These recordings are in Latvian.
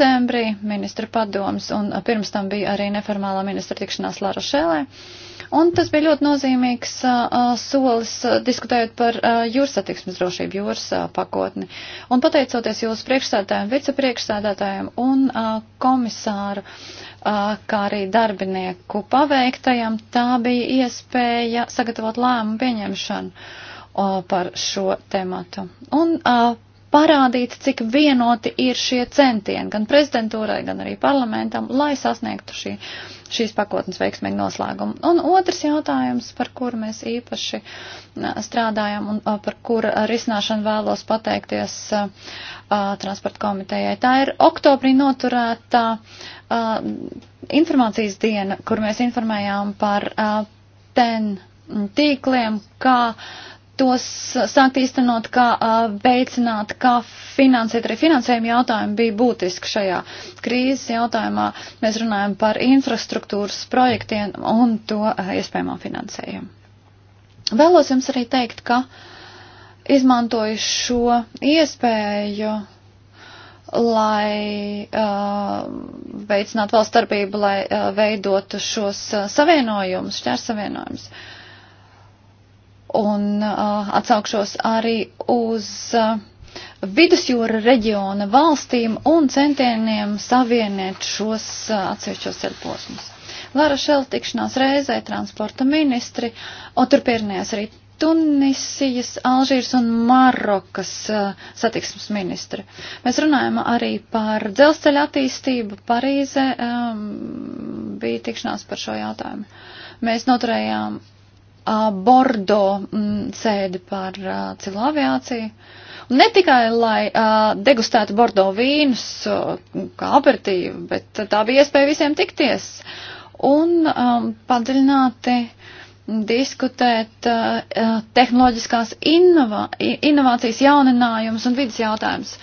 decembrī ministra padoms, un pirms tam bija arī neformālā ministra tikšanās Lara Šēlē. Un tas bija ļoti nozīmīgs uh, solis uh, diskutējot par uh, jūras satiksmes drošību, jūras uh, pakotni. Un pateicoties jūsu priekšsēdētājiem, vicepriekšsēdētājiem un uh, komisāru, uh, kā arī darbinieku paveiktajam, tā bija iespēja sagatavot lēmumu pieņemšanu uh, par šo tematu. Un uh, parādīt, cik vienoti ir šie centieni gan prezidentūrai, gan arī parlamentam, lai sasniegtu šī, šīs pakotnes veiksmīgu noslēgumu. Un otrs jautājums, par kuru mēs īpaši strādājam un par kuru risināšanu vēlos pateikties uh, transporta komitejai, tā ir oktobrī noturētā uh, informācijas diena, kur mēs informējām par uh, ten tīkliem, kā tos sākt īstenot, kā veicināt, kā finansēt. Arī finansējuma jautājumi bija būtiski šajā krīzes jautājumā. Mēs runājam par infrastruktūras projektiem un to iespējamo finansējumu. Vēlos jums arī teikt, ka izmantoju šo iespēju, lai uh, veicinātu valsts starpību, lai uh, veidotu šos uh, savienojumus, šķērsavienojumus. Uh, Un uh, atsaukšos arī uz uh, vidusjūra reģiona valstīm un centieniem savienot šos uh, atsevišķos ceļposmus. Lara Šel tikšanās reizē transporta ministri, un tur pierunājās arī Tunisijas, Alžīras un Marokas uh, satiksmes ministri. Mēs runājam arī par dzelzceļa attīstību. Parīze um, bija tikšanās par šo jautājumu. Mēs noturējām Bordo mm, sēdi par civilu aviāciju. Ne tikai, lai degustētu Bordo vīnus kā aperitīvu, bet tā bija iespēja visiem tikties un padziļināti diskutēt tehnoloģiskās inovācijas, jauninājumus un vidas jautājumus.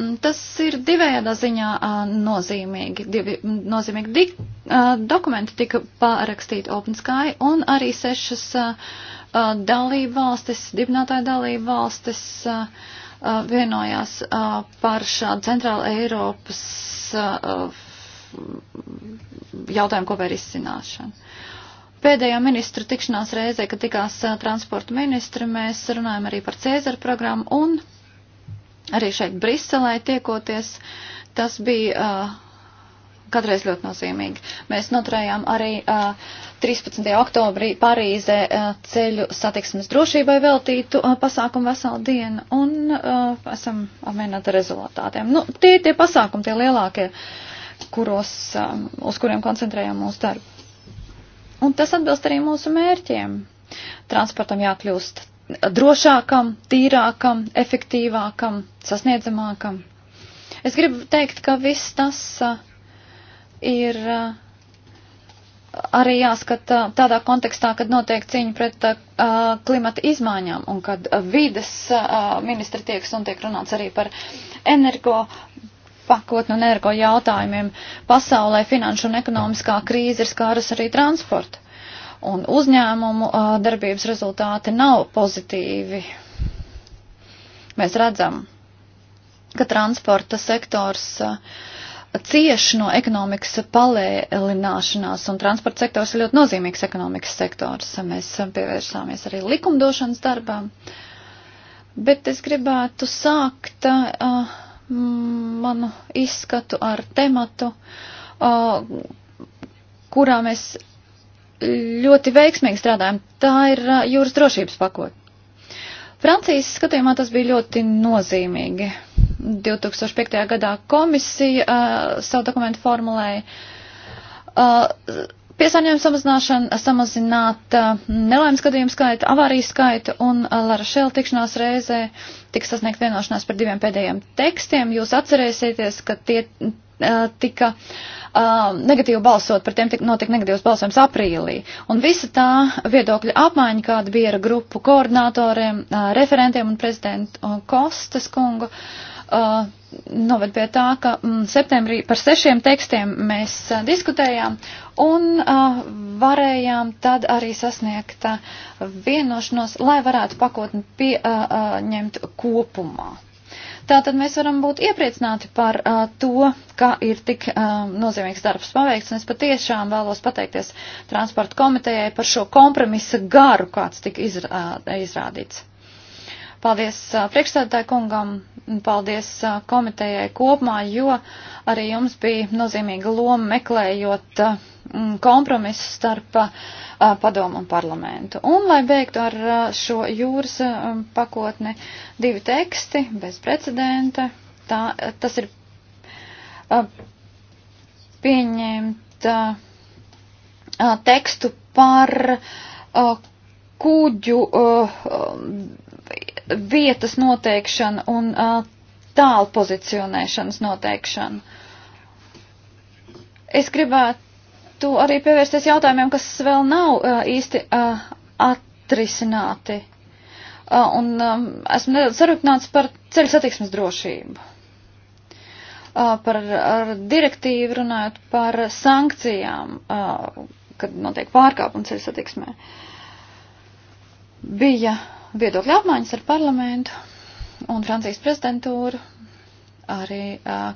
Mm, tas ir divējādā ziņā nozīmīgi. Divi, mm, nozīmīgi di, dokumenti tika pārakstīti OpenSky un arī sešas dalību valstis, dibinātāju dalību valstis vienojās par šādu centrālu Eiropas jautājumu kopēju izcināšanu. Pēdējā ministru tikšanās reizē, kad tikās transporta ministri, mēs runājam arī par Cēzara programmu un arī šeit Briselē tiekoties, tas bija uh, katreiz ļoti nozīmīgi. Mēs noturējām arī uh, 13. oktobrī Parīzē uh, ceļu satiksmes drošībai veltītu uh, pasākumu veselu dienu un uh, esam apmierināti ar rezultātiem. Nu, tie ir tie pasākumi, tie lielākie, kuros, uh, uz kuriem koncentrējām mūsu darbu. Un tas atbilst arī mūsu mērķiem. Transportam jākļūst drošākam, tīrākam, efektīvākam, sasniedzamākam. Es gribu teikt, ka viss tas ir arī jāskata tādā kontekstā, kad notiek cīņa pret klimata izmaiņām un kad vides ministra tieks un tiek runāts arī par energo pakotnu un energo jautājumiem. Pasaulē finanšu un ekonomiskā krīze ir skāras arī transportu un uzņēmumu darbības rezultāti nav pozitīvi. Mēs redzam, ka transporta sektors cieš no ekonomikas palēlināšanās, un transporta sektors ir ļoti nozīmīgs ekonomikas sektors. Mēs pievērsāmies arī likumdošanas darbām, bet es gribētu sākt uh, manu izskatu ar tematu, uh, kurā mēs ļoti veiksmīgi strādājam. Tā ir jūras drošības pakotne. Francijas skatījumā tas bija ļoti nozīmīgi. 2005. gadā komisija uh, savu dokumentu formulēja. Uh, Piesārņojuma samazināšana, samazināt uh, nelaimes gadījumu skaitu, avāriju skaitu un uh, Lara Šela tikšanās reizē tiks sasniegt vienošanās par diviem pēdējiem tekstiem. Jūs atcerēsieties, ka tie Eh, tika uh, negatīvi balsot, par tiem notika negatīvs balsojums aprīlī. Un visa tā viedokļa apmaiņa, kāda bija ar grupu koordinatoriem, uh, referentiem un prezidentu uh, Kostas kungu, noved pie tā, ka mm, septembrī par sešiem tekstiem mēs diskutējām un varējām tad arī sasniegt vienošanos, lai varētu pakotni pieņemt kopumā. Tātad mēs varam būt iepriecināti par uh, to, ka ir tik uh, nozīmīgs darbs paveikts, un es patiešām vēlos pateikties transporta komitejai par šo kompromisa garu, kāds tika izrā, izrādīts. Paldies uh, priekšstādātāju kungam, paldies komitejai kopumā, jo arī jums bija nozīmīga loma meklējot kompromisu starp padomu un parlamentu. Un, lai beigtu ar šo jūras pakotni, divi teksti bez precedenta. Tā, tas ir pieņemt tekstu par kuģu vietas noteikšana un uh, tālu pozicionēšanas noteikšana. Es gribētu arī pievērsties jautājumiem, kas vēl nav uh, īsti uh, atrisināti. Uh, un um, esmu nedaudz sarūpināts par ceļu satiksmes drošību. Uh, par direktīvu runājot par sankcijām, uh, kad notiek pārkāpumi ceļu satiksmē. Bija uh, viedokļu apmaiņas ar parlamentu un Francijas prezidentūru, arī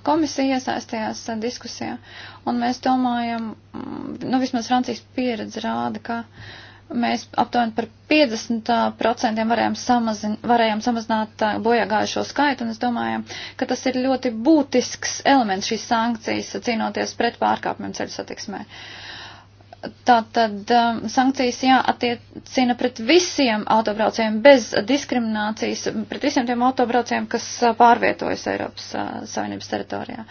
komisija iesaistījās diskusijā, un mēs domājam, mm, nu vismaz Francijas pieredze rāda, ka mēs aptuveni par 50% varējām, samazin, varējām samazināt bojāgājušo skaitu, un es domāju, ka tas ir ļoti būtisks elements šīs sankcijas cīnoties pret pārkāpumiem ceļu satiksmē. Uh, Tātad um, sankcijas jāattiecina pret visiem autobraucējiem bez diskriminācijas, pret visiem tiem autobraucējiem, kas uh, pārvietojas Eiropas uh, Savienības teritorijā.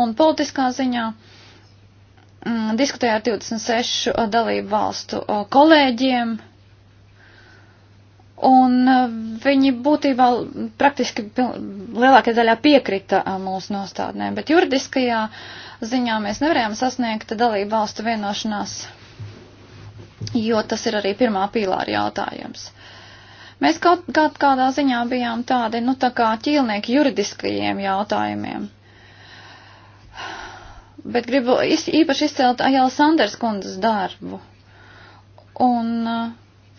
Un politiskā ziņā mm, diskutēja ar 26 uh, dalību valstu uh, kolēģiem, un uh, viņi būtībā praktiski lielākajā daļā piekrita uh, mūsu nostādnēm, bet juridiskajā uh, ziņā mēs nevarējām sasniegt dalību valstu vienošanās, jo tas ir arī pirmā pīlāra jautājums. Mēs kaut, kaut kādā ziņā bijām tādi, nu tā kā ķīlnieki juridiskajiem jautājumiem. Bet gribu iz, īpaši izcelt Ajāla Sanders kundzes darbu. Un uh,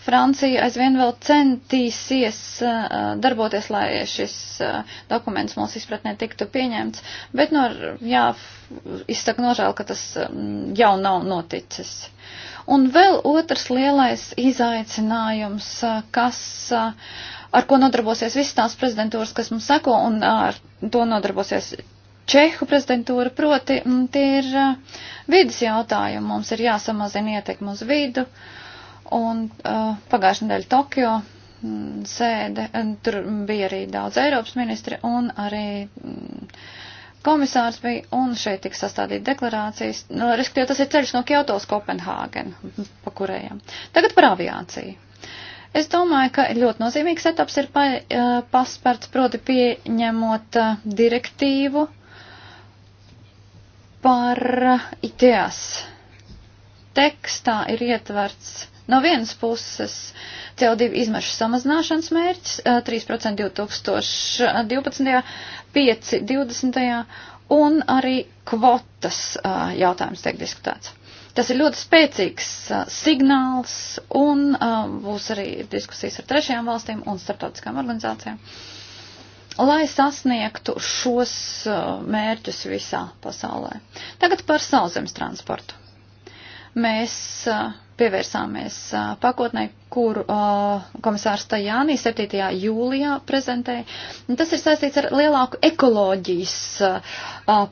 Francija aizvien vēl centīsies uh, uh, darboties, lai šis uh, dokuments mūsu izpratnē tiktu pieņemts, bet, no, nu, jā, izsaka nožēl, ka tas um, jau nav noticis. Un vēl otrs lielais izaicinājums, kas, ar ko nodarbosies visas tās prezidentūras, kas mums seko, un ar to nodarbosies Čehu prezidentūra, proti, mm, tie ir vidas jautājumi. Mums ir jāsamazina ietekmi uz vidu. Uh, Un uh, pagājušajā nedēļā Tokio mm, sēde, tur bija arī daudz Eiropas ministri un arī mm, komisārs bija, un šeit tika sastādīta deklarācijas. Nu, respektīvi, tas ir ceļš no Kyoto uz Kopenhāgenu, pa kurējām. Tagad par aviāciju. Es domāju, ka ļoti nozīmīgs etaps ir pa, uh, pasparts, proti pieņemot uh, direktīvu par uh, ITS. Tekstā ir ietverts No vienas puses CO2 izmešu samazināšanas mērķis 3% 2012. 5. 20. un arī kvotas jautājums tiek diskutēts. Tas ir ļoti spēcīgs signāls un būs arī diskusijas ar trešajām valstīm un starptautiskām organizācijām, lai sasniegtu šos mērķus visā pasaulē. Tagad par sauszemes transportu. Mēs pievērsāmies pakotnē, kuru komisārs Tajānī 7. jūlijā prezentēja. Tas ir saistīts ar lielāku ekoloģijas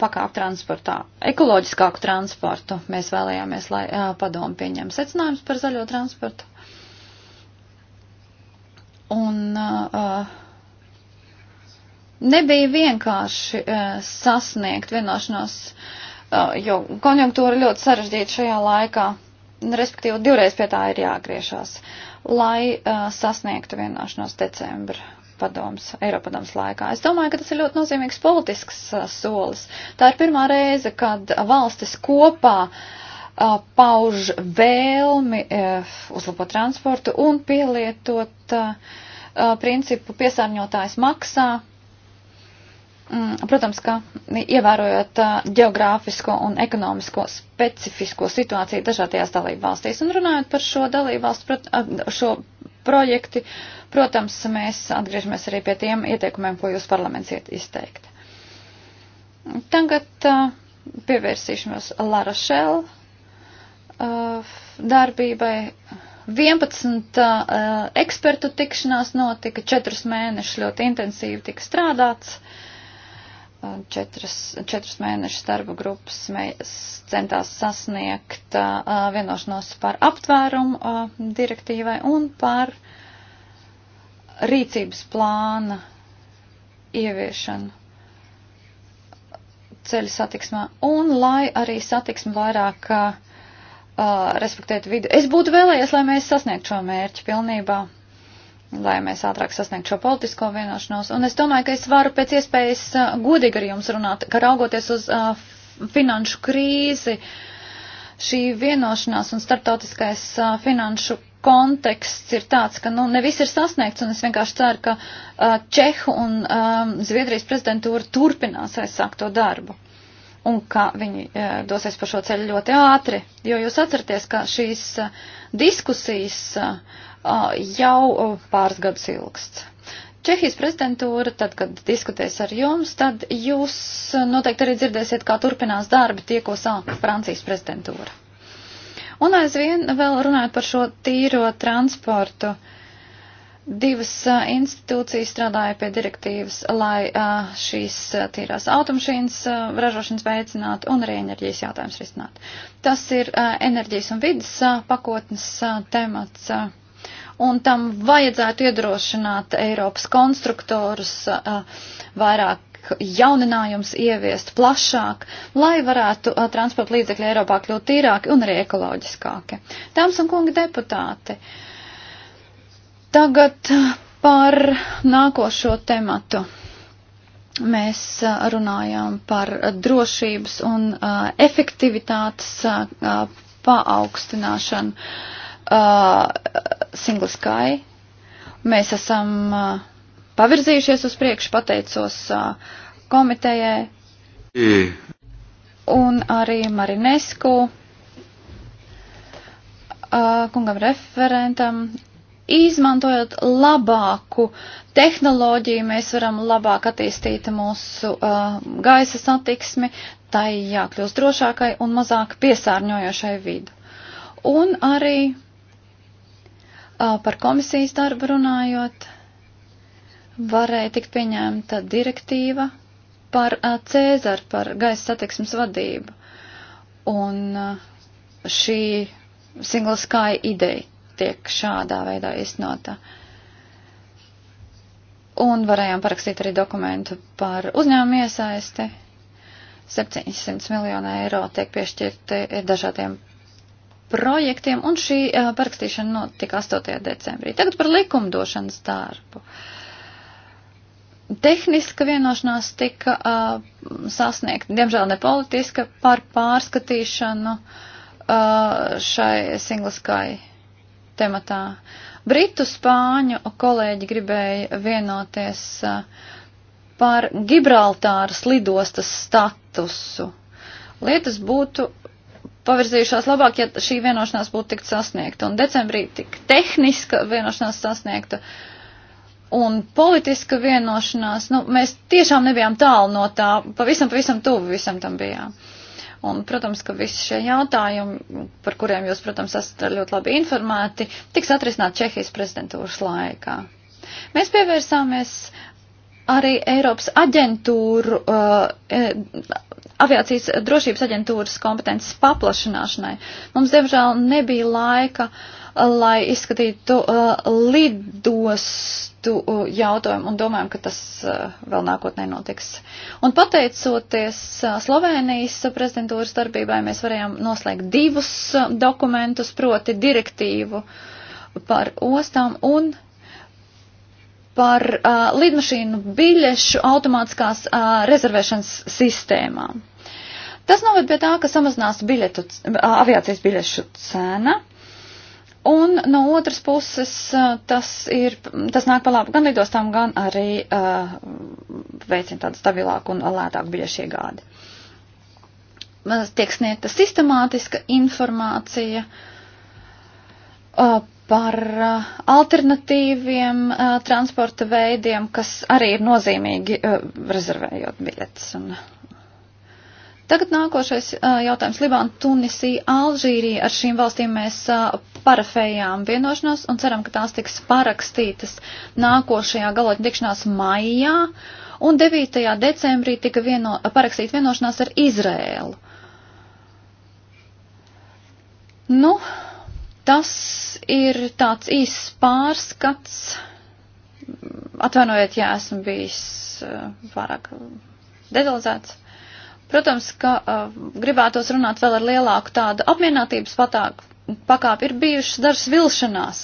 pakāpu transportā, ekoloģiskāku transportu. Mēs vēlējāmies, lai padomu pieņem secinājums par zaļo transportu. Un uh, nebija vienkārši uh, sasniegt vienošanos uh, jo konjunktūra ļoti sarežģīta šajā laikā, respektīvi divreiz pie tā ir jāgriešās, lai uh, sasniegtu vienošanos decembra padoms, Eiropadoms laikā. Es domāju, ka tas ir ļoti nozīmīgs politisks uh, solis. Tā ir pirmā reize, kad valstis kopā uh, pauž vēlmi uh, uzlabot transportu un pielietot uh, principu piesārņotājs maksā Mm, protams, ka ievērojot geogrāfisko un ekonomisko specifisko situāciju dažādajās dalībvalstīs un runājot par šo dalībvalstu, šo projekti, protams, mēs atgriežamies arī pie tiem ieteikumiem, ko jūs parlaments izteikt. Tagad pievērsīšos Larašēl darbībai. 11 ekspertu tikšanās notika, 4 mēnešus ļoti intensīvi tika strādāts. Uh, četras, četras mēnešus darba grupas centās sasniegt uh, vienošanos par aptvērumu uh, direktīvai un par rīcības plāna ieviešanu ceļu satiksmā. Un lai arī satiksme vairāk uh, respektētu vidu. Es būtu vēlējies, lai mēs sasniegtu šo mērķi pilnībā lai mēs ātrāk sasniegtu šo politisko vienošanos. Un es domāju, ka es varu pēc iespējas uh, godīgi ar jums runāt, ka raugoties uz uh, finanšu krīzi, šī vienošanās un starptautiskais uh, finanšu konteksts ir tāds, ka nu, ne viss ir sasniegts, un es vienkārši ceru, ka uh, Čehu un um, Zviedrijas prezidentūra turpinās aizsākt to darbu un ka viņi uh, dosies pa šo ceļu ļoti ātri, jo jūs atceraties, ka šīs uh, diskusijas jau pāris gadus ilgsts. Čehijas prezidentūra, tad, kad diskutēs ar jums, tad jūs noteikti arī dzirdēsiet, kā turpinās darbi tie, ko sāka Francijas prezidentūra. Un aizvien vēl runājot par šo tīro transportu. Uh, divas institūcijas strādāja pie direktīvas, lai šīs tīrās automašīnas ražošanas veicinātu un arī enerģijas jautājums risinātu. Tas ir enerģijas un vidas pakotnes temats un tam vajadzētu iedrošināt Eiropas konstruktorus uh, vairāk jauninājums ieviest plašāk, lai varētu a, uh, transporta līdzekļi Eiropā kļūt tīrāki un arī ekoloģiskāki. Dāmas un kungi deputāti, tagad uh, par nākošo tematu. Mēs a, runājām par drošības un a, efektivitātes paaugstināšanu uh, Single Sky. Mēs esam uh, pavirzījušies uz priekšu, pateicos uh, komitejai I. E. un arī Marinesku uh, kungam referentam. Izmantojot labāku tehnoloģiju, mēs varam labāk attīstīt mūsu uh, gaisa satiksmi, tai jākļūst drošākai un mazāk piesārņojošai vidu. Un arī Par komisijas darbu runājot, varēja tikt pieņemta direktīva par Cēzaru, par gaisa satiksmes vadību. Un šī single sky ideja tiek šādā veidā iznota. Un varējām parakstīt arī dokumentu par uzņēmumu iesaisti. 700 miljonu eiro tiek piešķirti dažādiem projektiem, un šī eh, parakstīšana notika 8. decembrī. Tagad par likumdošanas darbu. Tehniska vienošanās tika uh, sasniegta, diemžēl ne politiska, par pārskatīšanu uh, šai singliskai tematā. Britu spāņu kolēģi gribēja vienoties uh, par Gibraltāras lidostas statusu. Lietas būtu pavirzījušās labāk, ja šī vienošanās būtu tik sasniegta. Un decembrī tik tehniska vienošanās sasniegta un politiska vienošanās, nu, mēs tiešām nebijām tālu no tā, pavisam, pavisam tuvu visam tam bijām. Un, protams, ka visi šie jautājumi, par kuriem jūs, protams, esat ļoti labi informēti, tiks atrisināt Čehijas prezidentūras laikā. Mēs pievērsāmies arī Eiropas aģentūru, uh, e, aviācijas drošības aģentūras kompetences paplašināšanai. Mums, diemžēl, nebija laika, uh, lai izskatītu uh, lidostu jautājumu un domājam, ka tas vēl nākotnē notiks. Un pateicoties Slovenijas prezidentūras darbībai, mēs varējām noslēgt divus dokumentus, proti direktīvu par ostām un par uh, lidmašīnu biļešu automātiskās uh, rezervēšanas sistēmām. Tas noved pie tā, ka samazinās biļetu, uh, aviācijas biļešu cena, un no otras puses uh, tas, ir, tas nāk par labu gan lidostām, gan arī uh, veicina tādu stabilāku un lētāku biļešu iegādi. Tiek sniegta sistemātiska informācija uh, par alternatīviem transporta veidiem, kas arī ir nozīmīgi rezervējot biļetes. Un Tagad nākošais jautājums. Libāna, Tunisija, Alžīrija. Ar šīm valstīm mēs parafējām vienošanos un ceram, ka tās tiks parakstītas nākošajā galotņu tikšanās maijā. Un 9. decembrī tika vieno, parakstīta vienošanās ar Izrēlu. Nu, Tas ir tāds īsts pārskats. Atvainojiet, ja esmu bijis eh, pārāk detalizēts. Protams, ka uh, gribētos runāt vēl ar lielāku tādu apmierinātības patāku, pakāpi. Ir bijušas dažas vilšanās.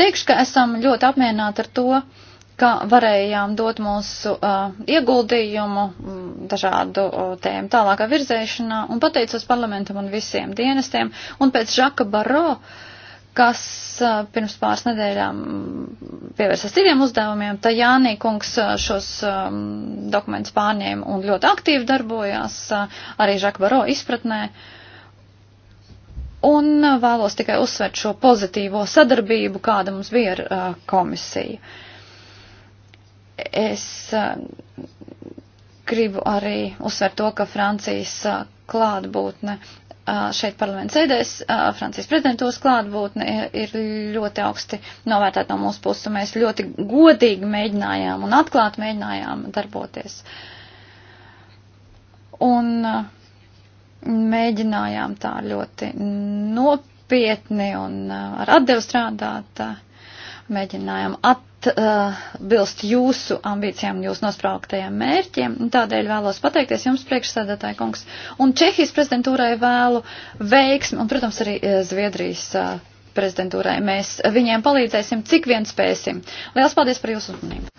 Teikšu, ka esam ļoti apmierināti ar to, uh, kā varējām dot mūsu uh, ieguldījumu m, mm, dažādu uh, tēmu tālākā virzēšanā un pateicos parlamentam un visiem dienestiem. Un pēc Žaka Baro, kas uh, pirms pāris nedēļām mm, pievērsās diviem uzdevumiem, tā Jānī kungs uh, šos um, dokumentus pārņēma un ļoti aktīvi darbojās uh, arī Žaka Baro izpratnē. Un uh, vēlos tikai uzsvērt šo pozitīvo sadarbību, kāda mums bija ar uh, komisiju. Uh, Es uh, gribu arī uzsvērt to, ka Francijas uh, klātbūtne uh, šeit parlamenta sēdēs, Francijas prezidentūras klātbūtne ir ļoti augsti novērtēta no mūsu puses, un mēs ļoti godīgi mēģinājām un atklāti mēģinājām darboties. Un mēģinājām tā ļoti nopietni un ar atdevu strādāt, mēģinājām attīstīt atbilst uh, jūsu ambīcijām, jūsu nosprauktajiem mērķiem. Tādēļ vēlos pateikties jums, priekšsēdētāji kungs, un Čehijas prezidentūrai vēlu veiksmi, un, protams, arī eh, Zviedrijas uh, prezidentūrai. Mēs viņiem palīdzēsim, cik vien spēsim. Lielas paldies par jūsu uzmanību!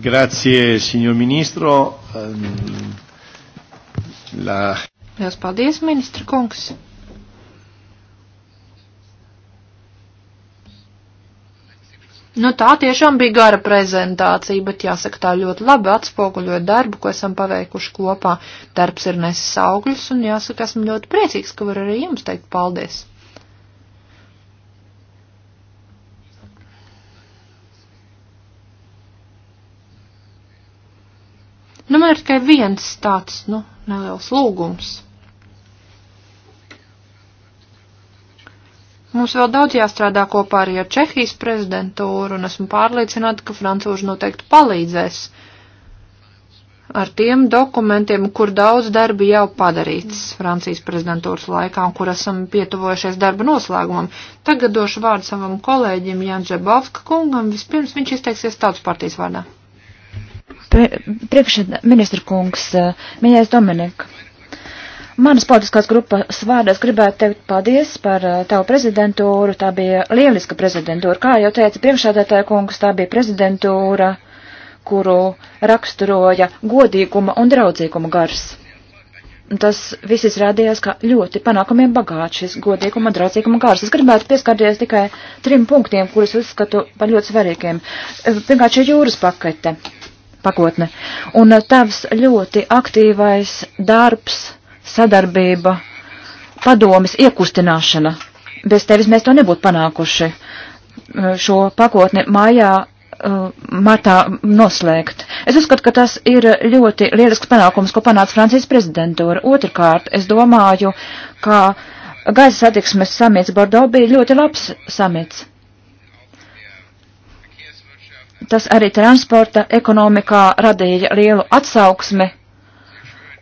Grazie, signor Ministro. Ehm, la... Lielas paldies, ministra kungs. Nu, tā tiešām bija gara prezentācija, bet jāsaka, tā ļoti labi atspoguļo darbu, ko esam paveikuši kopā. Darbs ir nesis augļus, un jāsaka, esmu ļoti priecīgs, ka var arī jums teikt paldies. Nu, man ir tikai viens tāds, nu, neliels lūgums. Mums vēl daudz jāstrādā kopā arī ar Čehijas prezidentūru, un esmu pārliecināta, ka francūži noteikti palīdzēs ar tiem dokumentiem, kur daudz darbi jau padarīts Francijas prezidentūras laikā un kur esam pietuvojušies darba noslēgumam. Tagad došu vārdu savam kolēģim Janžebovska kungam. Vispirms viņš izteiksies tautas partijas vārdā. Pre, Priekšsēd ministra kungs, eh, mīļais Dominika. Manas politiskās grupas vārdas gribētu teikt paldies par uh, tavu prezidentūru. Tā bija lieliska prezidentūra. Kā jau teica priekšādātāja kungs, tā bija prezidentūra, kuru raksturoja godīguma un draudzīguma gars tas viss izrādījās, ka ļoti panākumiem bagāts šis godīguma un draudzīguma gars. Es gribētu pieskarties tikai trim punktiem, kurus uzskatu par ļoti svarīgiem. Eh, pirmkārt, šī jūras pakete, pakotne, un eh, tavs ļoti aktīvais darbs sadarbība, padomis, iekustināšana. Bez tevis mēs to nebūtu panākuši eh, šo pakotni mājā eh, martā noslēgt. Es uzskatu, ka tas ir ļoti lielisks panākums, ko panāca Francijas prezidentūra. Otrkārt, es domāju, ka gaisa satiksmes samits Bordeaux bija ļoti labs samits. Tas arī transporta ekonomikā radīja lielu atsauksmi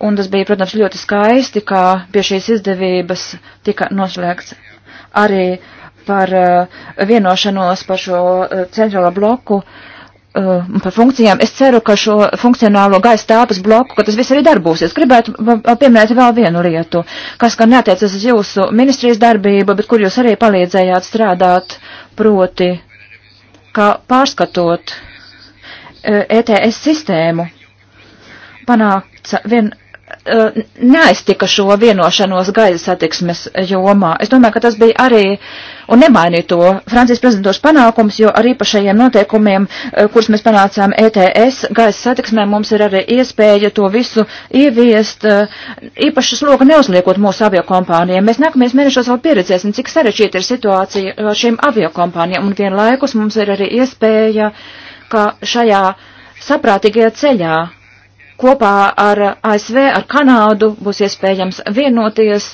Un tas bija, protams, ļoti skaisti, kā pie šīs izdevības tika noslēgts arī par uh, vienošanos par šo uh, centrālo bloku uh, par funkcijām. Es ceru, ka šo funkcionālo gaisa telpas bloku, ka tas viss arī darbūsies. Gribētu pieminēt vēl vienu lietu, kas gan neatiecas uz jūsu ministrijas darbību, bet kur jūs arī palīdzējāt strādāt, proti, kā pārskatot ETS sistēmu, panāca vien Eh, neaiztika šo vienošanos gaisa satiksmes jomā. Es domāju, ka tas bija arī un nemainīja to Francijas prezidentūras panākums, jo ar īpašajiem noteikumiem, eh, kurus mēs panācām ETS gaisa satiksmē, mums ir arī iespēja to visu ieviest, eh, īpaši slogu neuzliekot mūsu aviokompānijiem. Mēs nākamajos mēnešos vēl pieredzēsim, cik sarežģīta ir situācija ar šīm aviokompānijām, un vienlaikus mums ir arī iespēja, ka šajā saprātīgajā ceļā kopā ar ASV, ar Kanādu būs iespējams vienoties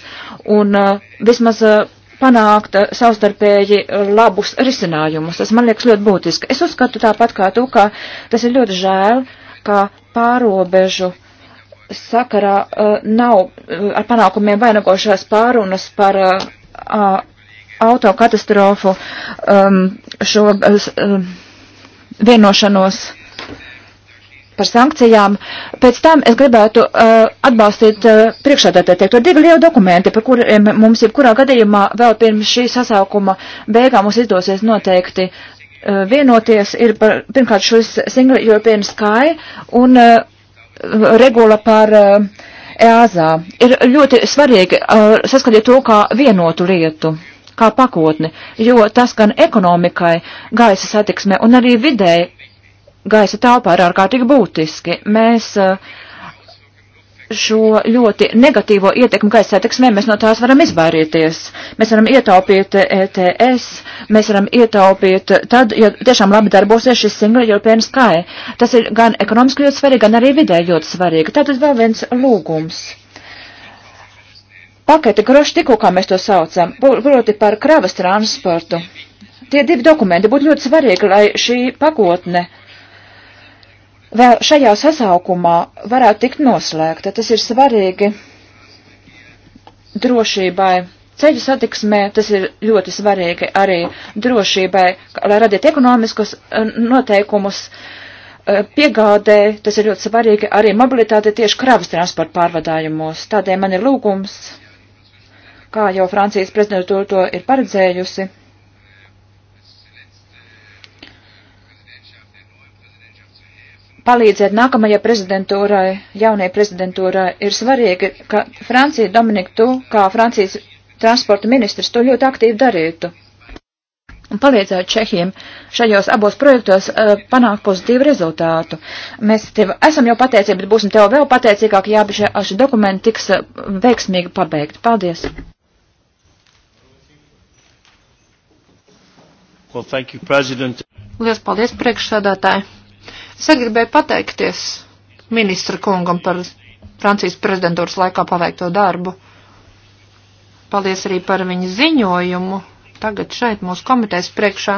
un eh, vismaz eh, panākt eh, savstarpēji labus risinājumus. Tas man liekas ļoti būtiski. Es uzskatu tāpat kā tu, ka tas ir ļoti žēl, ka pārobežu sakarā uh, nav uh, ar panākumiem vainagošās pārunas par uh, uh, autokatastrofu um, šo uh, vienošanos. Uh, par sankcijām. Pēc tam es gribētu uh, atbalstīt uh, priekšādātāju teikto divi lieli dokumenti, par kuriem mums jebkurā gadījumā vēl pirms šī sasaukuma beigām mums izdosies noteikti uh, vienoties. Ir par, pirmkārt šis Single European Sky un uh, regula par uh, EASA. Ir ļoti svarīgi uh, saskatīt to kā vienotu lietu kā pakotni, jo tas gan ekonomikai, gaisa satiksmē un arī videi gaisa telpā ir ārkārtīgi būtiski. Mēs eh, šo ļoti negatīvo ietekmi gaisa satiksmē, mēs no tās varam izvairīties. Mēs varam ietaupīt ETS, mēs varam ietaupīt tad, ja tiešām labi darbosies šis Single European Sky. Tas ir gan ekonomiski ļoti svarīgi, gan arī vidē ļoti svarīgi. Tātad vēl viens lūgums paketi kroši tikko, kā mēs to saucam, proti par kravas transportu. Tie divi dokumenti būtu ļoti svarīgi, lai šī pakotne vēl šajā sasaukumā varētu tikt noslēgta. Tas ir svarīgi drošībai. Ceļu satiksmē tas ir ļoti svarīgi arī drošībai, lai radītu ekonomiskus eh, noteikumus eh, piegādē, tas ir ļoti svarīgi arī mobilitāte tieši kravas transporta pārvadājumos. Tādēļ man ir lūgums, kā jau Francijas prezidentūra to ir paredzējusi palīdzēt nākamajai prezidentūrai, jaunajai prezidentūrai, ir svarīgi, ka Francija, Dominika, tu, kā Francijas transporta ministrs, to ļoti aktīvi darītu un palīdzētu Čehiem šajos abos projektos uh, panākt pozitīvu rezultātu. Mēs tev esam jau pateicīgi, bet būsim tev vēl pateicīgāki, ja abi šie dokumenti tiks uh, veiksmīgi pabeigti. Paldies! Well, thank you, President. Lielas paldies, priekšsādātāji! Es gribēju pateikties ministra kungam par Francijas prezidentūras laikā paveikto darbu. Paldies arī par viņa ziņojumu. Tagad šeit mūsu komitejas priekšā.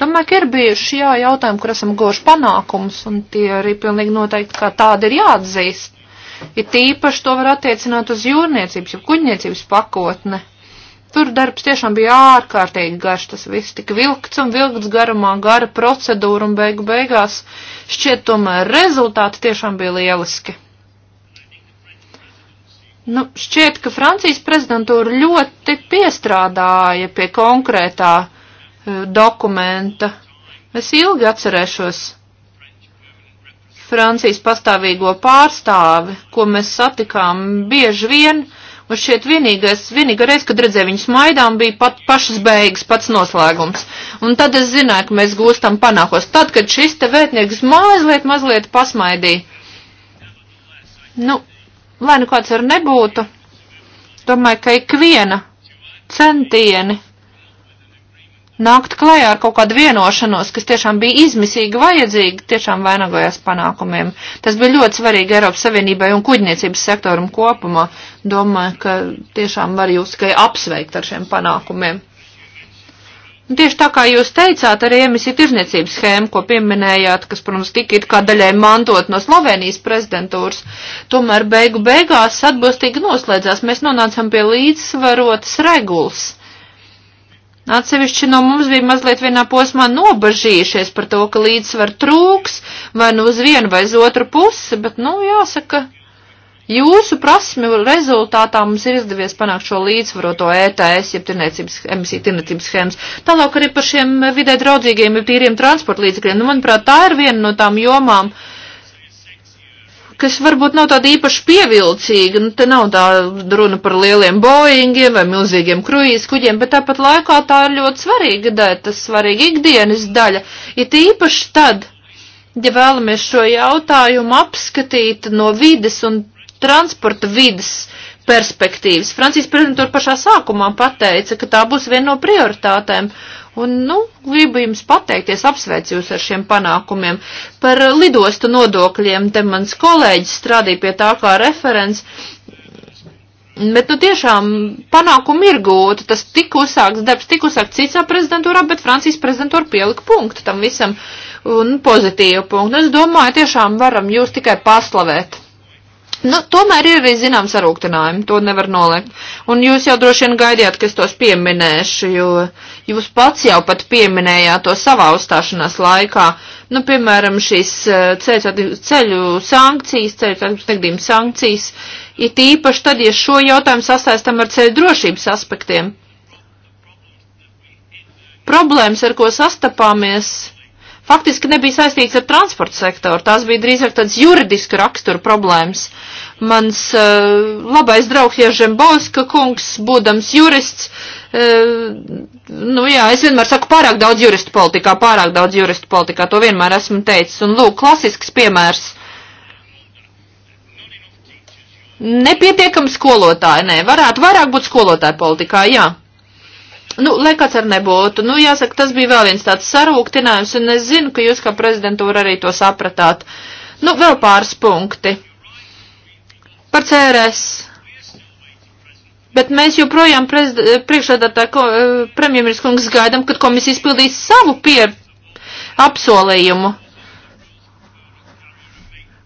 Domāju, ka ir bijuši jā jautājumi, kur esam goši panākums, un tie arī pilnīgi noteikti kā tādi ir jāatzīst. Ir ja tīpaši to var attiecināt uz jūrniecības, ja kuģniecības pakotne. Tur darbs tiešām bija ārkārtīgi garš, tas viss tika vilkts un vilkts garumā, gara procedūra un beigu beigās šķiet tomēr rezultāti tiešām bija lieliski. Nu, šķiet, ka Francijas prezidentūra ļoti piestrādāja pie konkrētā uh, dokumenta. Es ilgi atcerēšos Francijas pastāvīgo pārstāvi, ko mēs satikām bieži vien, uh, Man nu, šķiet vienīgais, vienīgā reize, kad redzēju viņus maidām, bija pat pašas beigas, pats noslēgums. Un tad es zināju, ka mēs gūstam panākos. Tad, kad šis te vētnieks mazliet, mazliet pasmaidīja. Nu, lai nu kāds ar nebūtu, domāju, ka ikviena centieni nākt klajā ar kaut kādu vienošanos, kas tiešām bija izmisīgi vajadzīga, tiešām vainagojās panākumiem. Tas bija ļoti svarīgi Eiropas Savienībai un kuģniecības sektoram kopumā. Domāju, ka tiešām var jūs tikai apsveikt ar šiem panākumiem. Un tieši tā kā jūs teicāt, arī emisiju tirzniecības schēma, ko pieminējāt, kas, protams, tika it kā daļai mantot no Slovenijas prezidentūras, tomēr beigu beigās atbilstīgi noslēdzās. Mēs nonācām pie līdzsvarotas regulas Atsevišķi no mums bija mazliet vienā posmā nobažījušies par to, ka līdzsvar trūks, vai nu uz vienu vai uz otru pusi, bet, nu, jāsaka, jūsu prasmju rezultātā mums ir izdevies panākt šo līdzsvaroto ETS, jeb tirniecības, emisiju tirniecības schēmas. Tālāk arī par šiem vidē draudzīgiem ir tīriem transporta līdzekļiem. Nu, manuprāt, tā ir viena no tām jomām, uh, kas varbūt nav tāda īpaši pievilcīga, nu, te nav tā runa par lieliem boingiem vai milzīgiem kruīz kuģiem, bet tāpat laikā tā ir ļoti svarīga daļa, tas svarīga ikdienas daļa, it īpaši tad, ja vēlamies šo jautājumu apskatīt no vides un transporta vides perspektīvas. Francijas prezidentūra pašā sākumā pateica, ka tā būs viena no prioritātēm, Un, nu, gribu jums pateikties, apsveicu jūs ar šiem panākumiem. Par lidostu nodokļiem te mans kolēģis strādīja pie tā kā referents. Bet, nu, tiešām panākumi ir gūti. Tas tik uzsāks darbs, tik uzsāks citā prezidentūrā, bet Francijas prezidentūra pielika punktu tam visam un pozitīvu punktu. Es domāju, tiešām varam jūs tikai paslavēt nu, tomēr ir arī zināms sarūktinājumi, to nevar nolikt. Un jūs jau droši vien gaidījāt, ka es tos pieminēšu, jo jūs pats jau pat pieminējāt to savā uzstāšanās laikā. Nu, piemēram, šīs eh, ceļu sankcijas, ceļu atbildīguma sankcijas, ir tīpaši tad, ja šo jautājumu sasaistam ar ceļu drošības aspektiem. Problēmas, ar ko sastapāmies faktiski nebija saistīts ar transporta sektoru. Tās bija drīzāk tāds juridiska rakstura problēmas. Mans uh, labais draugs Ježembauska kungs, būdams jurists, uh, nu jā, es vienmēr saku pārāk daudz juristu politikā, pārāk daudz juristu politikā, to vienmēr esmu teicis. Un lūk, klasisks piemērs. Nepietiekam skolotāji, nē, varētu vairāk būt skolotāju politikā, jā. Nu, lai kāds ar nebūtu. Nu, jāsaka, tas bija vēl viens tāds sarūktinājums, un es zinu, ka jūs kā prezidentūra arī to sapratāt. Nu, vēl pāris punkti. Par CRS. Bet mēs joprojām priekšādātā premjerministrs kungs gaidām, kad komisija izpildīs savu pie apsolījumu.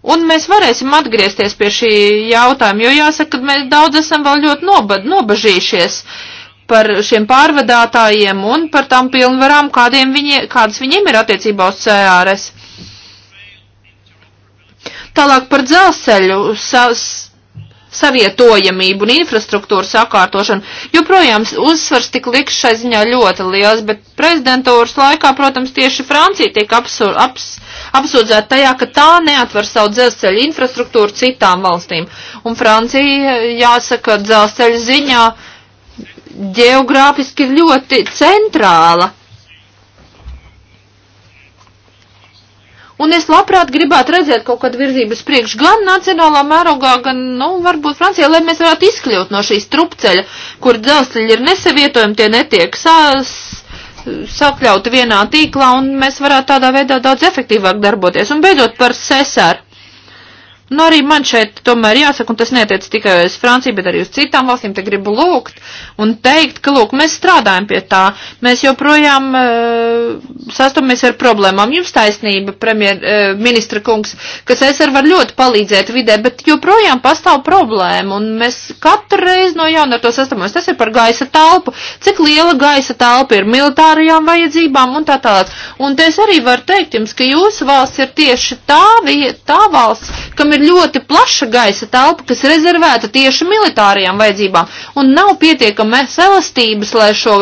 Un mēs varēsim atgriezties pie šī jautājuma, jo jāsaka, ka mēs daudz esam vēl ļoti nobad, nobažījušies. Uh, par šiem pārvadātājiem un par tām pilnvarām, kādiem viņi, kādas viņiem ir attiecībā uz CRS. Tālāk par dzelzceļu sa, savietojamību un infrastruktūru sakārtošanu. Joprojām uzsvars tik liks šai ziņā ļoti liels, bet prezidentūras laikā, protams, tieši Francija tiek apsur, aps, apsūdzēta tajā, ka tā neatver savu dzelzceļu infrastruktūru citām valstīm. Un Francija, jāsaka, dzelzceļa ziņā uh, ģeogrāfiski ļoti centrāla. Un es labprāt gribētu redzēt kaut kādu virzības priekš gan nacionālā mērogā, gan, nu, varbūt Francijā, lai mēs varētu izkļūt no šīs trupceļa, kur dzelzceļi ir nesavietojami, tie netiek sās, sakļauti vienā tīklā, un mēs varētu tādā veidā daudz efektīvāk darboties. Un beidzot par sesaru. Nu, arī man šeit tomēr jāsaka, un tas netiec tikai uz Franciju, bet arī uz citām valstīm, te gribu lūgt un teikt, ka, lūk, mēs strādājam pie tā, mēs joprojām uh, e, sastopamies ar problēmām. Jums taisnība, premjer, uh, e, ministra kungs, kas es ar var ļoti palīdzēt vidē, bet joprojām pastāv problēma, un mēs katru reizi no jauna ar to sastopamies. Tas ir par gaisa telpu, cik liela gaisa telpa ir militārajām vajadzībām un tā tālāk. Un te es arī varu teikt jums, ka jūsu valsts ir tieši tā, vie, tā valsts, kam ir ir ļoti plaša gaisa telpa, kas ir rezervēta tieši militārajām vajadzībām, un nav pietiekama elastības, lai šo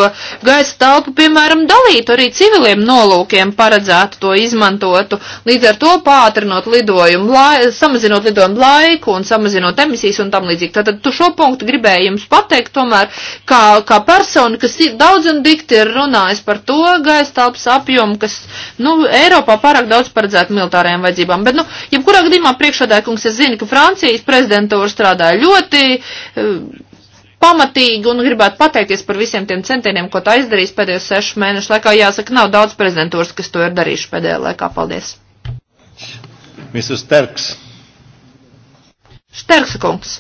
gaisa telpu, piemēram, dalītu arī civiliem nolūkiem, paredzētu to izmantotu, līdz ar to pātrinot lidojumu, lai, samazinot lidojumu laiku un samazinot emisijas un tam līdzīgi. Tātad tu šo punktu gribēji jums pateikt, tomēr, kā, kā persona, kas daudz un dikti ir runājis par to gaisa telpas apjomu, kas, nu, Eiropā pārāk daudz paredzētu militārajām vajadzībām, bet, nu, jebkurā gadījumā priekšādā kungs, es zinu, ka Francijas prezidentūra strādāja ļoti eh, pamatīgi un gribētu pateikties par visiem tiem centieniem, ko tā izdarīs pēdējos sešu mēnešu laikā. Jāsaka, nav daudz prezidentūras, kas to ir darījuši pēdējā laikā. Paldies! Mrs. Terks. Šterks kungs.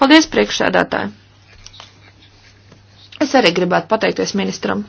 Paldies priekšsēdētāji. Es arī gribētu pateikties ministram.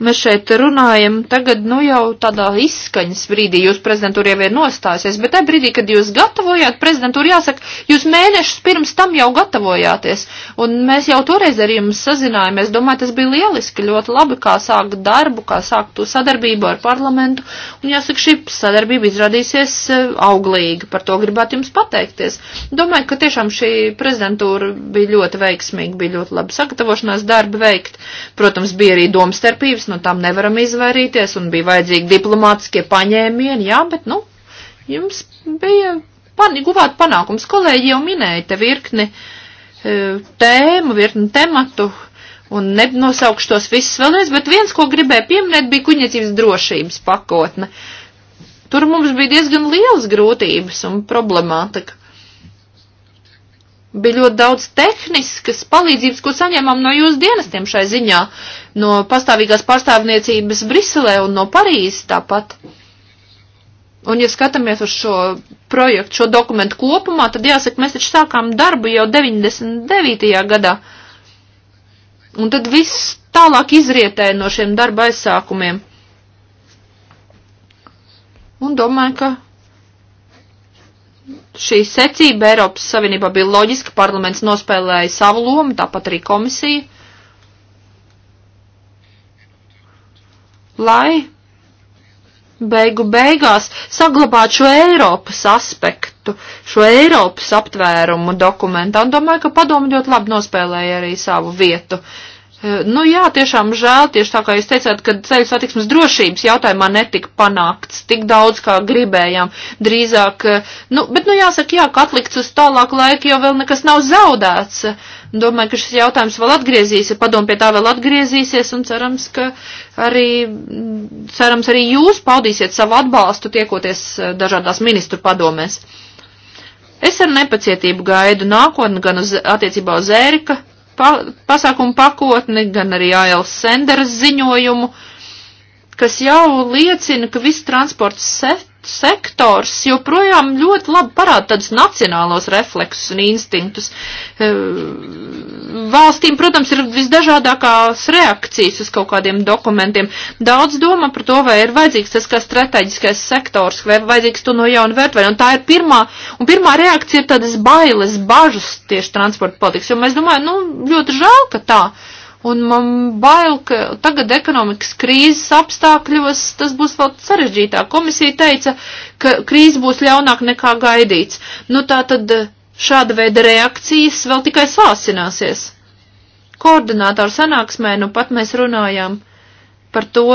Mēs šeit runājam tagad, nu jau tādā izskaņas brīdī, jūs prezidentūra jau ir nostāsies, bet tajā brīdī, kad jūs gatavojāt prezidentūru, jāsaka, jūs mēnešus pirms tam jau gatavojāties. Un mēs jau toreiz ar jums sazinājāmies, domāju, tas bija lieliski, ļoti labi, kā sākt darbu, kā sākt to sadarbību ar parlamentu. Un jāsaka, šī sadarbība izrādīsies eh, auglīga, par to gribētu jums pateikties. Domāju, ka tiešām šī prezidentūra bija ļoti veiksmīga, bija ļoti labi sagatavošanās darbi veikt. Protams, bija arī domstarpības no nu, tām nevaram izvairīties un bija vajadzīgi diplomātiskie paņēmieni, jā, bet, nu, jums bija pan, guvāt panākums. Kolēģi jau minēja te virkni e, tēmu, virkni tematu, un nenosaukšu tos visus vēlreiz, bet viens, ko gribēju pieminēt, bija kuģniecības drošības pakotne. Tur mums bija diezgan lielas grūtības un problemātika bija ļoti daudz tehniskas palīdzības, ko saņēmām no jūsu dienestiem šai ziņā, no pastāvīgās pārstāvniecības Briselē un no Parīzes tāpat. Un, ja skatāmies uz šo projektu, šo dokumentu kopumā, tad jāsaka, mēs taču sākām darbu jau 99. gadā. Un tad viss tālāk izrietēja no šiem darba aizsākumiem. Un domāju, ka šī secība Eiropas Savienībā bija loģiska, parlaments nospēlēja savu lomu, tāpat arī komisija, lai beigu beigās saglabātu šo Eiropas aspektu, šo Eiropas aptvērumu dokumentā, un domāju, ka padomu ļoti labi nospēlēja arī savu vietu. Uh, Eh, nu jā, tiešām žēl, tieši tā kā jūs teicāt, ka ceļu satiksmes drošības jautājumā netika panākts tik daudz, kā gribējām. Drīzāk, eh, nu, bet nu jāsaka, jā, ka atlikts uz tālāku laiku jau vēl nekas nav zaudēts. Domāju, ka šis jautājums vēl atgriezīsies, padom pie tā vēl atgriezīsies un cerams, ka arī, cerams, arī jūs paudīsiet savu atbalstu tiekoties eh, dažādās ministru padomēs. Es ar nepacietību gaidu nākotni gan uz attiecībā uz ērika pa, pasākumu pakotni, gan arī Ails Senders ziņojumu, kas jau liecina, ka viss transports sektors joprojām ļoti labi parāda tādus nacionālos refleksus un instinktus. E, valstīm, protams, ir visdažādākās reakcijas uz kaut kādiem dokumentiem. Daudz domā par to, vai ir vajadzīgs tas kā strateģiskais sektors, vai vajadzīgs to no jauna vērt, vai un tā ir pirmā, un pirmā reakcija ir tādas bailes, bažas tieši transporta politikas, jo mēs domājam, nu, ļoti žēl, ka tā. Uh, Un man bail, ka tagad ekonomikas krīzes apstākļos tas būs vēl sarežģītāk. Komisija teica, ka krīze būs ļaunāk nekā gaidīts. Nu tā tad eh, šāda veida reakcijas vēl tikai sāsināsies. Koordinātoru sanāksmē nu pat mēs runājām par to,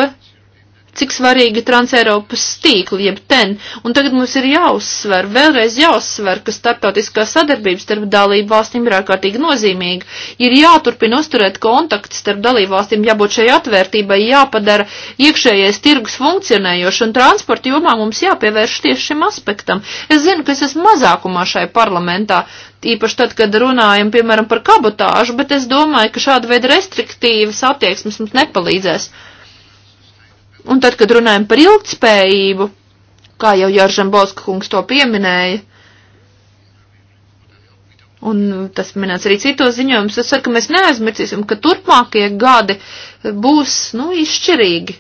cik svarīgi transeiropas tīkli, jeb ten. Un tagad mums ir jāuzsver, vēlreiz jāuzsver, ka starptautiskā sadarbība starp dalību valstīm ir ārkārtīgi nozīmīga. Ir jāturpina uzturēt kontakti starp dalību valstīm, jābūt šai atvērtībai, jāpadara iekšējais tirgus funkcionējoši, un transporta jomā mums jāpievērš tieši šim aspektam. Es zinu, ka es esmu mazākumā šai parlamentā, īpaši tad, kad runājam, piemēram, par kabotāžu, bet es domāju, ka šāda veida restriktīvas attieksmes mums nepalīdzēs. Un tad, kad runājam par ilgtspējību, kā jau Jāržam Boska kungs to pieminēja, un tas minēts arī citos ziņojumus, es saku, ka mēs neaizmirsīsim, ka turpmākie gadi būs, nu, izšķirīgi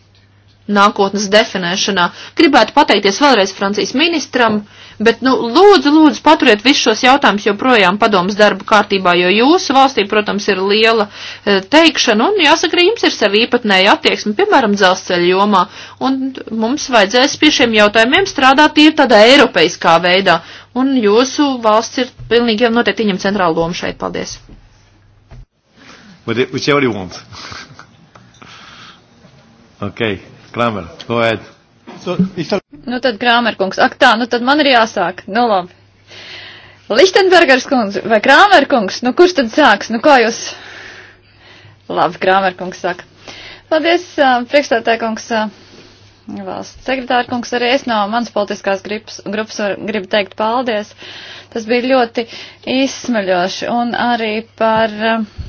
nākotnes definēšanā. Gribētu pateikties vēlreiz Francijas ministram. Uh, Bet, nu, lūdzu, lūdzu, paturiet visus šos jautājumus joprojām padomas darba kārtībā, jo jūsu valstī, protams, ir liela e, teikšana un, jāsaka, jums ir savi īpatnēji attieksmi, piemēram, dzelzceļa jomā. Un mums vajadzēs pie šiem jautājumiem strādāt ir tādā eiropeiskā veidā. Un jūsu valsts ir pilnīgi jau noteikti viņam centrāla loma šeit. Paldies. Whichever you want. okay, Kramer, go ahead. Nu tad Krāmerkungs. Ak tā, nu tad man ir jāsāk. Nu labi. Lichtenbergers kundze vai Krāmerkungs, nu kurš tad sāks? Nu kā jūs? Labi, Krāmerkungs saka. Paldies, priekšstādātāja kungs. Valsts sekretāra kungs, arī es no manas politiskās gripas, grupas var, gribu teikt paldies. Tas bija ļoti izsmaļoši un arī par uh,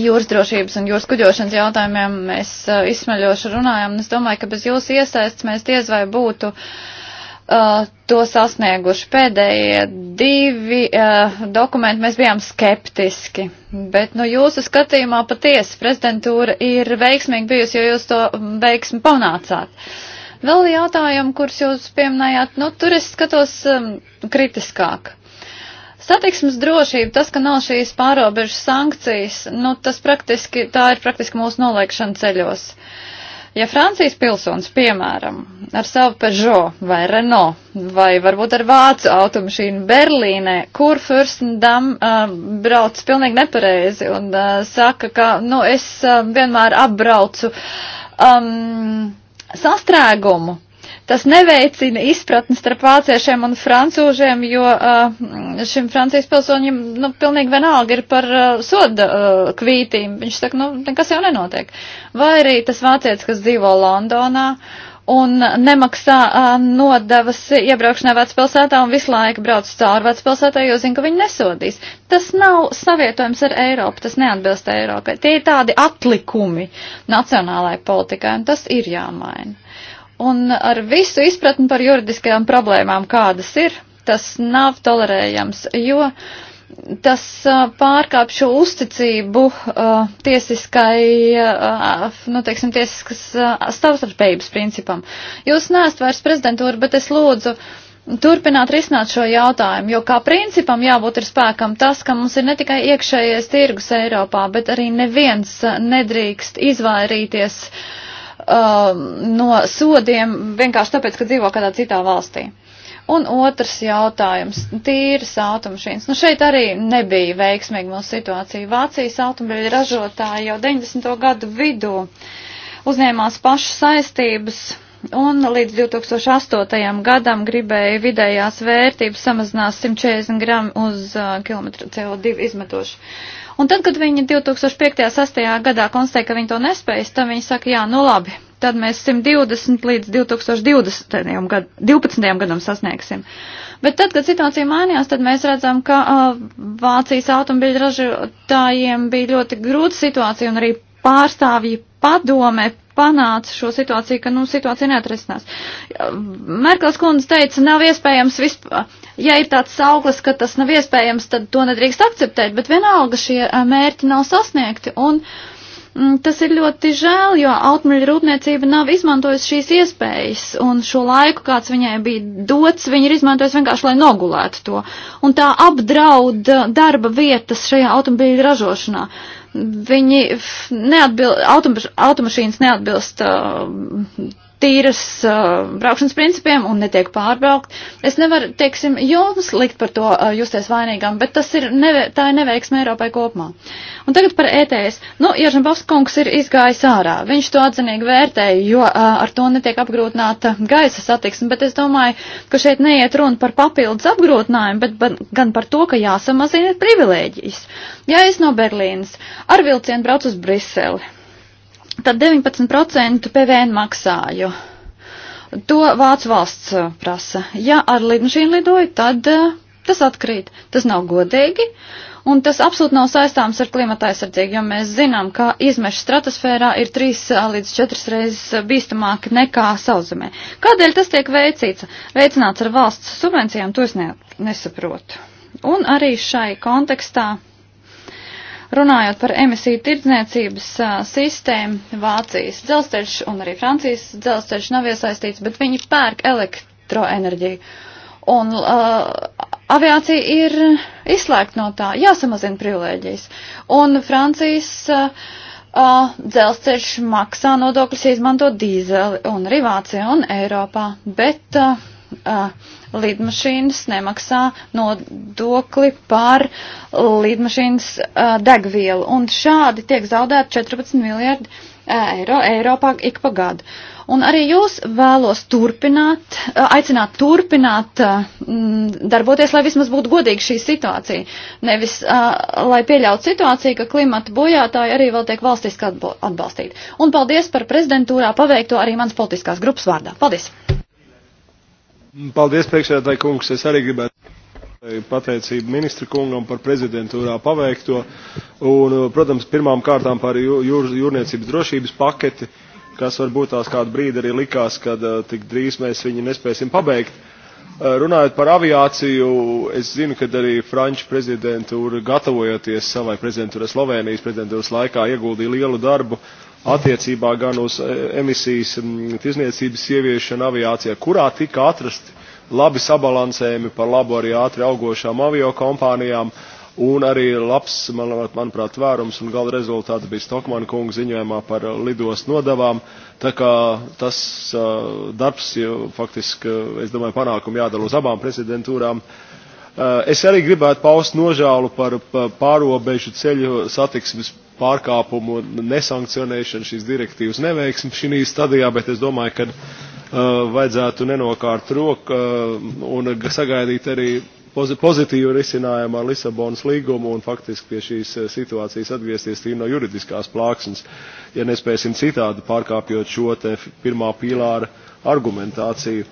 jūras drošības un jūras kuģošanas jautājumiem mēs uh, izsmeļoši runājam, un es domāju, ka bez jūsu iesaists mēs diez vai būtu uh, to sasnieguši. Pēdējie divi uh, dokumenti mēs bijām skeptiski, bet no nu, jūsu skatījumā patiesi prezidentūra ir veiksmīgi bijusi, jo jūs to veiksmi panācāt. Vēl jautājumu, kurus jūs pieminējāt, nu tur es skatos um, kritiskāk. Satiksmes drošība, tas, ka nav šīs pārobežu sankcijas, nu, tas praktiski, tā ir praktiski mūsu noliekšana ceļos. Ja Francijas pilsonis, piemēram, ar savu Peugeot vai Renault vai varbūt ar vācu automašīnu Berlīnē, kur Fürstendam uh, brauc pilnīgi nepareizi un uh, saka, ka, nu, es uh, vienmēr apbraucu um, sastrēgumu, Tas neveicina izpratni starp vāciešiem un francūžiem, jo uh, šim Francijas pilsoņiem, nu, pilnīgi vienalga ir par uh, soda uh, kvītīm. Viņš saka, nu, nekas jau nenotiek. Vai arī tas vācietis, kas dzīvo Londonā un nemaksā uh, nodevas iebraukšanai vecpilsētā un visu laiku brauc cauri vecpilsētā, jo zina, ka viņi nesodīs. Tas nav savietojums ar Eiropu, tas neatbilst Eiropai. Tie ir tādi atlikumi nacionālajai politikai, un tas ir jāmaina. Un ar visu izpratni par juridiskajām problēmām, kādas ir, tas nav tolerējams, jo tas uh, pārkāp šo uzticību uh, tiesiskai, uh, nu, teiksim, tiesiskas uh, savstarpējības principam. Jūs neesat vairs prezidentūra, bet es lūdzu turpināt risināt šo jautājumu, jo kā principam jābūt ir spēkam tas, ka mums ir ne tikai iekšējais tirgus Eiropā, bet arī neviens uh, nedrīkst izvairīties uh, Um, no sodiem vienkārši tāpēc, ka dzīvo kādā citā valstī. Un otrs jautājums - tīras automašīnas. Nu, šeit arī nebija veiksmīga mūsu situācija. Vācijas automobiļu ražotāji jau 90. gadu vidū uzņēmās pašu saistības un līdz 2008. gadam gribēja vidējās vērtības samazinās 140 gramu uz uh, kilometru CO2 izmetošu. Uh, Un tad, kad viņi 2005.6. gadā konstatēja, ka viņi to nespējas, tad viņi saka, jā, nu labi, tad mēs 120 līdz 2012. Gad, 12. gadam sasniegsim. Bet tad, kad situācija mainījās, tad mēs redzam, ka uh, Vācijas automobiļu ražotājiem bija ļoti grūta situācija un arī pārstāvji padomē panāca šo situāciju, ka, nu, situācija neatrisinās. Merkels kundze teica, nav iespējams vispār, ja ir tāds sauklis, ka tas nav iespējams, tad to nedrīkst akceptēt, bet vienalga šie mērķi nav sasniegti, un m, mm, tas ir ļoti žēl, jo automobiļu rūpniecība nav izmantojusi šīs iespējas, un šo laiku, kāds viņai bija dots, viņi ir izmantojusi vienkārši, lai nogulētu to, un tā apdraud darba vietas šajā automobiļu ražošanā. Uh, viņi neatbil, automašīnas neatbilst uh, tīras uh, braukšanas principiem un netiek pārbraukt. Es nevaru, teiksim, jums likt par to uh, justies vainīgam, bet tas ir, neve, tā ir neveiksme Eiropai kopumā. Un tagad par ETS. Nu, Iežambavs kungs ir izgājis ārā. Viņš to atzinīgi vērtēja, jo uh, ar to netiek apgrūtināta gaisa satiksme, bet es domāju, ka šeit neiet runa par papildus apgrūtinājumu, bet, bet gan par to, ka jāsamazina privilēģijas. Ja es no Berlīnas ar vilcienu braucu uz Briseli, tad 19% PVN maksāju. To Vācu valsts uh, prasa. Ja ar lidmašīnu lidoju, tad uh, tas atkrīt. Tas nav godīgi. Un tas absolūti nav saistāms ar klimata aizsardzību, jo mēs zinām, ka izmeši stratosfērā ir trīs uh, līdz četras reizes bīstamāki nekā sauszemē. Kādēļ tas tiek veicīts? Veicināts ar valsts subvencijām, to es ne, nesaprotu. Un arī šai kontekstā Runājot par emisiju tirdzniecības sistēmu, Vācijas dzelzceļš un arī Francijas dzelzceļš nav iesaistīts, bet viņi pērk elektroenerģiju. Un uh, aviācija ir izslēgta no tā, jāsamazina privilēģijas. Un Francijas uh, uh, dzelzceļš maksā nodokļus, izmanto dīzeli un arī Vācija un Eiropā. Bet uh, uh, lidmašīnas nemaksā nodokli par lidmašīnas uh, degvielu. Un šādi tiek zaudēti 14 miljardi eiro Eiropā ik pa gadu. Un arī jūs vēlos turpināt, aicināt turpināt darboties, lai vismaz būtu godīga šī situācija. Nevis, lai pieļautu situāciju, ka klimata bojātāji arī vēl tiek valstiski atbalstīti. Un paldies par prezidentūrā paveikto arī mans politiskās grupas vārdā. Paldies! Paldies, priekšsēdētāji kungs. Es arī gribētu pateicību ministra kungam par prezidentūrā paveikto un, protams, pirmām kārtām par jūr, jūrniecības drošības paketi, kas varbūt tās kādu brīdi arī likās, ka eh, tik drīz mēs viņu nespēsim pabeigt. Eh, runājot par aviāciju, es zinu, ka arī Franču prezidentūra gatavojoties savai prezidentūrai Slovenijas prezidentūras laikā ieguldīja lielu darbu uh, attiecībā gan uz e, emisijas tirzniecības ieviešanu aviācijā, kurā tika atrasti labi sabalansējumi par labu arī ātri augošām avio kompānijām. Un arī labs, man, manuprāt, vērums un gala rezultāts bija Stokmana kunga ziņojumā par lidos nodavām. Tā kā tas uh, darbs, jo faktiski, es domāju, panākumi jādara uz abām prezidentūrām. Uh, es arī gribētu paust nožālu par, par pārobežu ceļu satiksmes pārkāpumu nesankcionēšanu, šīs direktīvas neveiksmi šī stadijā, bet es domāju, ka uh, vajadzētu nenokārt roku uh, un sagaidīt arī pozitīvu risinājumu ar Lisabonas līgumu un faktiski pie šīs uh, situācijas atgriezties tīri no juridiskās plāksnes, ja nespēsim citādi pārkāpjot šo te pirmā pīlāra argumentāciju.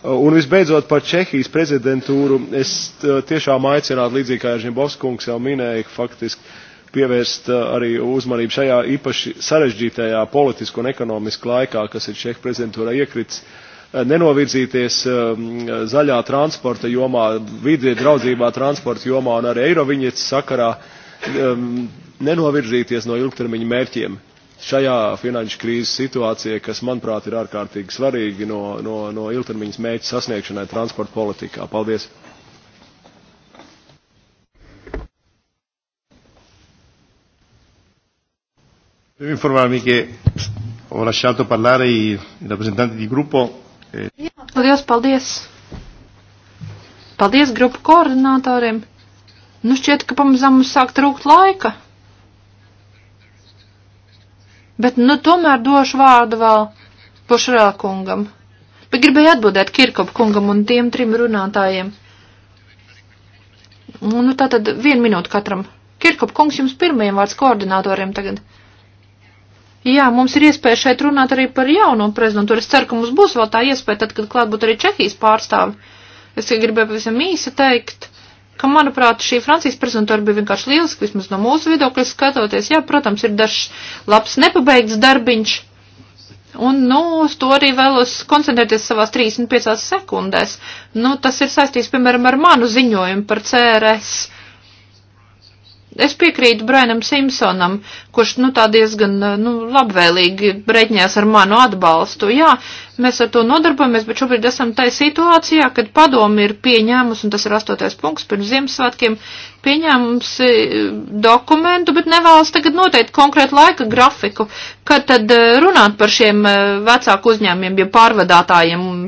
Uh, un visbeidzot par Čehijas prezidentūru, es uh, tiešām aicinātu, līdzīgi kā Žņebovskungs jau minēja, faktiski pievērst eh, arī uzmanību šajā īpaši sarežģītajā politisko un ekonomisko laikā, kas ir Čehu prezidentūrā iekrits, eh, nenovirzīties ehm, zaļā transporta jomā, vidē draudzībā transporta jomā un arī eiroviņietas sakarā, ehm, nenovirzīties no ilgtermiņa mērķiem šajā finanšu krīzes situācijā, kas, manuprāt, ir ārkārtīgi svarīgi no, no, no ilgtermiņas mērķa sasniegšanai transporta politikā. Paldies! Devo informarmi che ho lasciato parlare i rappresentanti di gruppo. Jā, eh. liels paldies! Paldies grupu koordinātoriem! Nu šķiet, ka pamazām mums sāk trūkt laika. Bet nu tomēr došu vārdu vēl Pošrā kungam. Bet gribēju atbildēt Kirkopu kungam un tiem trim runātājiem. Nu, nu tātad vienu minūtu katram. Kirkopu kungs jums pirmajam vārds koordinātoriem tagad. Jā, mums ir iespēja šeit runāt arī par jauno prezidentūru. Es ceru, ka mums būs vēl tā iespēja, tad, kad klāt būtu arī Čehijas pārstāvi. Es gribēju pavisam īsi teikt, ka, manuprāt, šī Francijas prezentūra bija vienkārši lieliski, vismaz no mūsu viedokļa skatoties. Jā, protams, ir dažs labs nepabeigts darbiņš. Un, nu, uz to arī vēlos koncentrēties savās 35 sekundēs. Nu, tas ir saistīts, piemēram, ar manu ziņojumu par CRS Es piekrītu Brainam Simpsonam, kurš, nu, tā diezgan, nu, labvēlīgi breķņās ar manu atbalstu. Jā, mēs ar to nodarbojamies, bet šobrīd esam tai situācijā, kad padomi ir pieņēmus, un tas ir astotais punkts pirms Ziemassvētkiem, pieņēmums e, dokumentu, bet nevēlas tagad noteikt konkrētu laika grafiku, kad tad e, runāt par šiem e, vecāku uzņēmiem, ja pārvadātājiem. Un,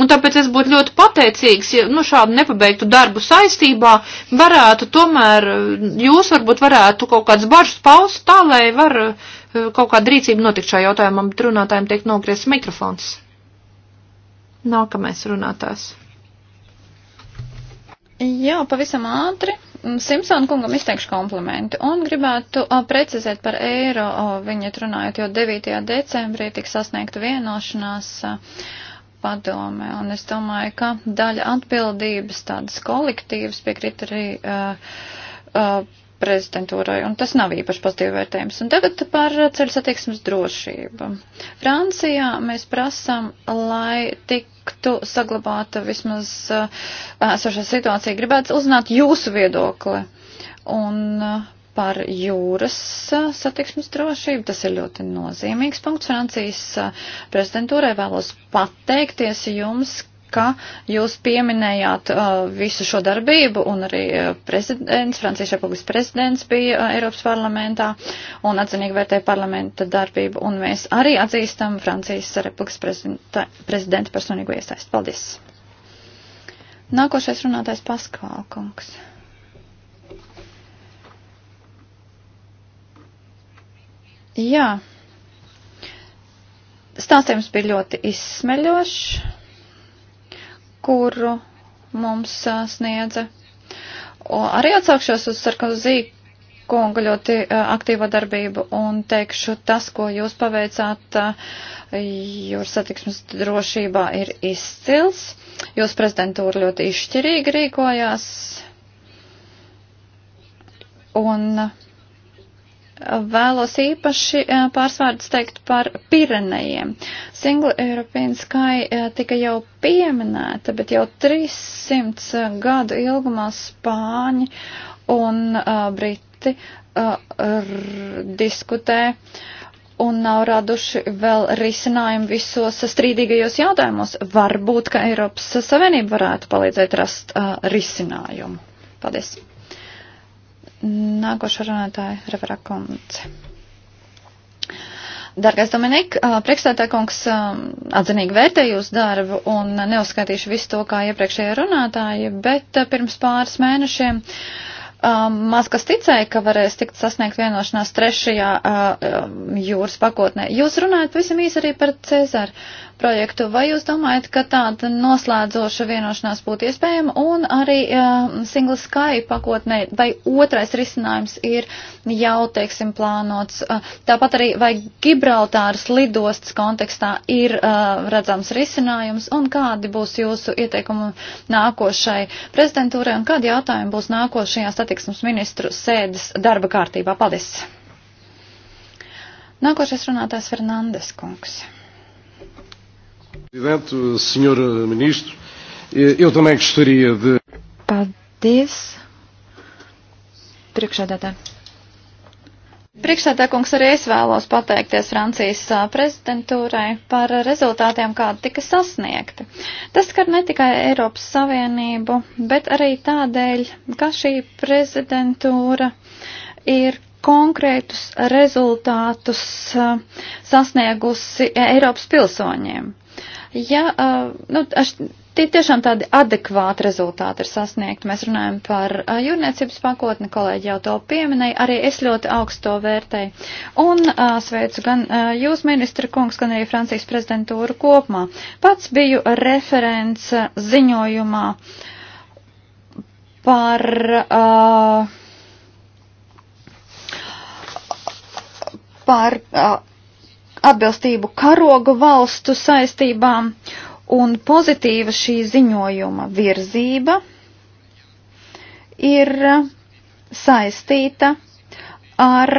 Un tāpēc es būtu ļoti pateicīgs, ja nu, šādu nepabeigtu darbu saistībā varētu tomēr, jūs varbūt varētu kaut kāds bažas paust tā, lai var eh, kaut kāda rīcība notikt šajā jautājumā, bet runātājiem tiek nogriezt mikrofons. Nākamais runātājs. Jā, pavisam ātri. Simpsona kungam izteikšu komplimentu un gribētu a, precizēt par eiro, a, viņiet runājot, jo 9. decembrī tika sasniegta vienošanās. A, padome, un es domāju, ka daļa atbildības tādas kolektīvas piekrīt arī uh, uh, prezidentūrai, un tas nav īpaši pozitīvi vērtējums. Un tagad par ceļu satiksmes drošību. Francijā mēs prasam, lai tiktu saglabāta vismaz uh, esošā uh, situācija. Gribētu uzzināt jūsu viedokli. Un uh, par jūras satiksmes drošību. Tas ir ļoti nozīmīgs punkts. Francijas prezidentūrai vēlos pateikties jums, ka jūs pieminējāt uh, visu šo darbību, un arī prezidents, Francijas Republikas prezidents bija uh, Eiropas parlamentā un atzinīgi vērtēja parlamenta darbību, un mēs arī atzīstam Francijas Republikas prezidenta, prezidenta personīgo iesaistu. Paldies! Nākošais runātājs Paskvālkungs. kungs. Jā. Stāstījums bija ļoti izsmeļošs, kuru mums sniedza. Arī atsaukšos uz Sarkozī kunga ļoti aktīvo darbību un teikšu, tas, ko jūs paveicāt jūras satiksmes drošībā, ir izcils. Jūs prezidentūra ļoti izšķirīgi rīkojās. Un uh, Vēlos īpaši eh, pārsvārds teikt par Pirenejiem. Single European Sky eh, tika jau pieminēta, bet jau 300 eh, gadu ilgumā Spāņi un uh, Briti uh, diskutē un nav raduši vēl risinājumu visos strīdīgajos jautājumos. Varbūt, ka Eiropas Savienība varētu palīdzēt rast uh, risinājumu. Paldies! Nākošā runātāja Revera Konce. Dargais Dominik, priekšstādā kungs atzinīgi vērtē jūsu darbu un neuzskatīšu visu to, kā iepriekšējie runātāji, bet pirms pāris mēnešiem maz kas ticēja, ka varēs tikt sasniegt vienošanās trešajā jūras pakotnē. Jūs runājat visam īsi arī par Cezaru projektu. Vai jūs domājat, ka tāda noslēdzoša vienošanās būtu iespējama un arī uh, Single Sky pakotnē, vai otrais risinājums ir jau, teiksim, plānots? Uh, tāpat arī vai Gibraltāras lidostas kontekstā ir uh, redzams risinājums un kādi būs jūsu ieteikumi nākošai prezidentūrai un kādi jautājumi būs nākošajā satiksmes ministru sēdes darba kārtībā? Paldies! Nākošais runātājs Fernandes kungs. Paldies! Priekšādātāji! Priekšsēdā kungs arī es vēlos pateikties Francijas prezidentūrai par rezultātiem, kādi tika sasniegti. Tas skar ne tikai Eiropas Savienību, bet arī tādēļ, ka šī prezidentūra ir konkrētus rezultātus sasniegusi Eiropas pilsoņiem. Ja, nu, tie tiešām tādi adekvāti rezultāti ir sasniegti. Mēs runājam par jūrniecības pakotni, kolēģi jau to pieminēja, arī es ļoti augsto vērtēju. Un sveicu gan jūs, ministra kungs, gan arī Francijas prezidentūru kopumā. Pats biju referents ziņojumā par. Uh, par uh, atbilstību karoga valstu saistībām un pozitīva šī ziņojuma virzība ir uh, saistīta ar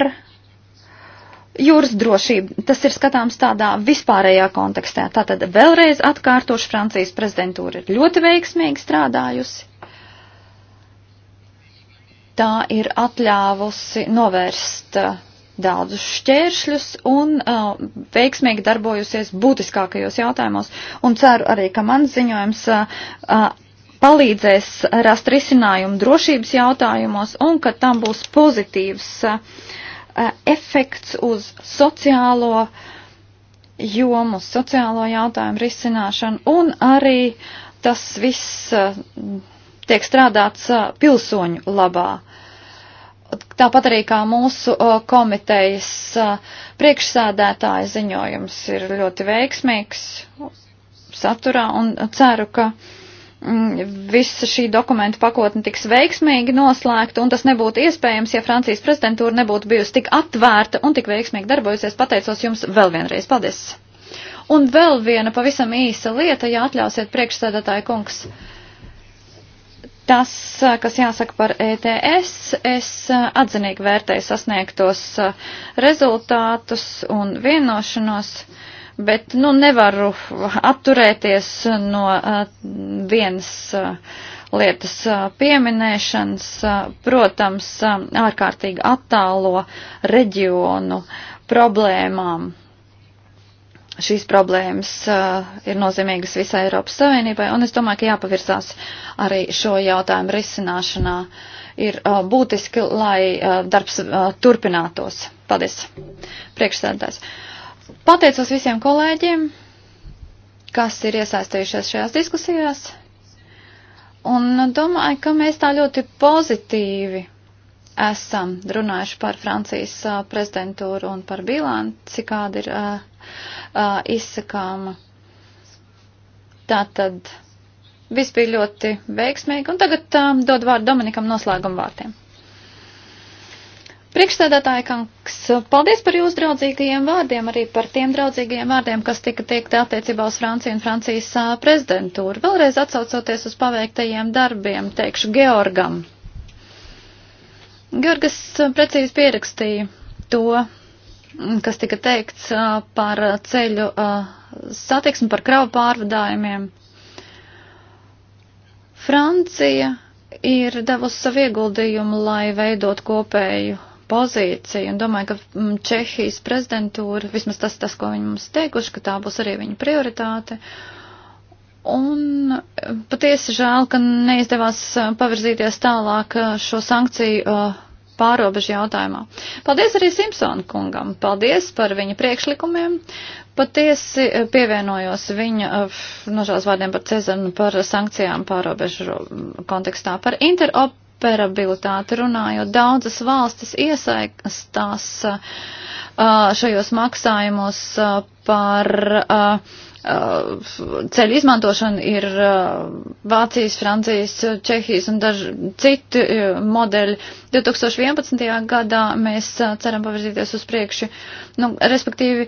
jūras drošību. Tas ir skatāms tādā vispārējā kontekstā. Tātad vēlreiz atkārtošu Francijas prezidentūra ir ļoti veiksmīgi strādājusi. Tā ir atļāvusi novērst uh, daudzus šķēršļus un uh, veiksmīgi darbojusies būtiskākajos jautājumos. Un ceru arī, ka mans ziņojums uh, uh palīdzēs rast risinājumu drošības jautājumos un ka tam būs pozitīvs uh, uh, efekts uz sociālo jomu, sociālo jautājumu risināšanu un arī tas viss uh, tiek strādāts uh, pilsoņu labā. Uh, Tāpat arī kā mūsu komitejas priekšsādētāja ziņojums ir ļoti veiksmīgs saturā un ceru, ka mm, visa šī dokumenta pakotne tiks veiksmīgi noslēgta, un tas nebūtu iespējams, ja Francijas prezidentūra nebūtu bijusi tik atvērta un tik veiksmīgi darbojusies. Pateicos jums vēl vienreiz. Paldies! Un vēl viena pavisam īsa lieta, ja atļausiet priekšsēdētāja kungs. Uh, Tas, eh, kas jāsaka par ETS, es eh, atzinīgi vērtēju sasniegtos eh, rezultātus un vienošanos, bet, nu, nevaru atturēties no vienas lietas pieminēšanas, protams, ārkārtīgi attālo reģionu problēmām šīs problēmas uh, ir nozīmīgas visai Eiropas Savienībai, un es domāju, ka jāpavirzās arī šo jautājumu risināšanā. Ir uh, būtiski, lai uh, darbs uh, turpinātos. Paldies, priekšsēdētājs. Pateicos visiem kolēģiem, kas ir iesaistījušies šajās diskusijās, un domāju, ka mēs tā ļoti pozitīvi esam runājuši par Francijas uh, prezidentūru un par bilanci, kāda ir. Uh, uh, izsakāma. Tātad viss bija ļoti veiksmīgi, un tagad uh, dod vārdu Dominikam noslēguma vārtiem. Priekšstādātāja kungs, paldies par jūsu draudzīgajiem vārdiem, arī par tiem draudzīgajiem vārdiem, kas tika teikti attiecībā uz Franciju un Francijas uh, prezidentūru. Vēlreiz atsaucoties uz paveiktajiem darbiem, teikšu Georgam. Georgas precīzi pierakstīja to, kas tika teikts par ceļu satiksmi, par kravu pārvadājumiem. Francija ir devusi savu ieguldījumu, lai veidot kopēju pozīciju, un domāju, ka Čehijas prezidentūra, vismaz tas, tas, ko viņi mums teikuši, ka tā būs arī viņa prioritāte. Un patiesi žēl, ka neizdevās pavirzīties tālāk šo sankciju uh, pārobežu jautājumā. Paldies arī Simpsona kungam. Paldies par viņa priekšlikumiem. Patiesi eh, pievienojos viņa eh, nožēlas vārdiem par Cezanu, par sankcijām pārobežu kontekstā, par interoperabilitāti runājot. Daudzas valstis iesaistās eh, šajos maksājumos par Uh, ceļu izmantošana ir uh, Vācijas, Francijas, Čehijas un daži citi uh, modeļi. 2011. gadā mēs ceram pavirzīties uz priekšu, nu, respektīvi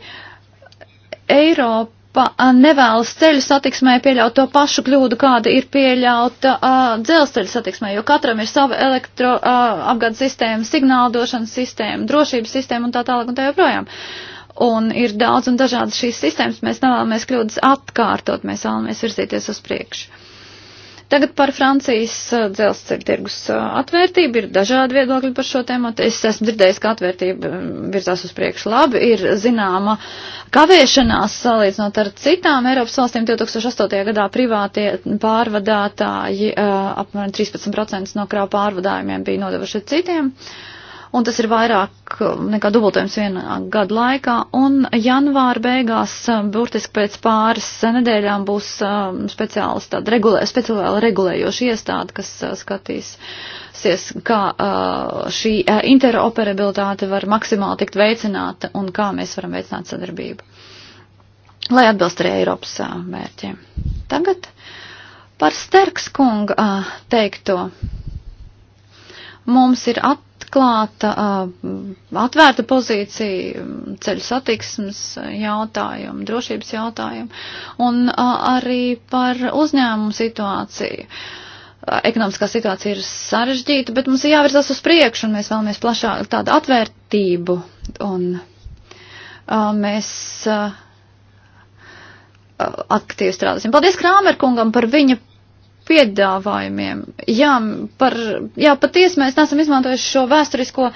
Eiropa. Nevēlas ceļu satiksmē pieļaut to pašu kļūdu, kāda ir pieļauta uh, dzelzceļa satiksmē, jo katram ir sava elektroapgādes uh, sistēma, signāldošanas sistēma, drošības sistēma un tā tālāk un tā joprojām. Uh, Un ir daudz un dažādas šīs sistēmas, mēs nevēlamies kļūdas atkārtot, mēs vēlamies virzīties uz priekšu. Tagad par Francijas uh, dzelzceļa tirgus uh, atvērtību ir dažādi viedokļi par šo tēmu. Es esmu dzirdējis, ka atvērtība um, virzās uz priekšu labi, ir zināma kavēšanās salīdzinot ar citām Eiropas valstīm. 2008. gadā privātie pārvadātāji uh, apmēram 13% no krāvu pārvadājumiem bija nodevuši citiem. Uh, un tas ir vairāk nekā dubultojums vienā gada laikā, un janvāra beigās, eh, burtiski pēc pāris eh, nedēļām, būs eh, speciāls tāda regulē, speciāla regulējoša iestāde, kas skatīsies, kā šī interoperabilitāte var maksimāli tikt veicināta un kā mēs varam veicināt sadarbību, lai atbilst arī Eiropas mērķiem. Tagad par Sterkskunga teikto mums ir at, atklāta, atvērta pozīcija ceļu satiksmes jautājumu, drošības jautājumu un arī par uzņēmumu situāciju. Ekonomiskā situācija ir sarežģīta, bet mums ir jāvirzās uz priekšu un mēs vēlamies plašāk tādu atvērtību un mēs aktīvi strādāsim. Paldies Krāmerkungam par viņa piedāvājumiem. Jā, par, jā patiesi mēs nesam izmantojuši šo vēsturisko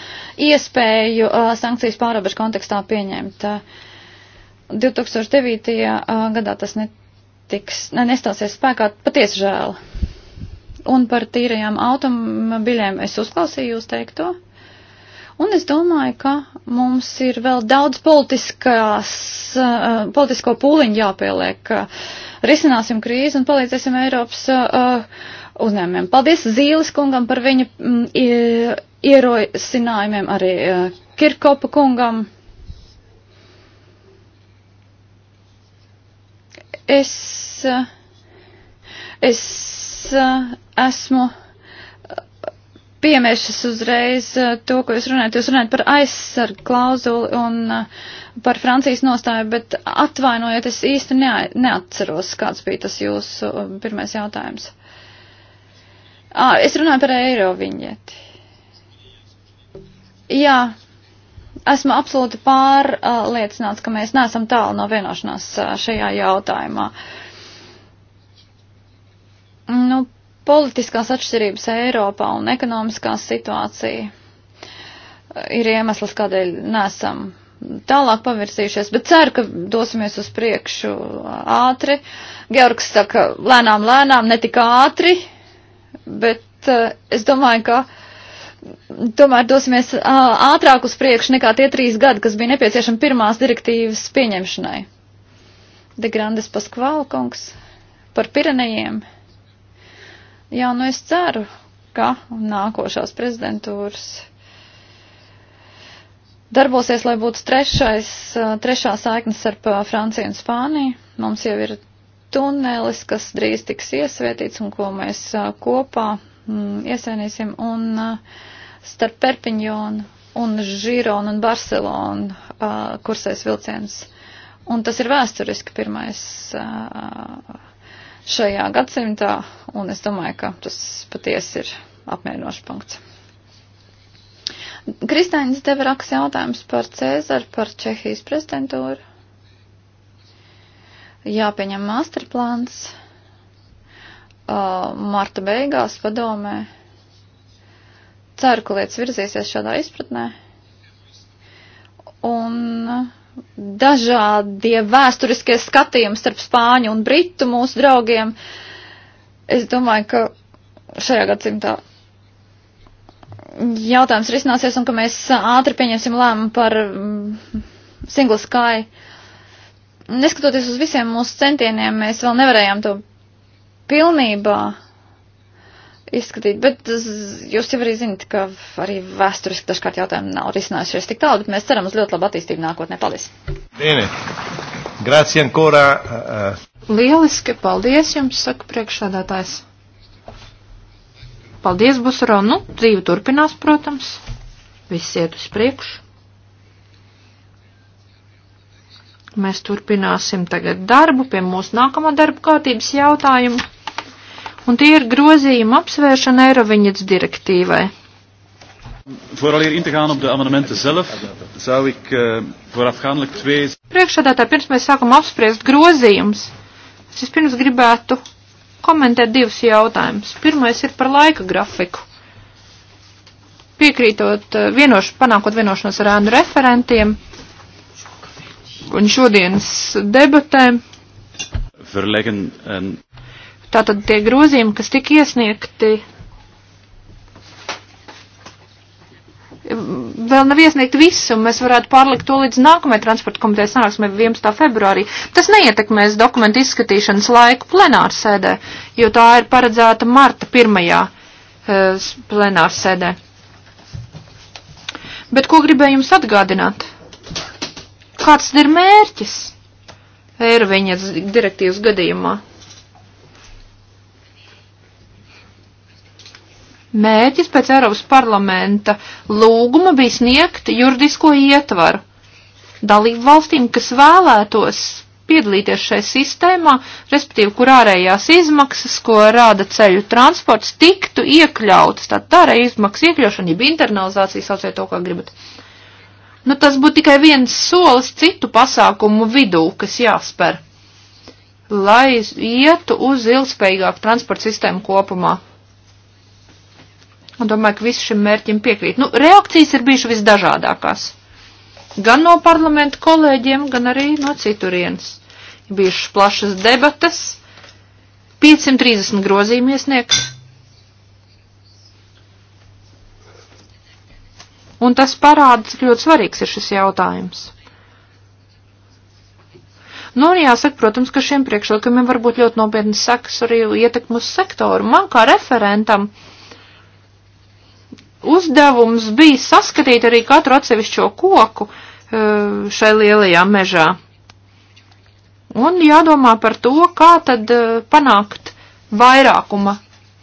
iespēju uh, sankcijas pārobežu kontekstā pieņemt. Uh, 2009. Uh, gadā tas netiks, ne, nestāsies spēkā, patiesi žēl. Un par tīrajām automobiļiem es uzklausīju jūs teikto. Un es domāju, ka mums ir vēl daudz politiskās, uh, politisko pūliņu jāpieliek. Uh, risināsim krīzi un palīdzēsim Eiropas uh, uh, uzņēmumiem. Paldies Zīles kungam par viņa mm, ierosinājumiem, arī uh, Kirkopa kungam. Es, uh, es uh, esmu piemēršas uzreiz eh, to, ko jūs runājat. Jūs runājat par aizsargu klauzuli un eh, par Francijas nostāju, bet atvainojiet, es īsti neatceros, kāds bija tas jūsu eh, pirmais jautājums. À, es runāju par eiro viņieti. Jā, esmu absolūti pārliecināts, ka mēs neesam tālu no vienošanās šajā jautājumā. Nu, Politiskās atšķirības Eiropā un ekonomiskā situācija ir iemesls, kādēļ nesam tālāk pavirzījušies, bet ceru, ka dosimies uz priekšu ātri. Georgs saka, lēnām, lēnām, ne tik ātri, bet uh, es domāju, ka tomēr dosimies uh, ātrāk uz priekšu nekā tie trīs gadi, kas bija nepieciešami pirmās direktīvas pieņemšanai. De Grandes Paskvalkungs par Pirenejiem. Jā, nu es ceru, ka nākošās prezidentūras darbosies, lai būtu trešais, trešā saiknes ar Franciju un Spāniju. Mums jau ir tunelis, kas drīz tiks iesvētīts un ko mēs kopā mm, iesvienīsim. Un starp Perpiņonu un Žironu un Barcelonu uh, kursēs vilciens. Un tas ir vēsturiski pirmais. Uh, šajā gadsimtā, un es domāju, ka tas patiesi ir apmierinošs punkts. Kristāņas Deveraks jautājums par Cēzaru, par Čehijas prezidentūru. Jāpieņem masterplāns uh, marta beigās padomē. Ceru, ka lietas virzīsies šādā izpratnē. Un uh, dažādie vēsturiskie skatījumi starp spāņu un britu mūsu draugiem. Es domāju, ka šajā gadsimtā jautājums risināsies un ka mēs ātri pieņemsim lēmumu par mm, single sky. Neskatoties uz visiem mūsu centieniem, mēs vēl nevarējām to pilnībā izskatīt, bet jūs jau arī zinat, ka arī vēsturiski dažkārt jautājumi nav risinājušies tik tālu, bet mēs ceram uz ļoti labu attīstību nākotnē. Paldies! Dēne. Grazie ancora. Uh... Lieliski, paldies jums, saka priekšādātājs. Paldies, Busaro. Nu, dzīve turpinās, protams. Viss iet uz priekšu. Mēs turpināsim tagad darbu pie mūsu nākamā darba kārtības jautājuma un tie ir grozījuma apsvēršana Eiroviņas direktīvai. Vooraleer in te gaan op de amendementen zelf, zou ik uh, voorafgaandelijk twee... Priekšādātā pirms mēs sākam apspriest grozījums, es vispirms gribētu komentēt divus jautājumus. Pirmais ir par laika grafiku. Piekrītot, eh, vienoš, panākot vienošanos ar ēnu referentiem un šodienas debatēm. Verleggen en Tātad tie grozījumi, kas tika iesniegti, vēl nav iesniegt visu, un mēs varētu pārlikt to līdz nākamajai transporta komitejas sanāksmē 11. februārī. Tas neietekmēs dokumentu izskatīšanas laiku plenāru sēdē, jo tā ir paredzēta marta pirmajā uh, eh, plenāru sēdē. Bet ko gribēju jums atgādināt? Kāds ir mērķis Eiroviņas direktīvas gadījumā? Mēķis pēc Eiropas parlamenta lūguma bija sniegt juridisko ietvaru dalību valstīm, kas vēlētos piedalīties šai sistēmā, respektīvi, kur ārējās izmaksas, ko rāda ceļu transports, tiktu iekļautas. Tātad ārēja izmaksas iekļaušana, jeb internalizācija, sauciet to, kā gribat. Nu, tas būtu tikai viens solis citu pasākumu vidū, kas jāspēr, lai ietu uz ilgspējīgāku transporta sistēmu kopumā un domāju, ka visi šim mērķim piekrīt. Nu, reakcijas ir bijušas visdažādākās. Gan no parlamenta kolēģiem, gan arī no citurienes. Ir bijušas plašas debatas, 530 grozījumi iesniegts. Un tas parāda, cik ļoti svarīgs ir šis jautājums. Nu, un jāsaka, protams, ka šiem priekšlikumiem var būt ļoti nopietnas sekas arī ietekmus sektoru. Man kā referentam uh, uzdevums bija saskatīt arī katru atsevišķo koku e, šai lielajā mežā. Un jādomā par to, kā tad e, panākt vairākuma,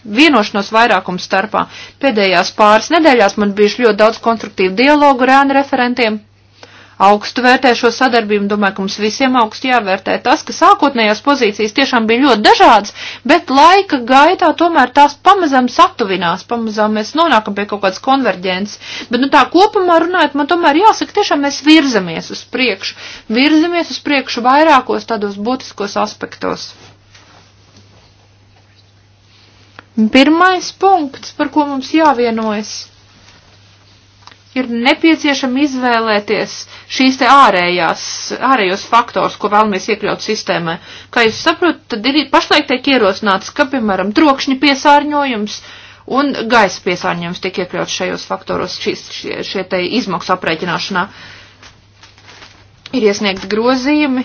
vienošanos vairākuma starpā. Pēdējās pāris nedēļās man bijuši ļoti daudz konstruktīvu dialogu ar ēnu referentiem augstu vērtē šo sadarbību. Domāju, ka mums visiem augstu jāvērtē tas, ka sākotnējās pozīcijas tiešām bija ļoti dažādas, bet laika gaitā tomēr tās pamazām satuvinās, pamazām mēs nonākam pie kaut kādas konverģences. Bet, nu tā kopumā runājot, man tomēr jāsaka, tiešām mēs virzamies uz priekšu, virzamies uz priekšu vairākos tādos būtiskos aspektos. Pirmais punkts, par ko mums jāvienojas ir nepieciešami izvēlēties šīs te ārējās, ārējos faktors, ko vēlamies iekļaut sistēmā. Kā jūs saprotat, tad ir pašlaik tiek ierosināts, ka, piemēram, trokšņa piesārņojums un gaisa piesārņojums tiek iekļauts šajos faktoros, šis, šie, šie te izmaksu aprēķināšanā. Ir iesniegti grozījumi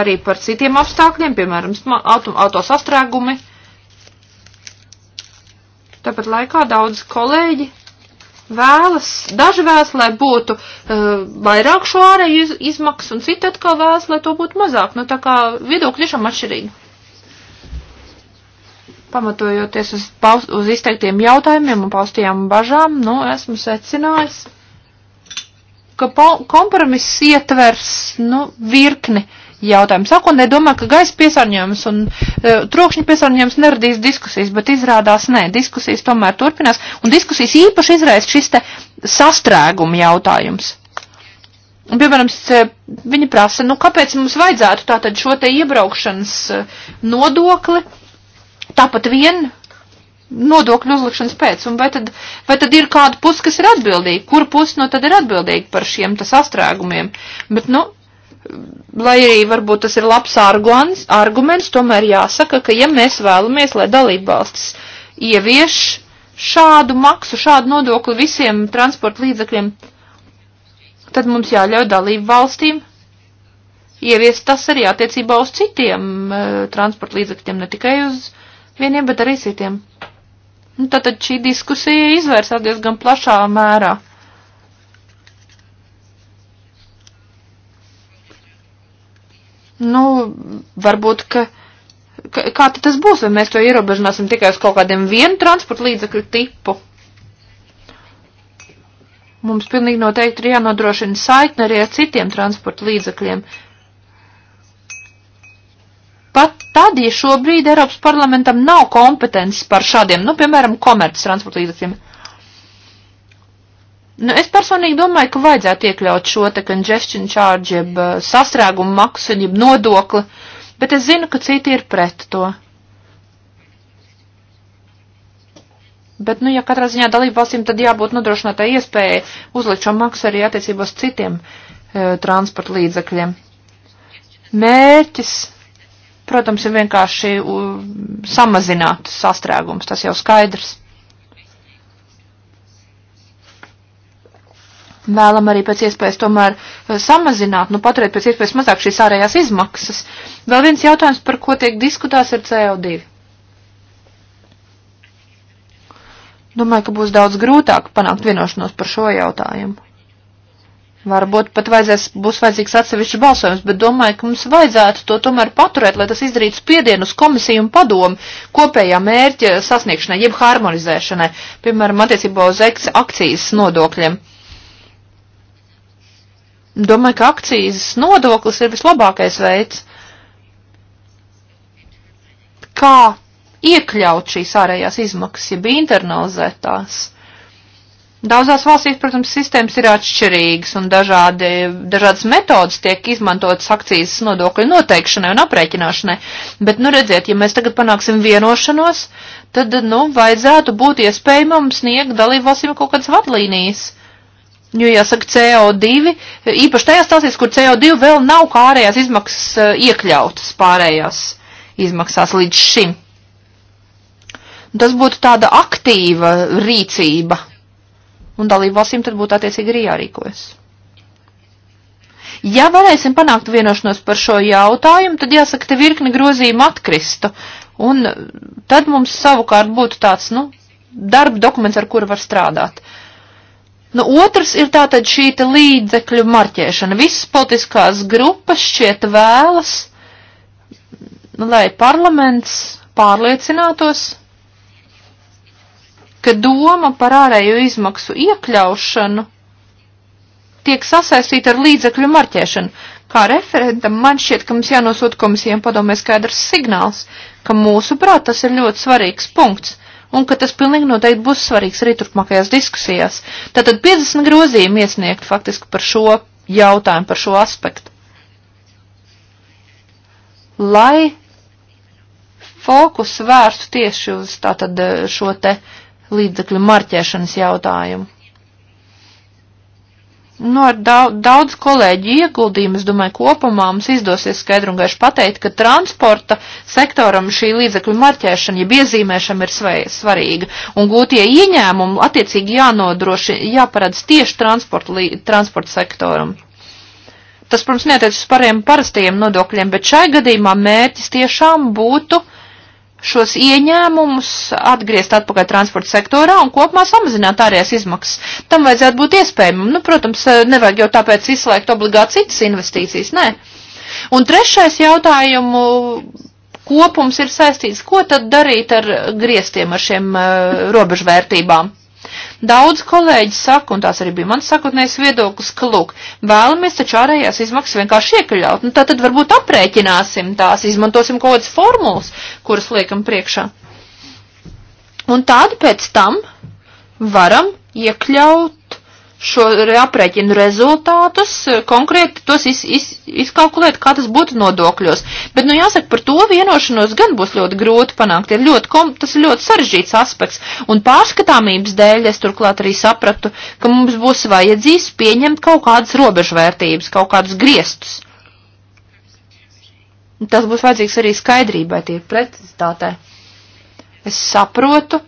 arī par citiem apstākļiem, piemēram, auto, autosastrēgumi. Auto Tāpat laikā daudz kolēģi vēlas, daži vēlas, lai būtu uh, vairāk šo ārēju iz, izmaksu, un citi atkal vēlas, lai to būtu mazāk. Nu, tā kā viedokļi tiešām atšķirīgi. Pamatojoties uz, paus, uz izteiktiem jautājumiem un paustajām bažām, nu, esmu secinājis, ka kompromiss ietvers, nu, virkni uh, jautājumu. Sākotnēji domāju, ka gaisa piesārņojums un uh, trokšņa piesārņojums neradīs diskusijas, bet izrādās nē, diskusijas tomēr turpinās, un diskusijas īpaši izraisa šis te sastrēguma jautājums. Un, piemēram, e, viņi prasa, nu, kāpēc mums vajadzētu tātad šo te iebraukšanas e, nodokli, tāpat vien nodokļu uzlikšanas pēc, un vai tad, vai tad ir kāda puse, kas ir atbildīga, kura puse no tad ir atbildīga par šiem tas astrēgumiem, bet, nu, lai arī varbūt tas ir labs arguments, arguments, tomēr jāsaka, ka ja mēs vēlamies, lai dalībvalstis ievieš šādu maksu, šādu nodokli visiem transporta līdzekļiem, tad mums jāļauj dalību valstīm ieviest tas arī attiecībā uz citiem uh, transporta līdzekļiem, ne tikai uz vieniem, bet arī citiem. Nu, tātad šī diskusija izvērsās diezgan plašā mērā. Nu, varbūt, ka kā tad tas būs, vai mēs to ierobežināsim tikai uz kaut kādiem vienu transporta līdzekļu tipu? Mums pilnīgi noteikti ir jānodrošina saikne arī ar citiem transporta līdzekļiem. Pat tad, ja šobrīd Eiropas parlamentam nav kompetences par šādiem, nu, piemēram, komerces transporta līdzekļiem. Nu, es personīgi domāju, ka vajadzētu iekļaut šo te congestion charge, jeb eh, sastrēgumu maksu, jeb nodokli, bet es zinu, ka citi ir pret to. Bet, nu, ja katrā ziņā dalību valstīm, tad jābūt nodrošinātai iespējai uzlikt šo maksu arī attiecībos citiem e, transporta līdzakļiem. Mērķis, protams, ir vienkārši u, samazināt sastrēgums, tas jau skaidrs. vēlam arī pēc iespējas tomēr eh, samazināt, nu paturēt pēc iespējas mazāk šīs ārējās izmaksas. Vēl viens jautājums, par ko tiek diskutēts, ir CO2. Domāju, ka būs daudz grūtāk panākt vienošanos par šo jautājumu. Varbūt pat vajadzēs, būs vajadzīgs atsevišķs balsojums, bet domāju, ka mums vajadzētu to tomēr paturēt, lai tas izdarītu spiedienu uz komisiju un padomu kopējā mērķa sasniegšanai, jeb harmonizēšanai, piemēram, attiecībā uz akcijas nodokļiem Domāju, ka akcijas nodoklis ir vislabākais veids, kā iekļaut šīs ārējās izmaksas, ja bija internalizētās. Daudzās valstīs, protams, sistēmas ir atšķirīgas un dažādi, dažādas metodas tiek izmantotas akcijas nodokļu noteikšanai un aprēķināšanai. Bet, nu, redziet, ja mēs tagad panāksim vienošanos, tad, nu, vajadzētu būt iespējamam sniegt dalībvalstīm kaut kādas vadlīnijas Jo jāsaka CO2, īpaši tajās stāstīs, kur CO2 vēl nav kā ārējās izmaksas eh, iekļautas pārējās izmaksās līdz šim. Tas būtu tāda aktīva rīcība, un dalību valstīm tad būtu attiecīgi arī jārīkojas. Ja varēsim panākt vienošanos par šo jautājumu, tad jāsaka, te virkni grozījumu atkristu, un eh, tad mums savukārt būtu tāds, nu, darba dokuments, ar kuru var strādāt. Uh, Nu, otrs ir tātad šī līdzekļu marķēšana. Visas politiskās grupas šķiet vēlas, nu, lai parlaments pārliecinātos, ka doma par ārēju izmaksu iekļaušanu tiek sasaistīta ar līdzekļu marķēšanu. Kā referentam man šķiet, ka mums jānosūt komisijām padomē skaidrs signāls, ka mūsuprāt tas ir ļoti svarīgs punkts un ka tas pilnīgi noteikti būs svarīgs arī turpmākajās diskusijās. Tātad 50 grozījumi iesniegt faktiski par šo jautājumu, par šo aspektu. Lai fokus vērstu tieši uz tātad eh, šo te līdzekļu marķēšanas jautājumu. Nu, ar daudz, daudz kolēģi ieguldījumu, es domāju, kopumā mums izdosies skaidru un gaišu pateikt, ka transporta sektoram šī līdzekļu marķēšana, jeb iezīmēšana ir svai, svarīga. Un gūtie ieņēmumi attiecīgi jānodrošina, jāparedz tieši transporta, transporta sektoram. Tas, protams, netiec uz pariem parastajiem nodokļiem, bet šai gadījumā mērķis tiešām būtu šos ieņēmumus atgriezt atpakaļ transporta sektorā un kopumā samazināt ārējās izmaksas. Tam vajadzētu būt iespējamam. Nu, protams, eh, nevajag jau tāpēc izslēgt obligāti citas investīcijas, nē. Un trešais jautājumu kopums ir saistīts, ko tad darīt ar griestiem, ar šiem uh, robežvērtībām? Daudz kolēģi saka, un tās arī bija mans sakotnējs viedoklis, ka, lūk, vēlamies taču ārējās izmaksas vienkārši iekļaut, nu tā tad varbūt aprēķināsim tās, izmantosim kaut kādas formulas, kuras liekam priekšā. Un tādu pēc tam varam iekļaut šo aprēķinu rezultātus, eh, konkrēti tos iz, iz, izkalkulēt, kā tas būtu nodokļos. Bet, nu, jāsaka, par to vienošanos gan būs ļoti grūti panākt. Ir ļoti, kom, tas ir ļoti sarežģīts aspekts. Un pārskatāmības dēļ es turklāt arī sapratu, ka mums būs vajadzīs pieņemt kaut kādas robežvērtības, kaut kādus griestus. Un tas būs vajadzīgs arī skaidrībai, tie precizitātē. Es saprotu,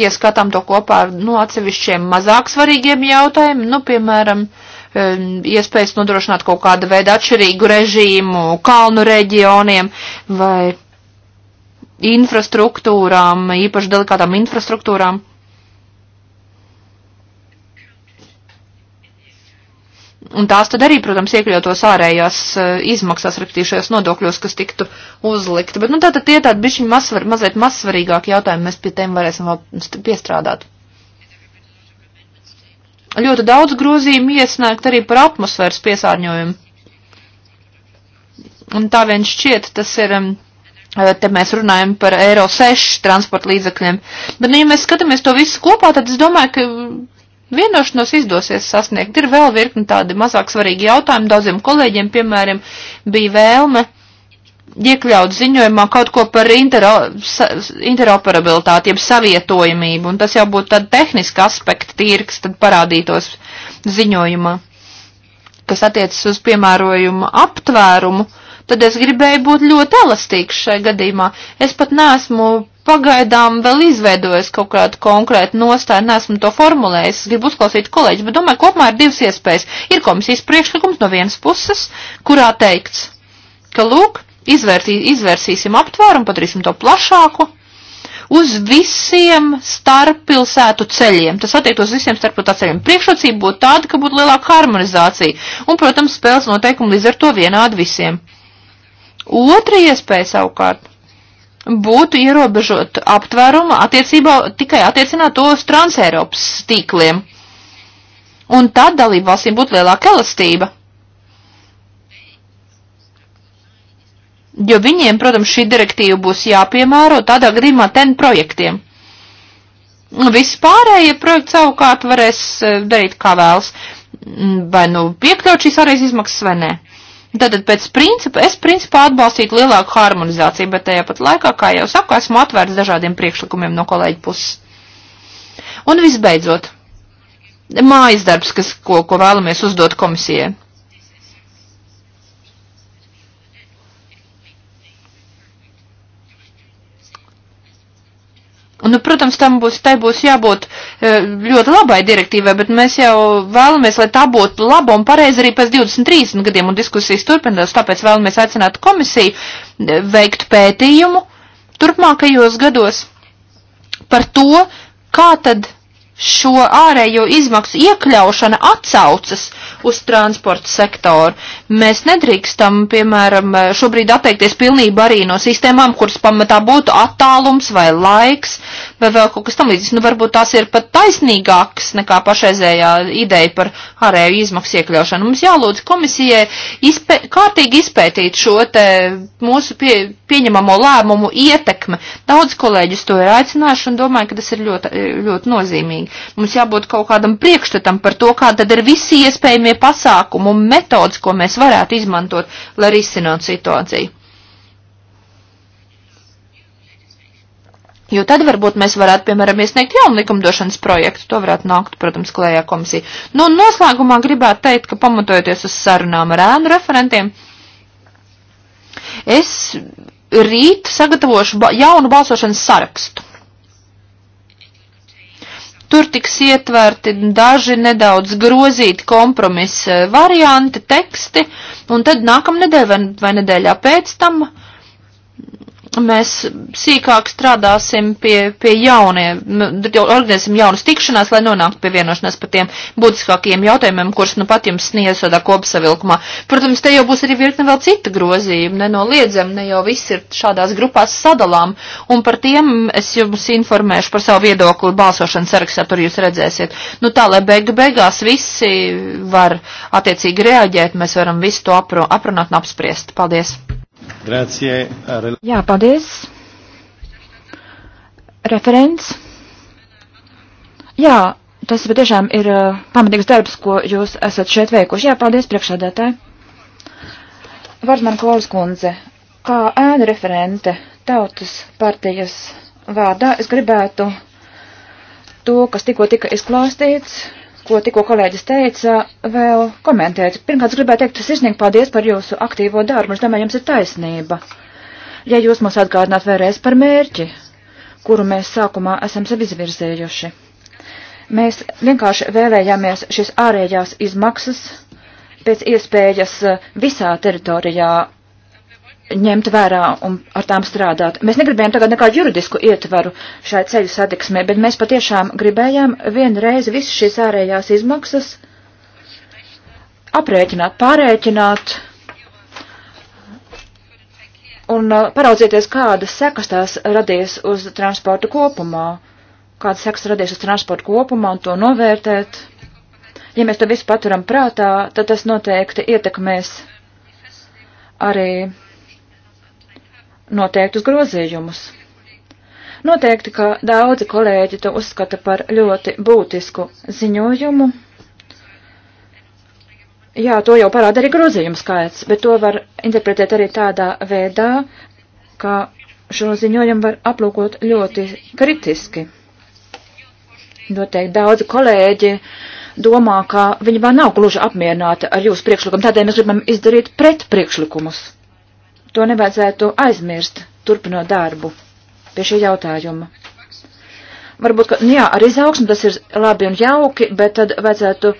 ja skatām to kopā ar, nu, atsevišķiem mazāk svarīgiem jautājumiem, nu, piemēram, iespējas nodrošināt kaut kādu veidu atšķirīgu režīmu kalnu reģioniem vai infrastruktūrām, īpaši delikātām infrastruktūrām. Un tās tad arī, protams, iekļautos ārējās eh, izmaksās, repetīšajos nodokļos, kas tiktu uzlikti. Bet, nu, tātad tie tādi bišķi mazsvar, mazliet mazsvarīgāki jautājumi, mēs pie tiem varēsim vēl piestrādāt. Ļoti daudz grozījumu iesniegt arī par atmosfēras piesārņojumu. Un tā vien šķiet, tas ir. Um, Te mēs runājam par Eiro 6 transporta līdzakļiem. Bet, nu, ja mēs skatāmies to visu kopā, tad es domāju, ka Vienošanos izdosies sasniegt. Ir vēl virkni tādi mazāk svarīgi jautājumi. Daudziem kolēģiem, piemēram, bija vēlme iekļaut ziņojumā kaut ko par intero, interoperabilitāti, jeb savietojamību, un tas jau būtu tad tehniski aspekti tīrks, tad parādītos ziņojumā, kas attiecas uz piemērojumu aptvērumu. Uh, tad es gribēju būt ļoti elastīgs šai gadījumā. Es pat neesmu pagaidām vēl izveidojis kaut kādu konkrētu nostāju, neesmu to formulējis, es gribu uzklausīt kolēģis, bet domāju, kopumā ir divas iespējas. Ir komisijas priekšlikums no vienas puses, kurā teikts, ka lūk, izvērsī, izvērsīsim aptvērumu, padarīsim to plašāku uz visiem starppilsētu ceļiem. Tas attiekt uz visiem starppilsētu ceļiem. Priekšrocība būtu tāda, ka būtu lielāka harmonizācija. Un, protams, spēles noteikumi līdz ar to vienādi visiem. Otra iespēja savukārt būtu ierobežot aptvērumu attiecībā tikai attiecināt to uz transeiropas tīkliem. Un tad dalību valstīm būtu lielāka elastība. Jo viņiem, protams, šī direktīva būs jāpiemēro tādā gadījumā ten projektiem. Viss pārējie projekti savukārt varēs eh, darīt kā vēlas, vai nu piekļaut šīs ārējas izmaksas vai nē. Tātad pēc principa, es principā atbalstītu lielāku harmonizāciju, bet tajā pat laikā, kā jau saku, esmu atvērts dažādiem priekšlikumiem no kolēģa puses. Un visbeidzot, mājas darbs, kas, ko, ko vēlamies uzdot komisijai. Un, nu, protams, tam būs, tai būs jābūt e, ļoti labai direktīvai, bet mēs jau vēlamies, lai tā būtu laba un pareiza arī pēc 20-30 gadiem, un diskusijas turpinās, tāpēc vēlamies aicināt komisiju e, veikt pētījumu turpmākajos gados par to, kā tad šo ārējo izmaksu iekļaušana atsaucas uz transporta sektoru. Mēs nedrīkstam, piemēram, šobrīd atteikties pilnībā arī no sistēmām, kuras pamatā būtu attālums vai laiks vai vēl kaut kas tam līdzīgs. Nu, varbūt tās ir pat taisnīgākas nekā pašreizējā ideja par ārēju izmaksu iekļaušanu. Mums jālūdz komisijai izpē kārtīgi izpētīt šo te mūsu pie pieņemamo lēmumu ietekme. Daudz kolēģis to ir aicinājuši un domāju, ka tas ir ļoti, ļoti nozīmīgi. Mums jābūt kaut kādam priekšstatam par to, kā tad ir visi iespējamie pasākumi un metodas, ko mēs varētu izmantot, lai risinātu situāciju. Jo tad varbūt mēs varētu, piemēram, iesniegt jaunu likumdošanas projektu. To varētu nākt, protams, klējā komisija. Nu, noslēgumā gribētu teikt, ka pamatojoties uz sarunām ar ēnu referentiem, es rīt sagatavošu ba jaunu balsošanas sarakstu. Tur tiks ietverti daži nedaudz grozīti kompromisa varianti, teksti, un tad nākamnedēļ vai, vai nedēļā pēc tam uh, mēs sīkāk strādāsim pie, pie jauniem, nu, organizēsim jaunas tikšanās, lai nonāktu pie vienošanās par tiem būtiskākajiem jautājumiem, kurus nu pat jums sniedz tādā kopsavilkumā. Protams, te jau būs arī virkne vēl cita grozījuma, nenoliedzam, ne jau viss ir šādās grupās sadalām, un par tiem es jums informēšu par savu viedokli balsošanas sarakstā, tur jūs redzēsiet. Nu tā, lai beigu beigās visi var attiecīgi reaģēt, mēs varam visu to aprunāt un apspriest. Paldies! Grazie. Eh, Jā, paldies. Referents. Jā, tas patiešām ir uh, pamatīgs darbs, ko jūs esat šeit veikuši. Jā, paldies priekšādātāji. Vardman Klauls kundze, kā ēna referente tautas partijas vārdā, es gribētu to, kas tikko tika izklāstīts, ko tikko kolēģis teica, vēl komentēt. Pirmkārt, gribētu teikt sirsnīgi paldies par jūsu aktīvo darbu. Es domāju, jums ir taisnība. Ja jūs mums atgādināt vēlreiz par mērķi, kuru mēs sākumā esam sev izvirzējuši. Mēs vienkārši vēlējāmies šīs ārējās izmaksas pēc iespējas eh, visā teritorijā ņemt vērā un ar tām strādāt. Mēs negribējām tagad nekādu juridisku ietvaru šai ceļu satiksmē, bet mēs patiešām gribējām vienreiz visas šīs ārējās izmaksas aprēķināt, pārēķināt un uh, paraudzieties, kādas sekas tās radies uz transportu kopumā, kādas sekas radies uz transportu kopumā un to novērtēt. Ja mēs to visu paturam prātā, tad tas noteikti ietekmēs arī noteiktus grozījumus. Noteikti, ka daudzi kolēģi to uzskata par ļoti būtisku ziņojumu. Jā, to jau parāda arī grozījuma skaits, bet to var interpretēt arī tādā veidā, ka šo ziņojumu var aplūkot ļoti kritiski. Noteikti daudzi kolēģi domā, ka viņi vēl nav gluži apmierināti ar jūsu priekšlikumu, tādēļ mēs gribam izdarīt pret priekšlikumus. To nevajadzētu aizmirst, turpinot darbu pie šī jautājuma. Varbūt, ka, nu jā, ar izaugsmu tas ir labi un jauki, bet tad vajadzētu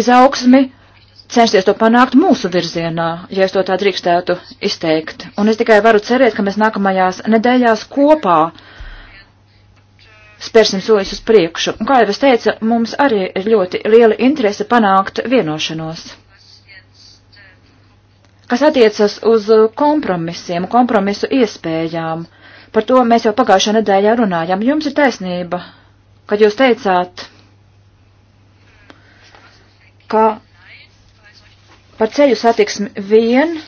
izaugsmi censties to panākt mūsu virzienā, ja es to tā drīkstētu izteikt. Un es tikai varu cerēt, ka mēs nākamajās nedēļās kopā spērsim soļus uz priekšu. Un, kā jau es teicu, mums arī ir ļoti liela interese panākt vienošanos kas attiecas uz uh, kompromisiem, kompromisu iespējām. Par to mēs jau pagājušā nedēļā runājām. Jums ir taisnība, kad jūs teicāt, ka par ceļu satiksmi vien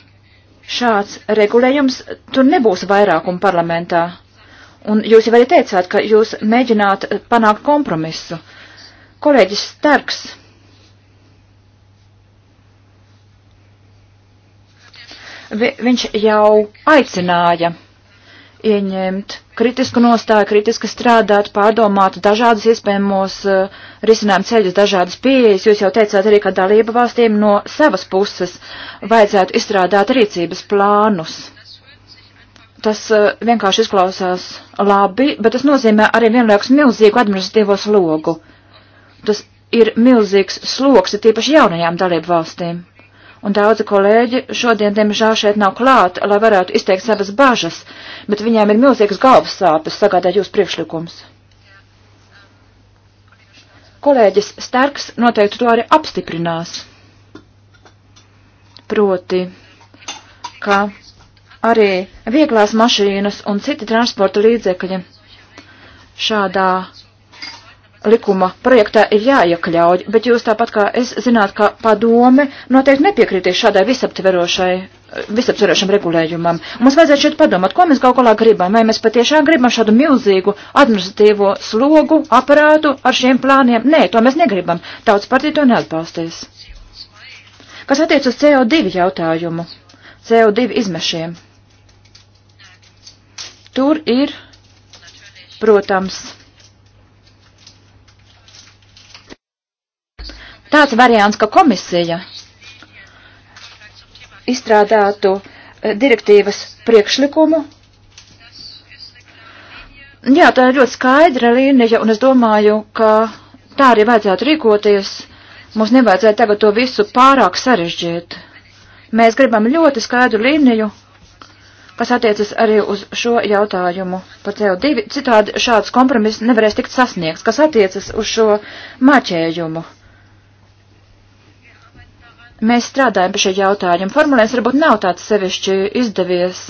šāds regulējums tur nebūs vairākuma parlamentā. Un jūs jau arī teicāt, ka jūs mēģināt panākt kompromisu. Kolēģis Starks vi, viņš jau aicināja ieņemt kritisku nostāju, kritiski strādāt, pārdomāt dažādas iespējamos uh, risinājumu ceļus, dažādas pieejas. Jūs jau teicāt arī, ka dalība valstīm no savas puses vajadzētu izstrādāt rīcības plānus. Tas uh, vienkārši izklausās labi, bet tas nozīmē arī vienlaikus milzīgu administratīvo slogu. Tas ir milzīgs sloks, ir tīpaši jaunajām dalību valstīm un daudzi kolēģi šodien, diemžēl, šeit nav klāt, lai varētu izteikt savas bažas, bet viņiem ir milzīgas galvas sāpes sagādāt jūs priekšlikums. Kolēģis Starks noteikti to arī apstiprinās. Proti, ka arī vieglās mašīnas un citi transporta līdzekļi šādā likuma projektā ir jāiekļauj, bet jūs tāpat kā es zināt, ka padome noteikti nepiekrītīs šādai visaptverošai, visaptverošam regulējumam. Mums vajadzētu šeit padomāt, ko mēs galu galā gribam, vai mēs patiešām gribam šādu milzīgu administratīvo slogu, aparātu ar šiem plāniem. Nē, to mēs negribam. Tautas partija to neatbalstīs. Kas attiec uz CO2 jautājumu, CO2 izmešiem? Tur ir, protams, tāds variants, ka komisija izstrādātu eh, direktīvas priekšlikumu. Jā, tā ir ļoti skaidra līnija, un es domāju, ka tā arī vajadzētu rīkoties. Mums nevajadzētu tagad to visu pārāk sarežģīt. Mēs gribam ļoti skaidru līniju, kas attiecas arī uz šo jautājumu par CO2. Citādi šāds kompromiss nevarēs tikt sasniegts, kas attiecas uz šo maķējumu. Mēs strādājam pie šī jautājuma. Formulējums varbūt nav tāds sevišķi izdevies.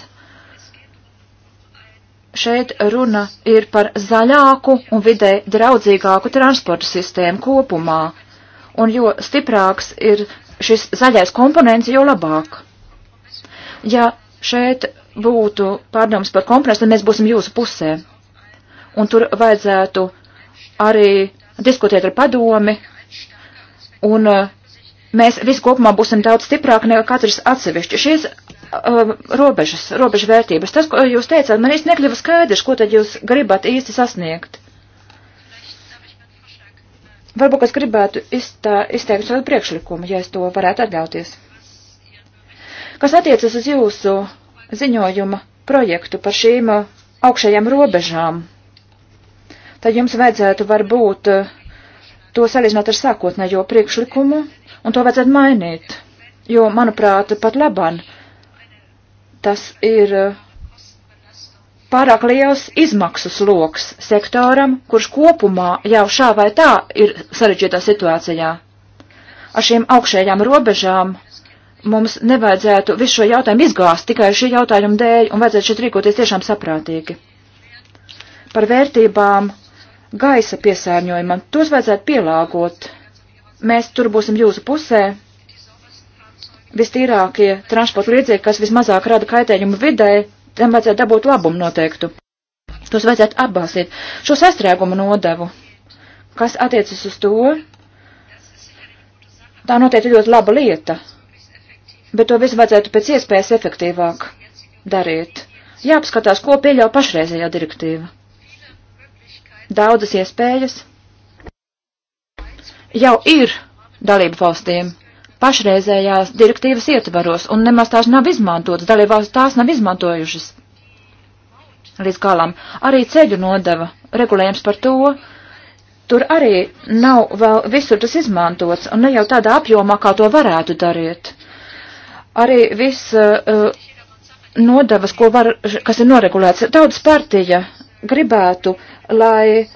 Šeit runa ir par zaļāku un vidē draudzīgāku transporta sistēmu kopumā. Un jo stiprāks ir šis zaļais komponents, jo labāk. Ja šeit būtu pārdoms par komponents, tad mēs būsim jūsu pusē. Un tur vajadzētu arī diskutēt ar padomi un uh, mēs viskopumā būsim daudz stiprāki nekā katrs atsevišķi. Šīs uh, robežas, robežu vērtības, tas, ko jūs teicāt, man īsti nekļuva skaidrs, ko tad jūs gribat īsti sasniegt. Varbūt es gribētu iztā, izteikt savu priekšlikumu, ja es to varētu atļauties. Kas attiecas uz jūsu ziņojuma projektu par šīm uh, augšējām robežām, tad jums vajadzētu varbūt uh, to salīdzināt ar sākotnējo priekšlikumu, un to vajadzētu mainīt, jo, manuprāt, pat laban tas ir eh, pārāk liels izmaksu sloks sektoram, kurš kopumā jau šā vai tā ir sarežģītā situācijā. Ar šīm augšējām robežām mums nevajadzētu visu šo jautājumu izgāzt tikai šī jautājuma dēļ un vajadzētu šeit rīkoties tiešām saprātīgi. Par vērtībām gaisa piesārņojumam. Tos vajadzētu pielāgot. Mēs tur būsim jūsu pusē. Vistīrākie transporta līdzekļi, kas vismazāk rada kaitējumu vidē, tam vajadzētu dabūt labumu noteiktu. Tos vajadzētu atbalstīt. Šo sastrēgumu nodevu, kas attiecas uz to, tā noteikti ļoti laba lieta, bet to visu vajadzētu pēc iespējas efektīvāk darīt. Jāapskatās, ko pieļauj pašreizējā direktīva daudzas iespējas jau ir dalību valstīm pašreizējās direktīvas ietvaros, un nemaz tās nav izmantotas, dalībvalsts tās nav izmantojušas. Līdz galam arī ceļu nodeva regulējums par to, tur arī nav vēl visur tas izmantots, un ne jau tādā apjomā, kā to varētu darīt. Arī viss uh, nodevas, ko var, kas ir noregulēts, tautas partija gribētu lai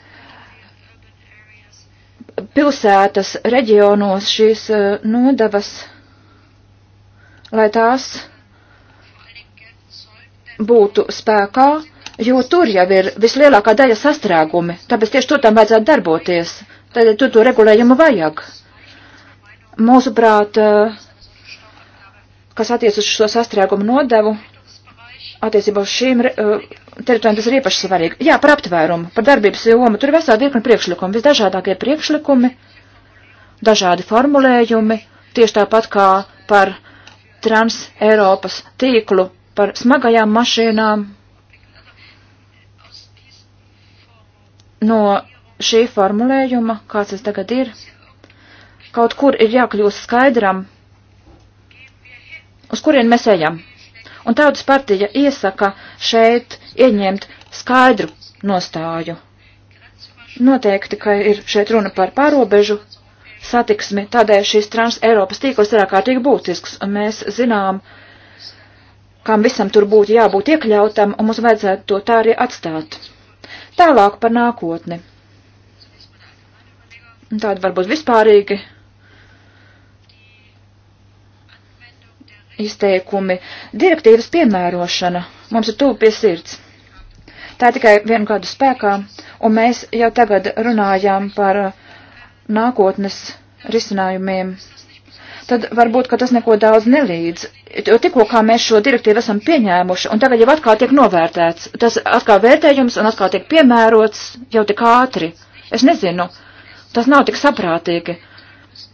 pilsētas reģionos šīs eh, nodavas, lai tās būtu spēkā, jo tur jau ir vislielākā daļa sastrēgumi, tāpēc tieši tur tam vajadzētu darboties, tad tur to regulējumu vajag. Mūsuprāt, eh, kas attiec uz šo sastrēgumu nodevu, attiecībā uz šīm eh, teritorijām tas ir īpaši svarīgi. Jā, par aptvērumu, par darbības jomu, tur ir vesela virkni priekšlikumi, visdažādākie priekšlikumi, dažādi formulējumi, tieši tāpat kā par trans Eiropas tīklu, par smagajām mašīnām. No šī formulējuma, kāds tas tagad ir, kaut kur ir jākļūst skaidram, uz kurien mēs ejam. Un tautas partija iesaka šeit ieņemt skaidru nostāju. Noteikti, ka ir šeit runa par pārobežu satiksmi, tādēļ šīs trans-Eiropas tīkls ir ārkārtīgi būtisks, un mēs zinām, kam visam tur būtu jābūt iekļautam, un mums vajadzētu to tā arī atstāt. Tālāk par nākotni. Tāda varbūt vispārīgi izteikumi. Direktīvas piemērošana mums ir tuvu pie sirds. Tā ir tikai vienu gadu spēkā, un mēs jau tagad runājām par uh, nākotnes risinājumiem. Tad varbūt, ka tas neko daudz nelīdz, jo tikko kā mēs šo direktīvu esam pieņēmuši, un tagad jau atkal tiek novērtēts. Tas atkal vērtējums un atkal tiek piemērots jau tik ātri. Es nezinu, tas nav tik saprātīgi.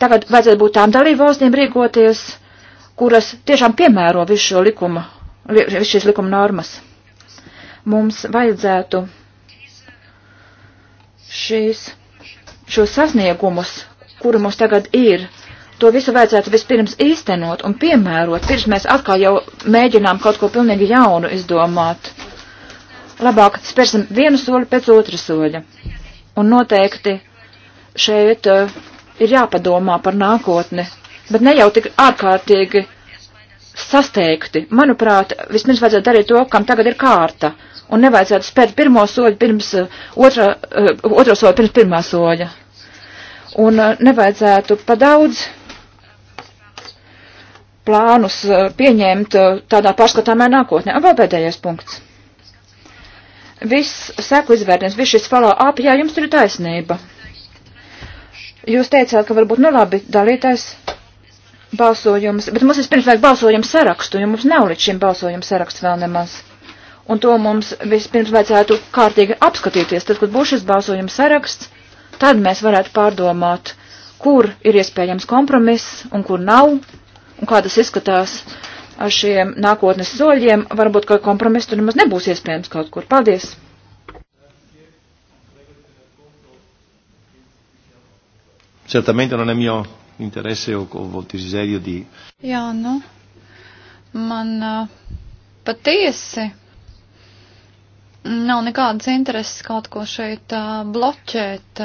Tagad vajadzētu būt tām dalībvalstīm rīkoties kuras tiešām piemēro visu šo likumu, visu šīs likuma normas. Mums vajadzētu šīs, šos sasniegumus, kuri mums tagad ir, to visu vajadzētu vispirms īstenot un piemērot, pirms mēs atkal jau mēģinām kaut ko pilnīgi jaunu izdomāt. Labāk spērsim vienu soli pēc otra soļa. Un noteikti šeit uh, ir jāpadomā par nākotni, bet ne jau tik ārkārtīgi sasteigti. Manuprāt, vismaz vajadzētu darīt to, kam tagad ir kārta, un nevajadzētu spērt pirmo soļu pirms uh, otra, uh, otro soļu pirms pirmā soļa. Un uh, nevajadzētu padaudz plānus pieņemt tādā pārskatāmē nākotnē. Un vēl pēdējais punkts. Viss seku izvērtnes, viss šis falā ap, jā, jums tur ir taisnība. Jūs teicāt, ka varbūt nelabi nu dalītais balsojums, bet mums vispirms vajag balsojumu sarakstu, jo mums nav līdz šim balsojumu saraksts vēl nemaz. Un to mums vispirms vajadzētu kārtīgi apskatīties. Tad, kad būs šis balsojums saraksts, tad mēs varētu pārdomāt, kur ir iespējams kompromiss un kur nav, un kā tas izskatās ar šiem nākotnes soļiem. Varbūt, ka kompromiss tur nemaz nebūs iespējams kaut kur. Paldies! Certamente non è mio interesse o, o desiderio di. Jā, nu, man uh, patiesi nav nekādas intereses kaut ko šeit uh, bloķēt.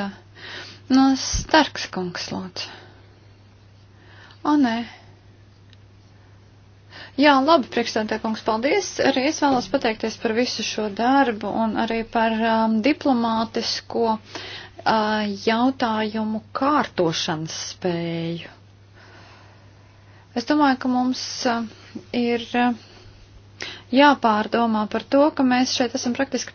Nu, Starks kungs, lūdzu. O, nē. Jā, labi, priekšstādā kungs, paldies. Arī es vēlos pateikties par visu šo darbu un arī par um, diplomātisko jautājumu kārtošanas spēju. Es domāju, ka mums ir jāpārdomā par to, ka mēs šeit esam praktiski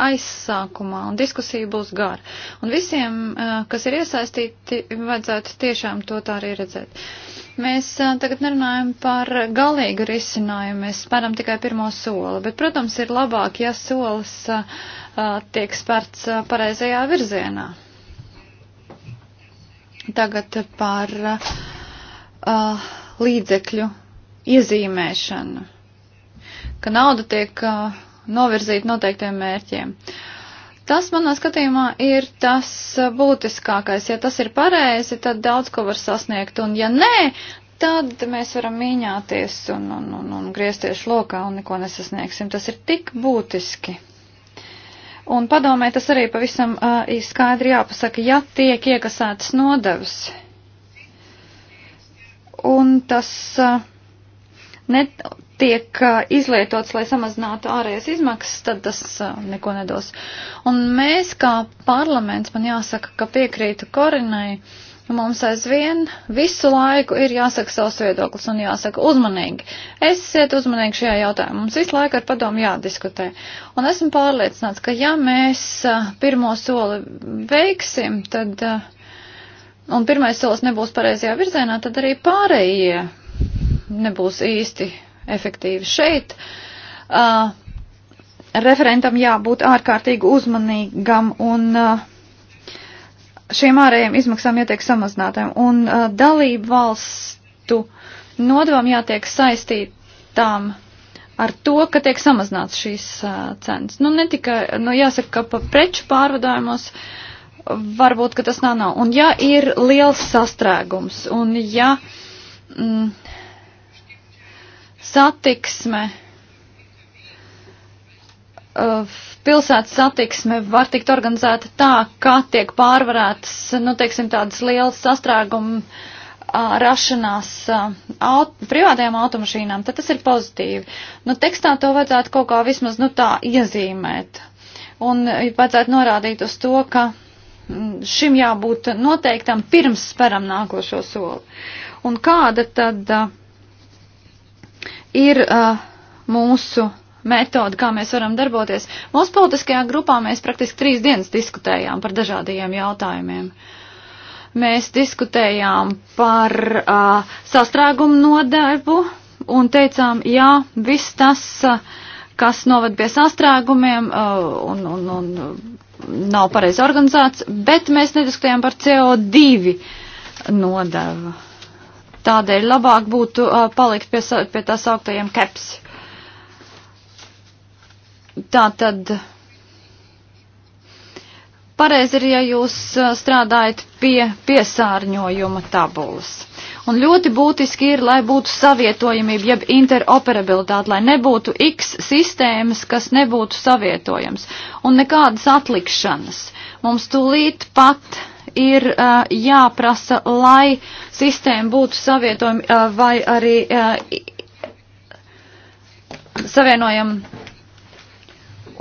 aizsākumā un diskusija būs gara. Un visiem, kas ir iesaistīti, vajadzētu tiešām to tā arī redzēt. Uh, Mēs tagad nerunājam par galīgu risinājumu, mēs spēram tikai pirmo soli, bet, protams, ir labāk, ja solis tiek spērts pareizajā virzienā. Tagad par uh, līdzekļu iezīmēšanu, ka nauda tiek uh, novirzīta noteiktiem mērķiem. Uh, Tas, manā skatījumā, ir tas uh, būtiskākais. Ja tas ir pareizi, tad daudz ko var sasniegt, un ja nē, tad mēs varam mīņāties un, un, un, un griezties lokā un neko nesasniegsim. Tas ir tik būtiski. Un padomē, tas arī pavisam uh, skaidri jāpasaka, ja tiek iekasētas nodevas. Un tas uh, net, tiek izlietots, lai samazinātu ārējas izmaksas, tad tas neko nedos. Un mēs kā parlaments, man jāsaka, ka piekrītu Korinai, mums aizvien visu laiku ir jāsaka savs viedoklis un jāsaka uzmanīgi. Esiet uzmanīgi šajā jautājumā. Mums visu laiku ar padomu jādiskutē. Un esmu pārliecināts, ka ja mēs pirmo soli veiksim, tad, un pirmais solis nebūs pareizajā virzienā, tad arī pārējie nebūs īsti efektīvi. Šeit uh, referentam jābūt ārkārtīgi uzmanīgam un uh, šiem ārējiem izmaksām jātiek samazinātām. Un uh, dalību valstu nodevām jātiek saistītām ar to, ka tiek samazināts šīs uh, cenas. Nu, ne tikai, nu, jāsaka, ka pa preču pārvadājumos varbūt, ka tas nav nav. Un ja ir liels sastrēgums un ja. Mm, satiksme, uh, pilsētas satiksme var tikt organizēta tā, ka tiek pārvarētas, nu, teiksim, tādas lielas sastrēguma uh, rašanās uh, aut privātajām automašīnām, tad tas ir pozitīvi. Nu, tekstā to vajadzētu kaut kā vismaz, nu, tā iezīmēt. Un vajadzētu norādīt uz to, ka mm, šim jābūt noteiktam pirms speram nākošo soli. Un kāda tad. Uh, ir uh, mūsu metodi, kā mēs varam darboties. Mūsu politiskajā grupā mēs praktiski trīs dienas diskutējām par dažādajiem jautājumiem. Mēs diskutējām par uh, sastrēgumu nodarbu un teicām, jā, viss tas, kas noved pie sastrēgumiem uh, un, un, un nav pareizi organizēts, bet mēs nediskutējām par CO2 nodevu. Tādēļ labāk būtu uh, palikt pie, pie tā sauktajiem caps. Tā tad. Pareizi ir, ja jūs strādājat pie piesārņojuma tabulas. Un ļoti būtiski ir, lai būtu savietojamība, jeb interoperabilitāte, lai nebūtu X sistēmas, kas nebūtu savietojams, un nekādas atlikšanas. Mums tūlīt pat ir uh, jāprasa, lai sistēma būtu savietojama uh, vai arī uh, savienojama.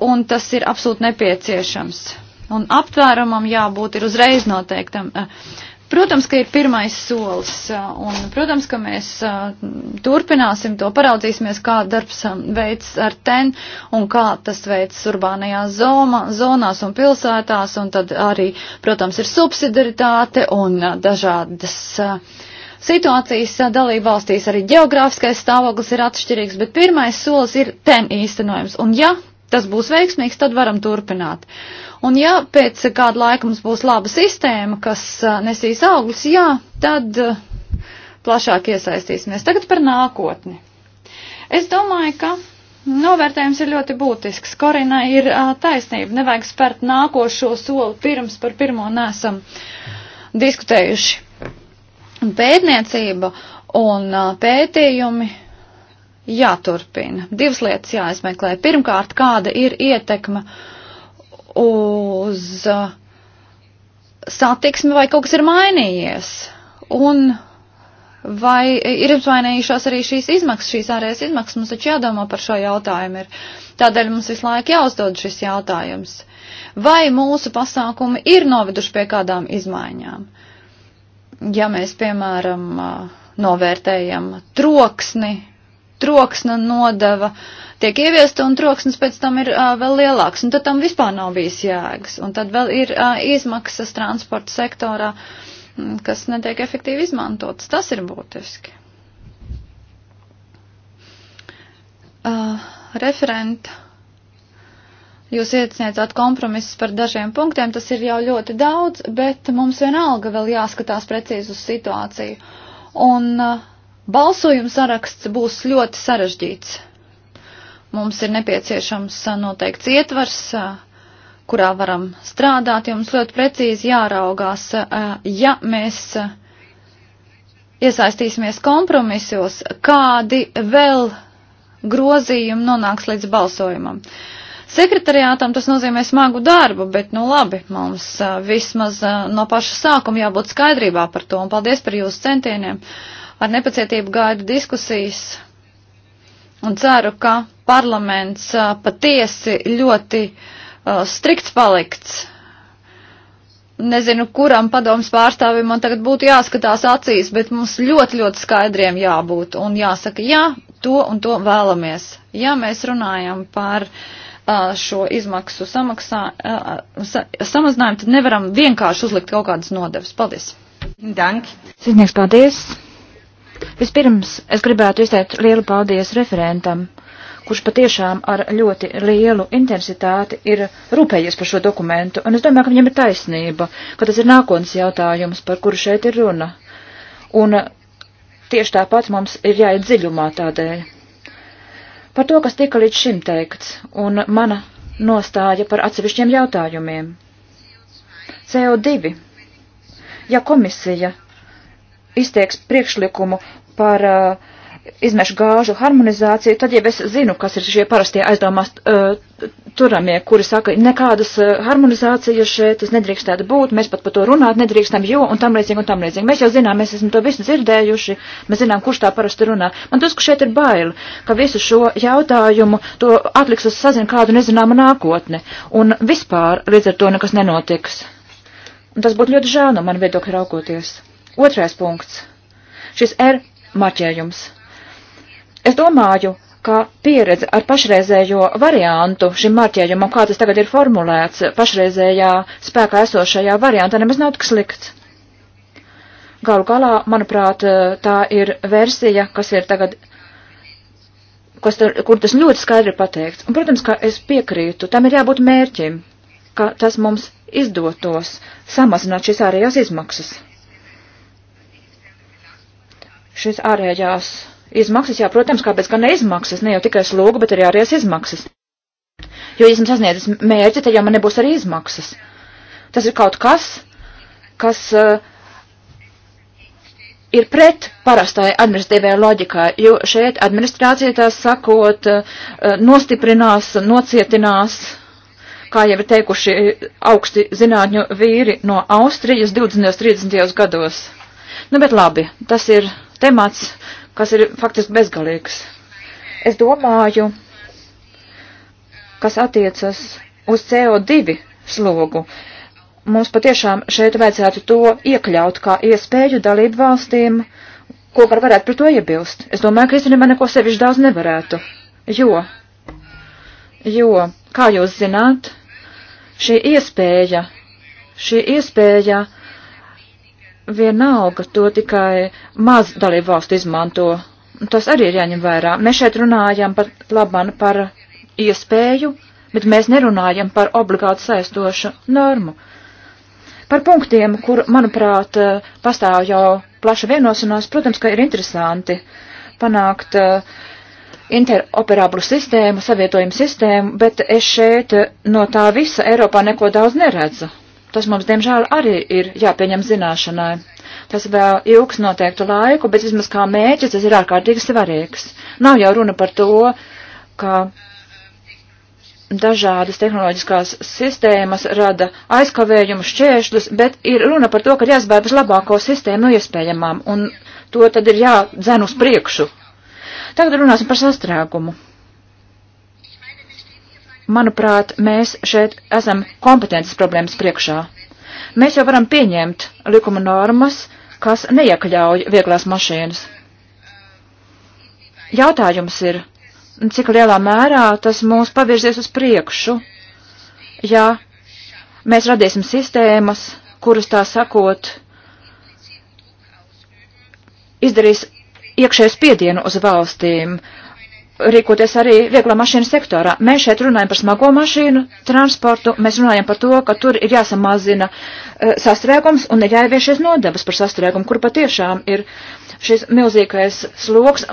Un tas ir absolūti nepieciešams. Un aptvērumam jābūt ir uzreiz noteiktam. Uh, Protams, ka ir pirmais solis, uh, un, protams, ka mēs uh, turpināsim to, paraudzīsimies, kā darbs um, veids ar ten, un kā tas veids urbānajās zoma, zonās un pilsētās, un tad arī, protams, ir subsidaritāte un uh, dažādas situācijas dalību valstīs, arī geogrāfiskais stāvoklis ir atšķirīgs, bet pirmais solis ir ten īstenojums, un ja tas būs veiksmīgs, tad varam turpināt. Un ja pēc kāda laika mums būs laba sistēma, kas nesīs augļus, jā, tad plašāk iesaistīsimies. Tagad par nākotni. Es domāju, ka novērtējums ir ļoti būtisks. Korina ir taisnība, nevajag spērt nākošo soli pirms par pirmo nesam diskutējuši. Pētniecība un pētījumi jāturpina. Divas lietas jāizmeklē. Pirmkārt, kāda ir ietekme uz uh, satiksmi vai kaut kas ir mainījies. Un vai ir izmainījušās arī šīs izmaksas, šīs ārējās izmaksas, mums taču jādomā par šo jautājumu. Ir. Tādēļ mums visu laiku jāuzdod šis jautājums. Vai mūsu pasākumi ir noveduši pie kādām izmaiņām? Ja mēs, piemēram, uh, novērtējam troksni troksna nodeva tiek ieviesta un troksnis pēc tam ir uh, vēl lielāks, un tad tam vispār nav bijis jēgas. Un tad vēl ir uh, izmaksas transporta sektorā, kas netiek efektīvi izmantotas. Tas ir būtiski. Uh, referenta jūs iesniedzāt kompromisus par dažiem punktiem, tas ir jau ļoti daudz, bet mums vienalga vēl jāskatās precīzi uz situāciju. Un uh, Balsojums saraksts būs ļoti sarežģīts. Mums ir nepieciešams noteikts ietvars, kurā varam strādāt, jo mums ļoti precīzi jāraugās, ja mēs iesaistīsimies kompromisos, kādi vēl grozījumi nonāks līdz balsojumam. Sekretariātam tas nozīmē smagu darbu, bet nu labi, mums vismaz no paša sākuma jābūt skaidrībā par to, un paldies par jūsu centieniem. Uh, ar nepacietību gaidu diskusijas un ceru, ka parlaments patiesi ļoti strikts palikts. Nezinu, kuram padoms pārstāvim man tagad būtu jāskatās acīs, bet mums ļoti, ļoti skaidriem jābūt un jāsaka, jā, to un to vēlamies. Ja mēs runājam par šo izmaksu samaksā, sa, samazinājumu, tad nevaram vienkārši uzlikt kaut kādas nodevas. Paldies! Dank! Sīdnieks, paldies! Vispirms es gribētu izteikt lielu paldies referentam, kurš patiešām ar ļoti lielu intensitāti ir rūpējies par šo dokumentu, un es domāju, ka viņam ir taisnība, ka tas ir nākotnes jautājums, par kuru šeit ir runa. Un tieši tāpat mums ir jāiet dziļumā tādēļ. Par to, kas tika līdz šim teikts, un mana nostāja par atsevišķiem jautājumiem. CO2. Ja komisija izteiks priekšlikumu par uh, izmešu gāžu harmonizāciju, tad jau es zinu, kas ir šie parastie aizdomās uh, turamie, kuri saka, nekādas uh, harmonizācijas šeit nedrīkst tāda būt, mēs pat par to runāt nedrīkstam, jo un tam līdzīgi un tam līdzīgi. Mēs jau zinām, mēs esam to visu dzirdējuši, mēs zinām, kurš tā parasti runā. Man tas, ka šeit ir bail, ka visu šo jautājumu to atliks uz sazinu kādu nezināmu nākotni, un vispār līdz ar to nekas nenotiks. Un tas būtu ļoti žēl no man viedokļa raugoties. Otrais punkts. Šis R maķējums. Es domāju, ka pieredze ar pašreizējo variantu šim marķējumam, kā tas tagad ir formulēts, pašreizējā spēkā esošajā variantā nemaz nav tik slikts. Galu galā, manuprāt, tā ir versija, kas ir tagad, kas tur, kur tas ļoti skaidri pateikts. Un, protams, ka es piekrītu, tam ir jābūt mērķim, ka tas mums izdotos samazināt šīs ārējās izmaksas šis ārējās izmaksas, jā, protams, kāpēc gan neizmaksas, ne jau tikai slūga, bet arī ārējās izmaksas. Jo, ja esmu sasniedzis mērķi, tad jau man nebūs arī izmaksas. Tas ir kaut kas, kas uh, ir pret parastai administratīvajai loģikai, jo šeit administrācija, tā sakot, uh, nostiprinās, nocietinās, kā jau ir teikuši augsti zinātņu vīri no Austrijas 20. un 30. gados. Nu, bet labi, tas ir temats, kas ir faktiski bezgalīgs. Es domāju, kas attiecas uz CO2 slogu. Mums patiešām šeit vajadzētu to iekļaut kā iespēju dalību valstīm, ko var varētu par to iebilst. Es domāju, ka īstenībā neko sevišķi daudz nevarētu, jo, jo, kā jūs zināt, šī iespēja, šī iespēja, uh, vienalga to tikai maz dalību valstu izmanto. Tas arī ir jāņem vērā. Mēs šeit runājam par laban par iespēju, bet mēs nerunājam par obligāti saistošu normu. Par punktiem, kur, manuprāt, pastāv jau plaša vienošanās, protams, ka ir interesanti panākt eh, interoperablu sistēmu, savietojumu sistēmu, bet es šeit no tā visa Eiropā neko daudz neredzu Tas mums, diemžēl, arī ir jāpieņem zināšanai. Tas vēl ilgs noteiktu laiku, bet vismaz kā mēķis tas ir ārkārtīgi svarīgs. Nav jau runa par to, ka dažādas tehnoloģiskās sistēmas rada aizkavējumu šķēršļus, bet ir runa par to, ka jāsbēr uz labāko sistēmu no iespējamām, un to tad ir jādzen uz priekšu. Tagad runāsim par sastrēgumu manuprāt, mēs šeit esam kompetences problēmas priekšā. Mēs jau varam pieņemt likuma normas, kas neiekļauj vieglās mašīnas. Jautājums ir, cik lielā mērā tas mūs pavirzies uz priekšu, ja mēs radīsim sistēmas, kuras tā sakot, izdarīs iekšēju spiedienu uz valstīm, rīkoties arī vieglo mašīnu sektorā. Mēs šeit runājam par smago mašīnu transportu, mēs runājam par to, ka tur ir jāsamazina uh, sastrēgums un ir jāieviešies nodevas par sastrēgumu, kur patiešām ir šis milzīgais sloks.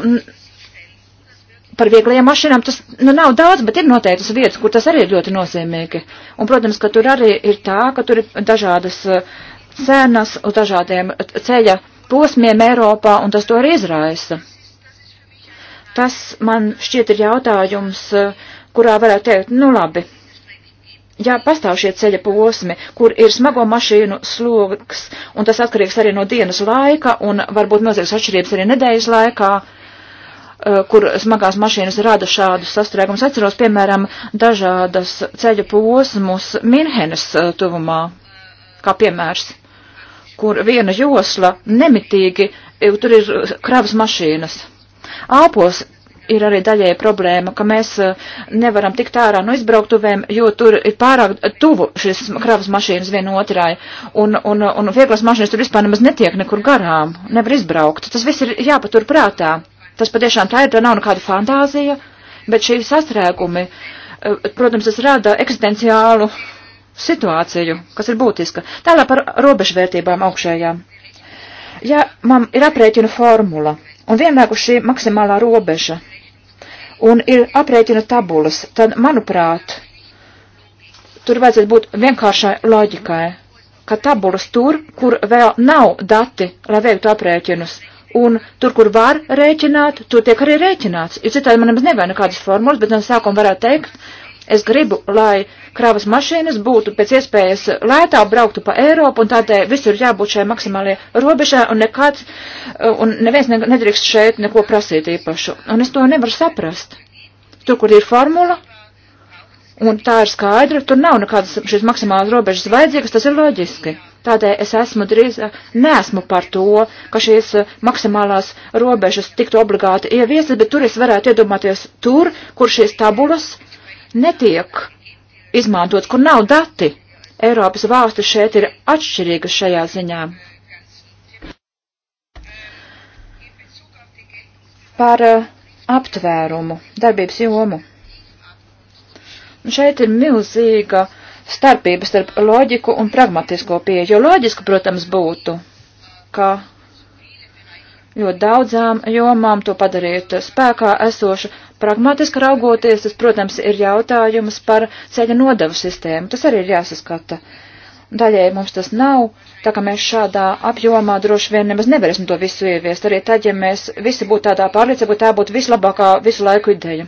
Par vieglajām mašīnām tas nu, nav daudz, bet ir noteiktas vietas, kur tas arī ir ļoti nozīmīgi. Un, protams, ka tur arī ir tā, ka tur ir dažādas eh, cenas uz dažādiem eh, ceļa posmiem Eiropā, un tas to arī izraisa. Tas man šķiet ir jautājums, eh, kurā varētu teikt, nu labi, ja pastāv šie ceļa posmi, kur ir smago mašīnu sloks, un tas atkarīgs arī no dienas laika, un varbūt milzīgas atšķirības arī nedēļas laikā, eh, kur smagās mašīnas rada šādus sastrēgumus. Atceros, piemēram, dažādas ceļa posmus Minhenes eh, tuvumā, kā piemērs, kur viena josla nemitīgi, tur ir kravas mašīnas Āpos ir arī daļēji problēma, ka mēs eh, nevaram tikt ārā no izbrauktuvēm, jo tur ir pārāk tuvu šis kravas mašīnas viena otrai, un, un, un vieglas mašīnas tur vispār nemaz netiek nekur garām, nevar izbraukt. Tas viss ir jāpatur prātā. Tas patiešām tā ir, tā nav nekāda fantāzija, bet šī sastrēgumi, eh, protams, tas rada eksistenciālu situāciju, kas ir būtiska. Tālāk par robežvērtībām augšējām. Ja man ir aprēķina formula Un vienmēr uz šī maksimālā robeža. Un ir aprēķina tabulas, tad, manuprāt, tur vajadzētu būt vienkāršai loģikai, ka tabulas tur, kur vēl nav dati, lai veiktu aprēķinus, un tur, kur var rēķināt, tur tiek arī rēķināts. Jo citādi man nemaz nevajag nekādas formulas, bet no sākuma varētu teikt, es gribu, lai kravas mašīnas būtu pēc iespējas lētāk brauktu pa Eiropu, un tādēļ visur jābūt šai maksimālajai robežai, un nekāds, uh, un neviens nedrīkst šeit neko prasīt īpašu. Un es to nevaru saprast. Tur, kur ir formula, un tā ir skaidra, tur nav nekādas šīs maksimālas robežas vajadzīgas, tas ir loģiski. Tādēļ es esmu drīz, uh, neesmu par to, ka šīs uh, maksimālās robežas tiktu obligāti ieviestas, bet tur es varētu iedomāties tur, kur šīs tabulas netiek izmantots, kur nav dati. Eiropas valstis šeit ir atšķirīgas šajā ziņā. Par eh, aptvērumu, darbības jomu. Un šeit ir milzīga starpība starp loģiku un pragmatisko pieeju, jo loģiski, protams, būtu, ka ļoti daudzām jomām to padarīt spēkā esošu Pragmatiski raugoties, tas, protams, ir jautājums par ceļa nodevu sistēmu. Tas arī ir jāsaskata. Daļai mums tas nav, tā ka mēs šādā apjomā droši vien nemaz nevarēsim to visu ieviest. Arī tad, ja mēs visi būtu tādā pārliecībā, tā būtu vislabākā visu laiku ideja.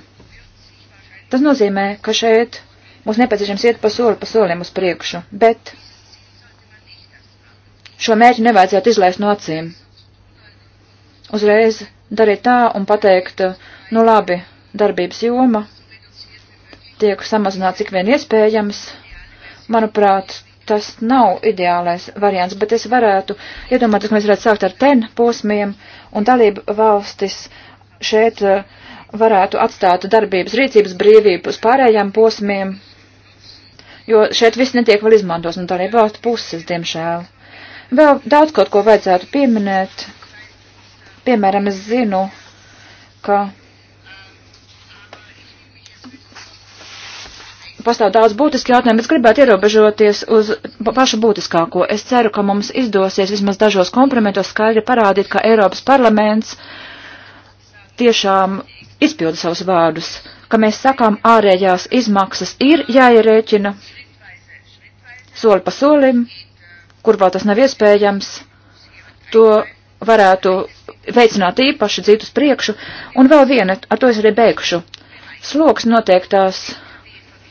Tas nozīmē, ka šeit mums nepieciešams iet pa soli pa solim uz priekšu, bet šo mērķu nevajadzētu izlaist no acīm. Uzreiz darīt tā un pateikt, nu labi, darbības joma tiek samazināts cik vien iespējams. Manuprāt, tas nav ideālais variants, bet es varētu iedomāties, ka mēs varētu sākt ar ten posmiem un dalību valstis šeit eh, varētu atstāt darbības rīcības brīvību uz pārējām posmiem, jo šeit viss netiek vēl izmantos no dalību valstu puses, diemžēl. Vēl daudz kaut ko vajadzētu pieminēt. Piemēram, es zinu, ka pastāv daudz būtiski jautājumi, bet gribētu ierobežoties uz pašu būtiskāko. Es ceru, ka mums izdosies vismaz dažos kompromitos skaidri parādīt, ka Eiropas parlaments tiešām izpilda savus vārdus, ka mēs sakām ārējās izmaksas ir jāierēķina soli pa solim, kur vēl tas nav iespējams, to varētu veicināt īpaši dzīt uz priekšu, un vēl viena, ar to es arī beigšu. Sloks noteiktās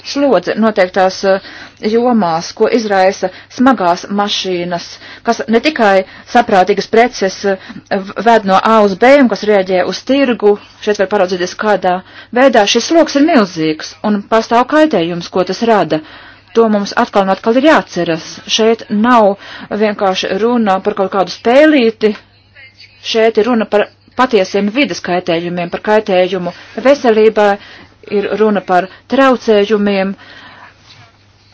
slodze noteiktās eh, jomās, ko izraisa smagās mašīnas, kas ne tikai saprātīgas preces eh, ved no A uz B, kas rēģē uz tirgu, šeit var paraudzīties kādā veidā, šis sloks ir milzīgs un pastāv kaitējums, ko tas rada. To mums atkal un atkal ir jāatceras. Šeit nav vienkārši runa par kaut kādu spēlīti, šeit ir runa par patiesiem vides kaitējumiem, par kaitējumu veselībai, ir runa par traucējumiem,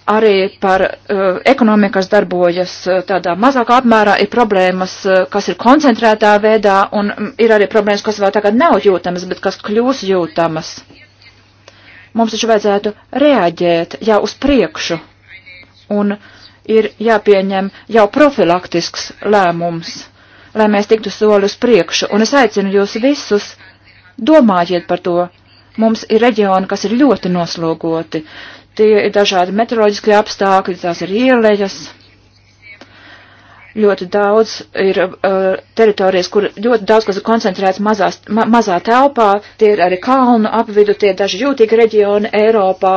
arī par uh, ekonomiku, kas darbojas uh, tādā mazākā apmērā, ir problēmas, uh, kas ir koncentrētā veidā, un mm, ir arī problēmas, kas vēl tagad nav jūtamas, bet kas kļūs jūtamas. Mums taču vajadzētu reaģēt jau uz priekšu, un ir jāpieņem jau profilaktisks lēmums, lai mēs tiktu soli uz priekšu, un es aicinu jūs visus domājiet par to, Mums ir reģioni, kas ir ļoti noslogoti. Tie ir dažādi meteoroloģiskie apstākļi, tās ir ielejas. Ļoti daudz ir uh, teritorijas, kur ļoti daudz, kas ir koncentrēts mazās, ma mazā telpā, tie ir arī kalnu apvidu, tie ir daži jūtīgi reģioni Eiropā.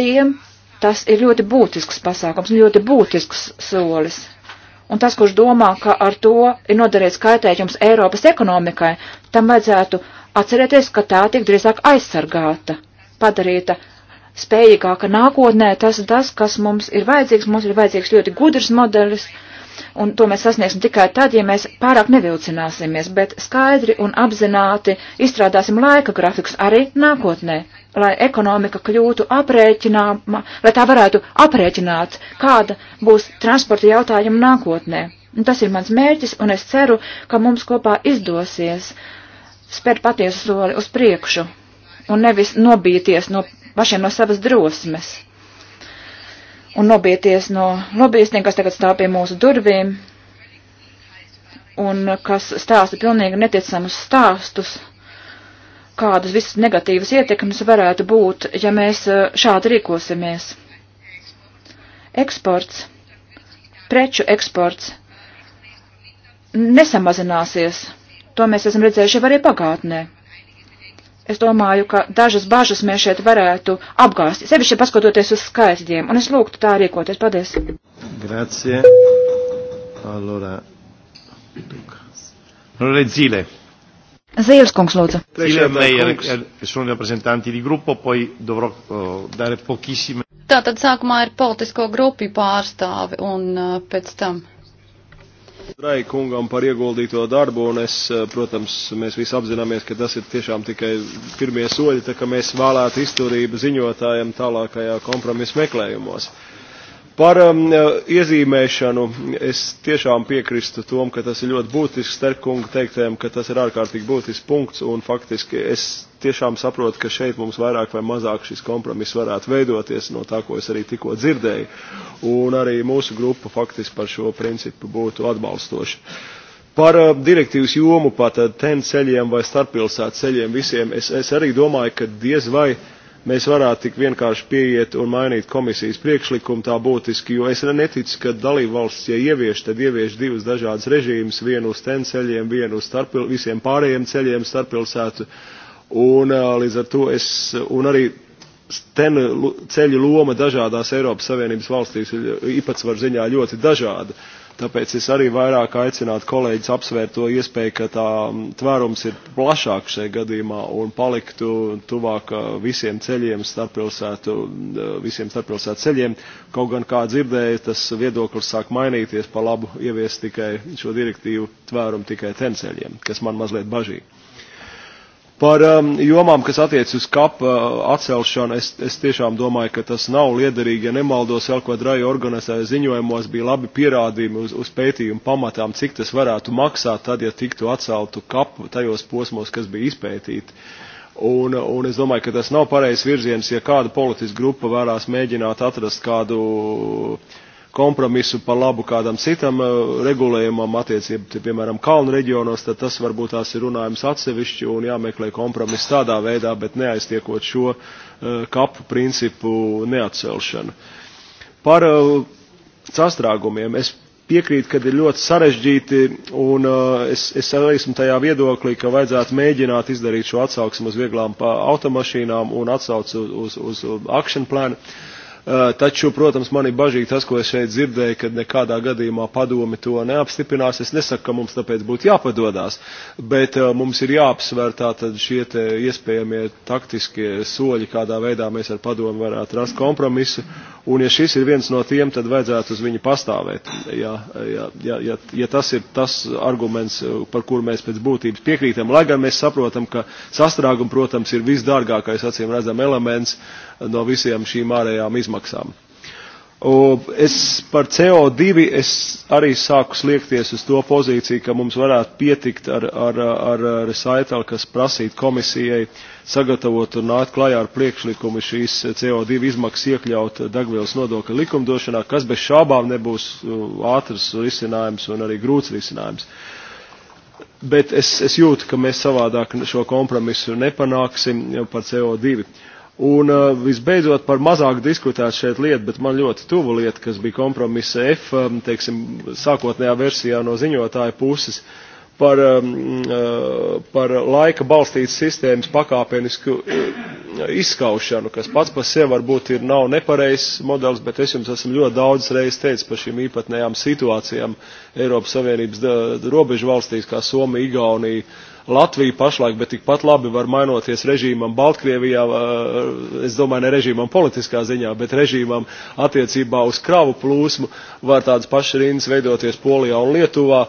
Tiem tas ir ļoti būtisks pasākums, ļoti būtisks solis. Un tas, kurš domā, ka ar to ir nodarīts kaitējums Eiropas ekonomikai, tam vajadzētu atcerieties, ka tā tiek drīzāk aizsargāta, padarīta spējīgāka nākotnē. Tas ir tas, kas mums ir vajadzīgs. Mums ir vajadzīgs ļoti gudrs modelis, un to mēs sasniegsim tikai tad, ja mēs pārāk nevilcināsimies, bet skaidri un apzināti izstrādāsim laika grafikus arī nākotnē, lai ekonomika kļūtu aprēķināma, lai tā varētu aprēķināt, kāda būs transporta jautājuma nākotnē. Un tas ir mans mērķis, un es ceru, ka mums kopā izdosies uh, spēr patiesu soli uz priekšu un nevis nobīties no pašiem no savas drosmes un nobīties no lobbyistiem, kas tagad stāv pie mūsu durvīm un kas stāsta pilnīgi neticamus stāstus, kādas visas negatīvas ietekmes varētu būt, ja mēs eh, šādi rīkosimies. Eksports, preču eksports nesamazināsies To mēs esam redzējuši arī pagātnē. Es domāju, ka dažas bažas mēs šeit varētu apgāst, sevišķi paskatoties uz skaitļiem, un es lūgtu tā rīkoties. Paldies! Grazie! Allora, allora Zile. Zīles kungs, lūdzu. Zile, lei ir, eh, sono rappresentanti di gruppo, poi dovrò uh, dare pochissime. Tātad sākumā ir politisko grupu pārstāvi un uh, pēc tam. Rai kungam par ieguldīto darbu, un es, eh, protams, mēs visi apzināmies, ka tas ir tiešām tikai pirmie soļi, tā ka mēs vēlētu izturību ziņotājiem tālākajā kompromisa meklējumos. Uh, Par um, e, iezīmēšanu es tiešām piekrīstu tom, ka tas ir ļoti būtisks Sterkunga teiktēm, ka tas ir ārkārtīgi būtisks punkts un faktiski es tiešām saprotu, ka šeit mums vairāk vai mazāk šis kompromiss varētu veidoties no tā, ko es arī tikko dzirdēju. Un arī mūsu grupa faktiski par šo principu būtu atbalstoša. Par uh, direktīvas jomu, par ten ceļiem vai starppilsētu ceļiem visiem, es, es arī domāju, ka diez vai uh, mēs varētu tik vienkārši pieiet un mainīt komisijas priekšlikumu tā būtiski, jo es neticu, ka dalībvalsts, ja ievieš, tad ievieš divus dažādus režīmus, vienu uz ten ceļiem, vienu uz starpil, visiem pārējiem ceļiem starppilsētu, un līdz ar to es, un arī ten ceļu loma dažādās Eiropas Savienības valstīs ir īpatsvaru ziņā ļoti dažāda. Tāpēc es arī vairāk aicinātu kolēģis apsvērt to iespēju, ka tā mm, tvērums ir plašāks šajā gadījumā un paliktu tuvāk uh, visiem ceļiem, starppilsētu, mm, uh, visiem starppilsētu ceļiem. Kaut gan, kā dzirdēju, tas viedoklis sāk mainīties pa labu ieviest tikai šo direktīvu tvērumu tikai ten ceļiem, kas man mazliet bažīgi. Par um, jomām, kas attiec uz kapa uh, atcelšanu, es, es tiešām domāju, ka tas nav liederīgi. Ja nemaldos, vēl ko Draja organizēja ziņojumos, bija labi pierādījumi uz, uz pētījumu pamatām, cik tas varētu maksāt, tad, ja tiktu atceltu kapu tajos posmos, kas bija izpētīti. Un, un es domāju, ka tas nav pareizs virziens, ja kāda politiska grupa vērās mēģināt atrast kādu uh, kompromisu pa labu kādam citam eh, regulējumam attiecībā, piemēram, kalnu reģionos, tad tas varbūt tās ir runājums atsevišķi un jāmeklē kompromiss tādā veidā, bet neaiztiekot šo eh, kapu principu neatcelšanu. Par eh, sastrāgumiem es piekrītu, ka ir ļoti sarežģīti, un uh, es, es arī esmu tajā viedoklī, ka vajadzētu mēģināt izdarīt šo atsauksmu uz vieglām automašīnām un atsaucu uz, uz, uz action plānu. Uh, Taču, protams, man ir bažīgi tas, ko es šeit dzirdēju, kad nekādā gadījumā padomi to neapstiprinās. Es nesaku, ka mums tāpēc būtu jāpadodās, bet mums ir jāapsver tātad šie iespējamie taktiskie soļi, kādā veidā mēs ar padomu varētu rast kompromisu. Un, ja šis ir viens no tiem, tad vajadzētu uz viņu pastāvēt. Ja, ja, ja, ja, ja tas ir tas arguments, par kuru mēs pēc būtības piekrītam, lai gan mēs saprotam, ka sastrāguma, protams, ir visdārgākais acīm redzam elements no visiem šīm ārējām izmaiņām izmaksām. Es par CO2 es arī sāku sliekties uz to pozīciju, ka mums varētu pietikt ar, ar, ar resaitali, kas prasītu komisijai sagatavot un nākt klajā ar priekšlikumu šīs CO2 izmaksas iekļaut degvielas nodokļa likumdošanā, kas bez šābām nebūs ātrs risinājums un arī grūts risinājums. Bet es, es jūtu, ka mēs savādāk šo kompromisu nepanāksim par CO2. Uh, Un uh, visbeidzot par mazāk diskutēt šeit lietu, bet man ļoti tuvu lietu, kas bija kompromisa F, um, teiksim, sākotnējā versijā no ziņotāja puses par, um, uh, par laika balstītas sistēmas pakāpenisku uh, izskaušanu, kas pats par sevi varbūt ir nav nepareizs modelis, bet es jums esmu ļoti daudz reizes teicis par šīm īpatnējām situācijām Eiropas Savienības robežu valstīs, kā Somija, Igaunija, Latviju pašlaik, bet tikpat labi var mainoties režīmam Baltkrievijā, es domāju, ne režīmam politiskā ziņā, bet režīmam attiecībā uz kravu plūsmu var tādas pašas rindas veidoties Polijā un Lietuvā.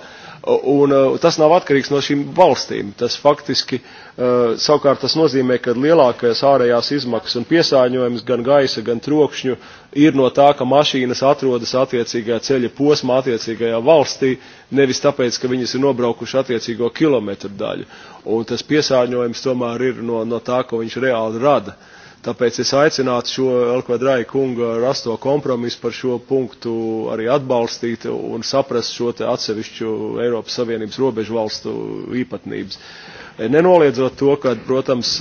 Un uh, tas nav atkarīgs no šīm valstīm. Tas faktiski uh, Eh, savukārt tas nozīmē, ka lielākais ārējās izmaksas un piesāņojums gan gaisa, gan trokšņu ir no tā, ka mašīnas atrodas attiecīgajā ceļa posmā, attiecīgajā valstī, nevis tāpēc, ka viņas ir nobraukuši attiecīgo kilometru daļu. Un tas piesāņojums tomēr ir no, no tā, ko viņš reāli rada. Tāpēc es aicinātu šo Elkvadrāju kungu rasto kompromisu par šo punktu arī atbalstīt un saprast šo te atsevišķu Eiropas Savienības robežu valstu īpatnības. Uh, Nenoliedzot to, ka, protams,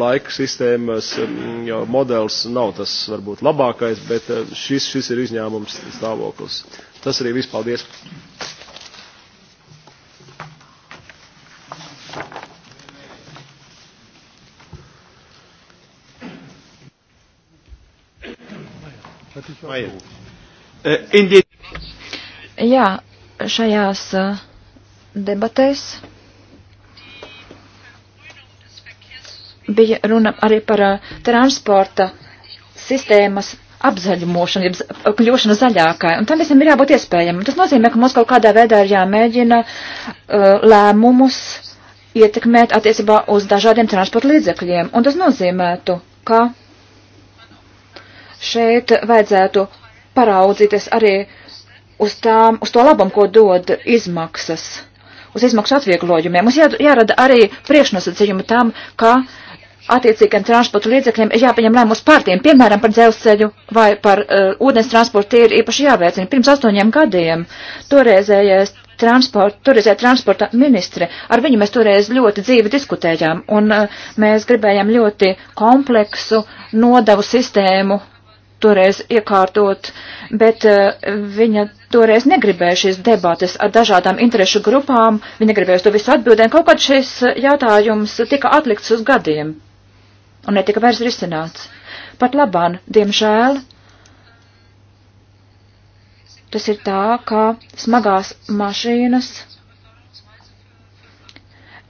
laika sistēmas modelis nav tas varbūt labākais, bet šis, šis ir izņēmums stāvoklis. Tas arī viss. Paldies! Jā, šajās debatēs bija runa arī par uh, transporta sistēmas apzaļumošanu, jeb uh, kļūšanu zaļākai. Un tam visam ir jābūt iespējamam. Tas nozīmē, ka mums kaut kādā veidā ir jāmēģina uh, lēmumus ietekmēt attiecībā uz dažādiem transporta līdzekļiem. Un tas nozīmētu, ka šeit vajadzētu paraudzīties arī uz, tām, uz to labumu, ko dod izmaksas, uz izmaksu atvieglojumiem. Mums jā, jārada arī priekšnosacījumi tam, ka uh, attiecīgiem transporta līdzekļiem ir jāpieņem lēmums par tiem, piemēram, par dzelzceļu vai par uh, ūdens transportu, tie ir īpaši jāveicina. Pirms astoņiem gadiem toreizējais transporta, toreizējā transporta ministre, ar viņu mēs toreiz ļoti dzīvi diskutējām, un uh, mēs gribējām ļoti kompleksu nodevu sistēmu toreiz iekārtot, bet uh, viņa toreiz negribēja šīs debates ar dažādām interešu grupām, viņa gribēja uz to visu atbildēt, kaut kad šis uh, jautājums tika atlikts uz gadiem un netika vairs risināts. Pat labāk, diemžēl, tas ir tā, ka smagās mašīnas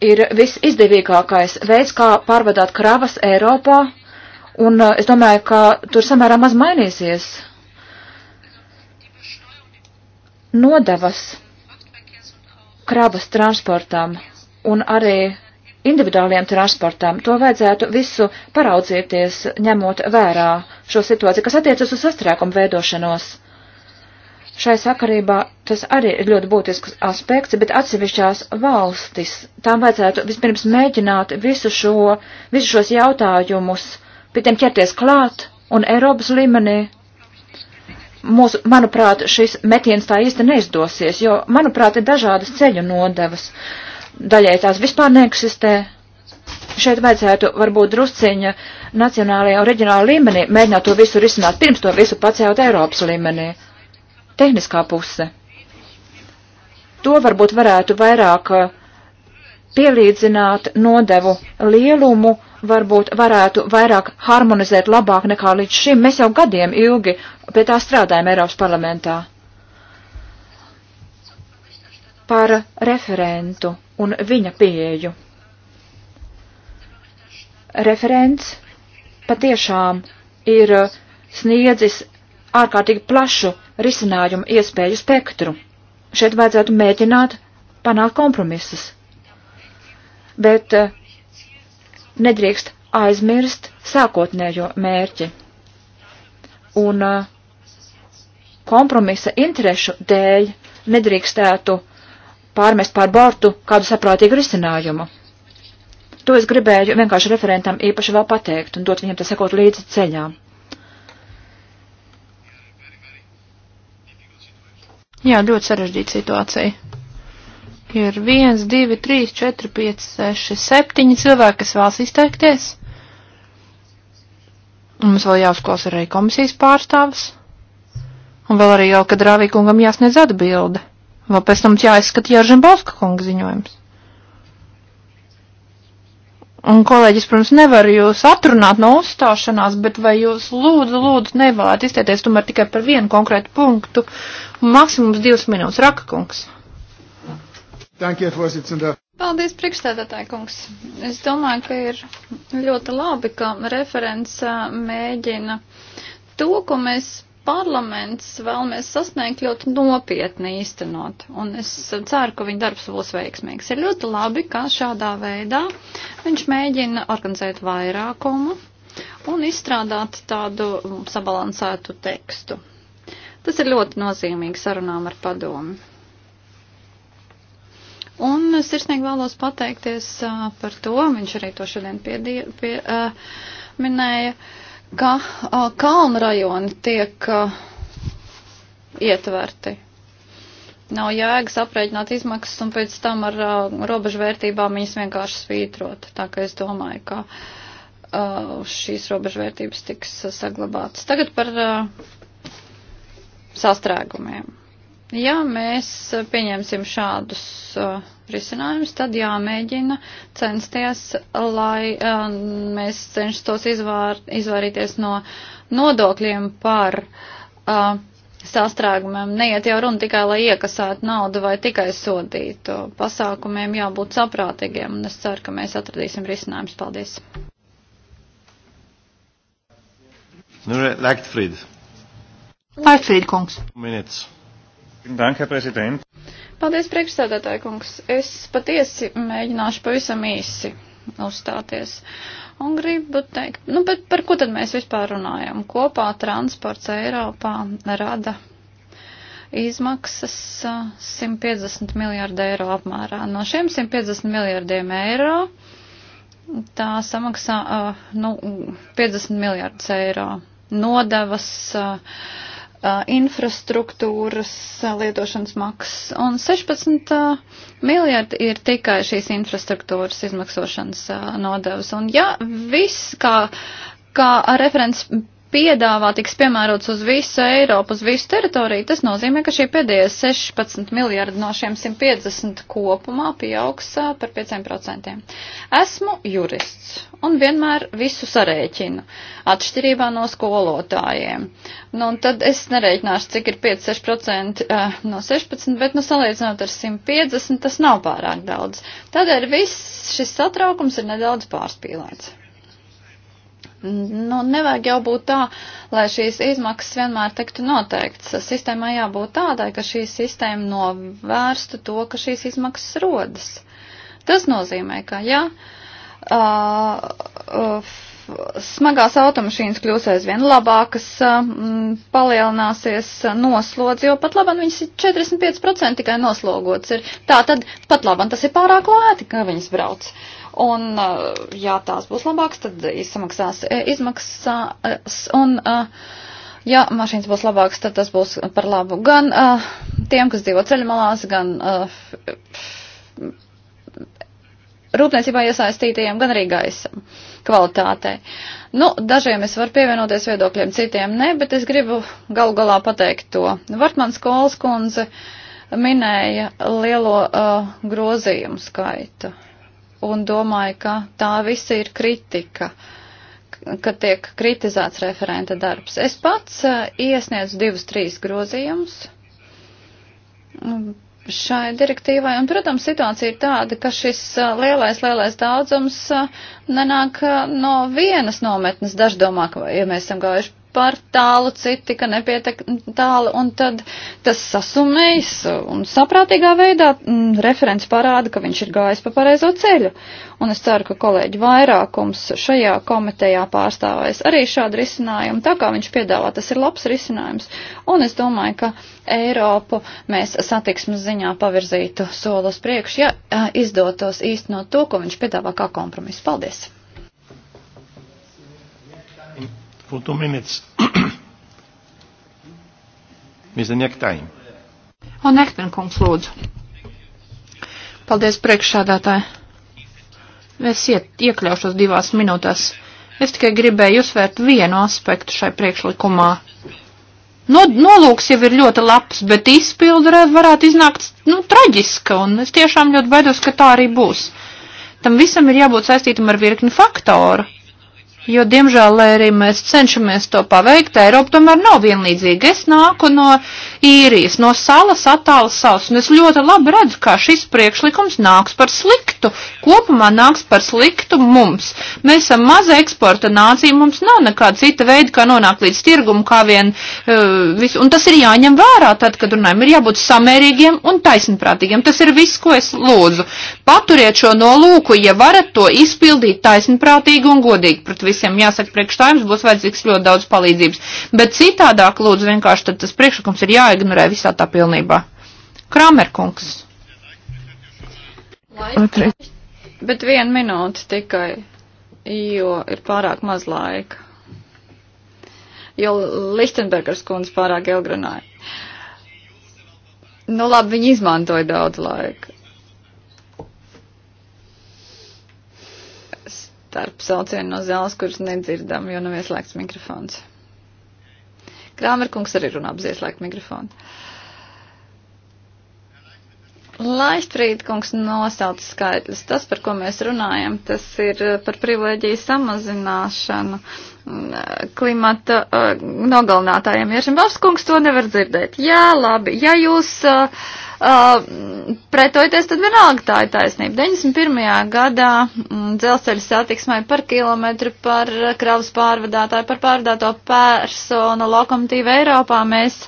ir visizdevīgākais veids, kā pārvadāt kravas Eiropā, un eh, es domāju, ka tur samērā maz mainīsies. Nodevas kravas transportam un arī individuāliem transportam. To vajadzētu visu paraudzīties, ņemot vērā šo situāciju, kas attiecas uz sastrēkumu veidošanos. Šai sakarībā tas arī ir ļoti būtisks aspekts, bet atsevišķās valstis tām vajadzētu vispirms mēģināt visu šo, visu šos jautājumus, pie tiem ķerties klāt un Eiropas līmenī. Mūsu, manuprāt, šis metiens tā īsti neizdosies, jo, manuprāt, ir dažādas ceļu nodevas. Uh, daļai tās vispār neeksistē. Šeit vajadzētu varbūt drusciņa nacionālajā un reģionālajā līmenī mēģināt to visu risināt, pirms to visu pacelt Eiropas līmenī. Tehniskā puse. To varbūt varētu vairāk uh, pielīdzināt nodevu lielumu, varbūt varētu vairāk harmonizēt labāk nekā līdz šim. Mēs jau gadiem ilgi pie tā strādājam Eiropas parlamentā. Par referentu un viņa pieeju. Referents patiešām ir sniedzis ārkārtīgi plašu risinājumu iespēju spektru. Šeit vajadzētu mēģināt panākt kompromisus. Bet eh, nedrīkst aizmirst sākotnējo mērķi. Un eh, kompromisa interešu dēļ nedrīkstētu pārmest pār bortu kādu saprātīgu risinājumu. To es gribēju vienkārši referentam īpaši vēl pateikt un dot viņam te sekot līdzi ceļā. Jā, ļoti sarežģīta situācija. Ir viens, divi, trīs, četri, pieci, seši, septiņi cilvēki, kas vēlas izteikties. Un mums vēl jāuzklausa arī komisijas pārstāvis. Un vēl arī jau, kad Rāvīkungam jāsniedz atbildi. Vēl pēc tam jāizskata Jāržina Balska kunga ziņojums. Un kolēģis, protams, nevar jūs atrunāt no uzstāšanās, bet vai jūs lūdzu, lūdzu, nevēlēt izteikties tomēr tikai par vienu konkrētu punktu, maksimums divas minūtes, Raka kungs. Paldies, priekšstādātāji kungs. Es domāju, ka ir ļoti labi, ka referents mēģina to, ko mēs parlaments vēlamies sasniegt ļoti nopietni īstenot. Un es ceru, ka viņa darbs būs veiksmīgs. Ir ļoti labi, ka šādā veidā viņš mēģina organizēt vairākumu un izstrādāt tādu sabalansētu tekstu. Tas ir ļoti nozīmīgi sarunām ar padomu. Un sirsnīgi vēlos pateikties par to, viņš arī to šodien pieminēja. Pie, uh, minēja, uh, ka kalnu rajoni tiek ietverti. Nav jēgas aprēķināt izmaksas un pēc tam ar robežu vērtībām viņas vienkārši svītrot. Tā kā es domāju, ka šīs robežu vērtības tiks saglabātas. Tagad par sastrēgumiem. Ja mēs pieņemsim šādus uh, risinājumus, tad jāmēģina censties, lai uh, mēs cenšos izvār, izvairīties no nodokļiem par uh, sastrēgumiem. Neiet jau runa tikai, lai iekasētu naudu vai tikai sodītu. Pasākumiem jābūt saprātīgiem, un es ceru, ka mēs atradīsim risinājumus. Paldies! Nu, Lektfrīd. Lektfrīd kungs. Minūtes. Danke, prezident. Paldies, priekšstādātāji kungs. Es patiesi mēģināšu pavisam īsi uzstāties. Un gribu teikt, nu, bet par ko tad mēs vispār runājam? Kopā transports Eiropā rada izmaksas 150 miljārdu eiro apmērā. No šiem 150 miljārdiem eiro tā samaksā, nu, 50 miljārdus eiro nodevas. Uh, infrastruktūras lietošanas maksas, un 16 miljardi ir tikai šīs infrastruktūras izmaksošanas nodevas. Un ja viss, kā, kā referents piedāvā tiks piemērots uz visu Eiropu, uz visu teritoriju, tas nozīmē, ka šie pēdējie 16 miljardi no šiem 150 kopumā pieaugs par 5%. Esmu jurists un vienmēr visu sarēķinu, atšķirībā no skolotājiem. Nu, un tad es nerēķināšu, cik ir 5-6% no 16, bet, nu, salīdzinot ar 150, tas nav pārāk daudz. Tādēļ viss šis satraukums ir nedaudz pārspīlēts. Nu, nevajag jau būt tā, lai šīs izmaksas vienmēr tiktu noteikts. Sistēmai jābūt tādai, ka šī sistēma novērstu to, ka šīs izmaksas rodas. Tas nozīmē, ka, ja uh, uh, smagās automašīnas kļūs aizvien labākas, palielināsies noslodzi, jo pat labam viņas ir 45% tikai noslogots. Ir. Tā tad pat labam tas ir pārāk lēti, ka viņas brauc. Uh, Un, eh, ja tās būs labākas, tad eh, izmaksās izmaksas. Un, eh, ja mašīnas būs labākas, tad tas būs par labu gan tiem, kas dzīvo ceļmalās, gan rūpniecībā iesaistītajiem, gan arī gaisa kvalitātei. Nu, dažiem es varu pievienoties viedokļiem, citiem ne, bet es gribu galu galā pateikt to. Vartmans Kols kundze minēja lielo uh, grozījumu skaitu un domāju, ka tā visa ir kritika, ka tiek kritizēts referenta darbs. Es pats eh, iesniedzu divus, trīs grozījumus mm, šai direktīvai, un, protams, situācija ir tāda, ka šis eh, lielais, lielais daudzums eh, nenāk no vienas nometnes. Daži domā, ka, ja mēs esam gājuši par tālu, citi, ka nepietek tālu, un tad tas sasumējas, un saprātīgā veidā m, mm, referents parāda, ka viņš ir gājis pa pareizo ceļu. Un es ceru, ka kolēģi vairākums šajā komitejā pārstāvēs arī šādu risinājumu, tā kā viņš piedāvā, tas ir labs risinājums, un es domāju, ka Eiropu mēs satiksmes ziņā pavirzītu solos priekš, ja eh, izdotos īstenot to, ko viņš piedāvā kā kompromisu. Paldies! for two minutes. Mr. Nektain. Un Nektain kungs lūdzu. Paldies priekšsādātāji. Es iet, iekļaušos divās minūtēs. Es tikai gribēju uzsvērt vienu aspektu šai priekšlikumā. No, nolūks jau ir ļoti labs, bet izpildu varētu iznākt, nu, traģiska, un es tiešām ļoti baidos, ka tā arī būs. Tam visam ir jābūt saistītam ar virkni faktoru jo, diemžēl, lai arī mēs cenšamies to paveikt, Eiropa tomēr nav vienlīdzīga. Es nāku no īrijas, no salas attālas salas, un es ļoti labi redzu, kā šis priekšlikums nāks par sliktu, kopumā nāks par sliktu mums. Mēs esam maza eksporta nācija, mums nav nekāda cita veida, kā nonākt līdz tirgumu, kā vien uh, visu, un tas ir jāņem vērā tad, kad runājam, ir jābūt samērīgiem un taisnprātīgiem. Tas ir viss, ko es lūdzu. Paturiet šo nolūku, ja varat to izpildīt taisnprātīgi un godīgi pret visiem. Jāsaka, priekš tā jums būs vajadzīgs ļoti daudz palīdzības. Bet citādāk, lūdzu, vienkārši tad tas priekšlikums ir jā jāignorē visā tā pilnībā. Kramerkungs. Laika. Bet vienu minūti tikai, jo ir pārāk maz laika. Jo Lichtenbergers kundze pārāk ilgrunāja. Nu labi, viņi izmantoja daudz laika. Starp saucienu no zāles, kuras nedzirdam, jo nav ieslēgts mikrofons. Krāmerkungs arī runā bez ieslēgt mikrofonu. Laistrīt, kungs, nosauc skaitļus. Tas, par ko mēs runājam, tas ir eh, par privileģiju samazināšanu mm, eh, klimata uh, nogalinātājiem. Ja šim valsts kungs to nevar dzirdēt. Jā, labi. Ja jūs uh, uh, pretojoties, tad vienalga tā ir taisnība. 91. gadā mm, dzelzceļa satiksmai par kilometru, par kravas pārvadātāju, par pārvadāto personu lokomotīvu Eiropā mēs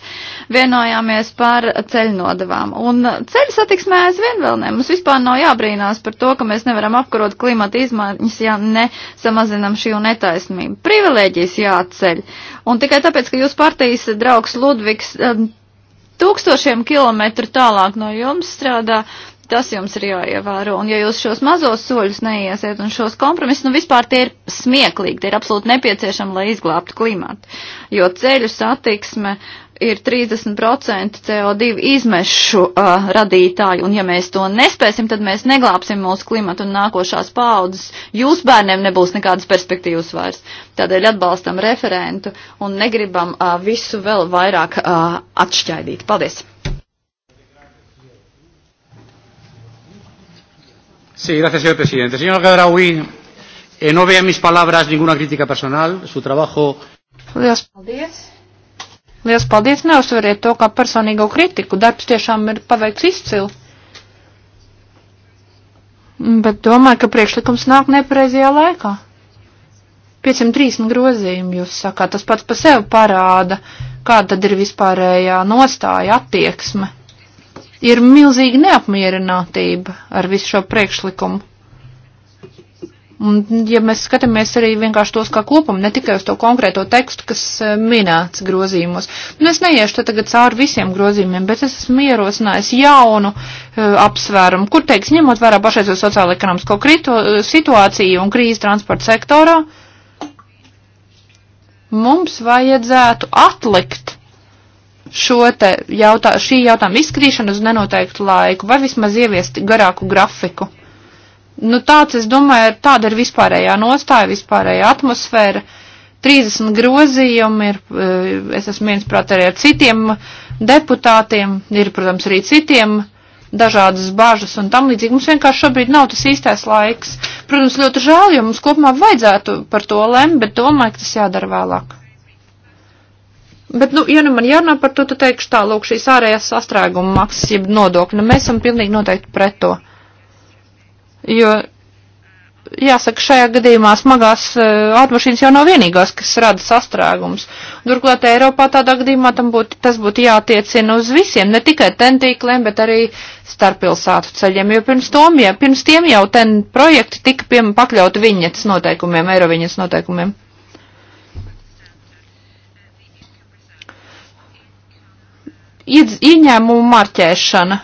vienojāmies par ceļnodavām. Un ceļa satiksmē aizvien vēl ne. Mums vispār nav jābrīnās par to, ka mēs nevaram apkarot klimata izmaiņas, ja nesamazinam šī netaisnību. Privilēģijas jāceļ. Un tikai tāpēc, ka jūs partijas draugs Ludvigs eh, tūkstošiem kilometru tālāk no jums strādā, tas jums ir jāievēro. Un ja jūs šos mazos soļus neiesiet un šos kompromisus, nu vispār tie ir smieklīgi, tie ir absolūti nepieciešami, lai izglābtu klimatu. Jo ceļu satiksme ir 30% CO2 izmešu uh, radītāji, un ja mēs to nespēsim, tad mēs neglābsim mūsu klimatu un nākošās paaudzes. Jūs bērniem nebūs nekādas perspektīvas vairs. Tādēļ atbalstam referentu un negribam uh, visu vēl vairāk uh, atšķaidīt. Paldies! Sí, gracias, señor presidente. Señor Gadraoui, eh, no vea en mis palabras ninguna crítica personal. Su trabajo. Paldies. Paldies. Liels paldies, neuzsveriet to kā personīgo kritiku, darbs tiešām ir paveikts izcili. Bet domāju, ka priekšlikums nāk nepareizajā laikā. 530 grozījumi, jūs sakāt, tas pats pa sevi parāda, kāda tad ir vispārējā nostāja attieksme. Ir milzīga neapmierinātība ar visu šo priekšlikumu. Un, ja mēs skatāmies arī vienkārši tos kā kopam, ne tikai uz to konkrēto tekstu, kas e, minēts grozījumos. Un nu, es neiešu tagad cauri visiem grozījumiem, bet es esmu ierosinājis jaunu uh, apsvērumu, kur teiks, ņemot vērā pašreizo sociālo-ekonomisko e, situāciju un krīzi transporta sektorā, mums vajadzētu atlikt šo te jautā, šī jautājuma izskrīšanu uz nenoteiktu laiku vai vismaz ieviest garāku grafiku. Nu, tāds, es domāju, ir tāda ir vispārējā nostāja, vispārējā atmosfēra. 30 grozījumi ir, eh, es esmu viensprāt arī ar citiem deputātiem, ir, protams, arī citiem dažādas bažas un tam līdzīgi. Mums vienkārši šobrīd nav tas īstais laiks. Protams, ļoti žēl, jo mums kopumā vajadzētu par to lemt, bet domāju, ka tas jādara vēlāk. Bet, nu, ja nu man jārunā par to, tad teikšu tā, lūk, šīs ārējās sastrēguma maksas, jeb nodokļi, nu, mēs esam pilnīgi noteikti pret to jo jāsaka, šajā gadījumā smagās uh, automašīnas jau nav vienīgās, kas rada sastrēgums. Turklāt Eiropā tādā gadījumā būt, tas būtu jātiecina uz visiem, ne tikai tentīkliem, bet arī starppilsētu ceļiem, jo pirms, tom, ja, pirms tiem jau ten projekti tika piem, pakļauti viņas noteikumiem, Eiroviņas noteikumiem. Iedz, ieņēmumu marķēšana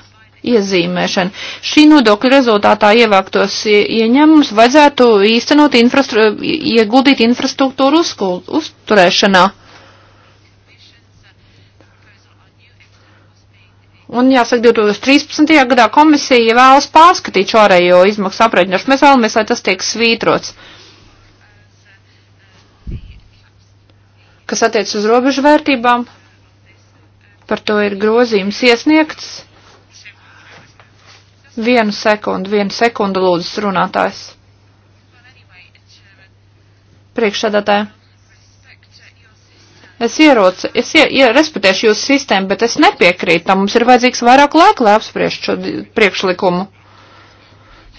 iezīmēšana. Šī nodokļa rezultātā ievāktos ieņēmums vajadzētu īstenot infrastru, ieguldīt infrastruktūru uzkul, uzturēšanā. Un jāsaka, 2013. gadā komisija vēlas pārskatīt šo ārējo izmaksu aprēķināšanu. Mēs vēlamies, lai tas tiek svītrots. Kas attiec uz robežu vērtībām, par to ir grozījums iesniegts Vienu sekundu, vienu sekundu lūdzu runātājs. Priekšsēdētāji. Es ierocu, es ie, ie, respektēšu jūsu sistēmu, bet es nepiekrītu tam. Mums ir vajadzīgs vairāk laika, lai apspriežtu šo priekšlikumu.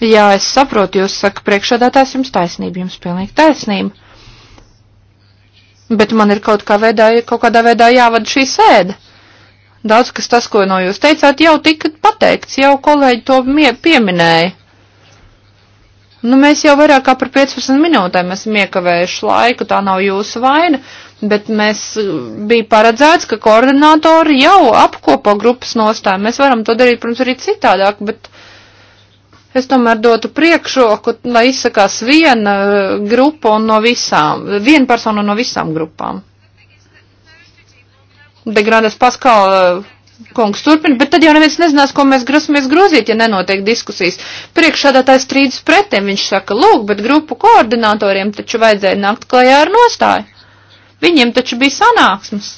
Jā, es saprotu, jūs saka priekšsēdētājs, jums taisnība, jums pilnīgi taisnība. Bet man ir kaut, kā veidā, kaut kādā veidā jāvada šī sēde. Daudz kas tas, ko no jūs teicāt, jau tika pateikts, jau kolēģi to pieminēja. Nu, mēs jau vairāk kā par 15 minūtēm esam iekavējuši laiku, tā nav jūsu vaina, bet mēs uh, bija paredzēts, ka koordinātori jau apkopo grupas nostāju. Mēs varam to darīt, protams, arī citādāk, bet es tomēr dotu priekšroku, lai izsakās viena uh, grupa un no visām, viena persona no visām grupām. Degrandes Paskala eh, kungs turpina, bet tad jau neviens nezinās, ko mēs grasamies grozīt, ja nenotiek diskusijas. Priekšādātājs strīdus pretiem, viņš saka, lūk, bet grupu koordinatoriem taču vajadzēja nākt klajā ar nostāju. Viņiem taču bija sanāksmes.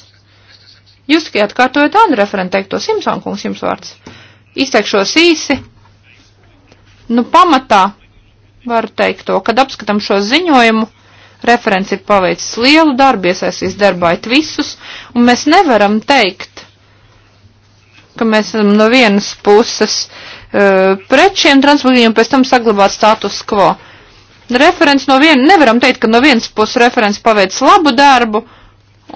Jūs tikai atkārtojat Anna referenta teikto Simpson kungs jums vārds. Izteikšos īsi. Nu, pamatā var teikt to, kad apskatam šo ziņojumu Referents ir paveicis lielu darbu, iesaistījis darbā it visus, un mēs nevaram teikt, ka mēs esam no vienas puses uh, pret šiem transportiem pēc tam saglabāt status quo. Referents no viena, nevaram teikt, ka no vienas puses referents paveic labu darbu,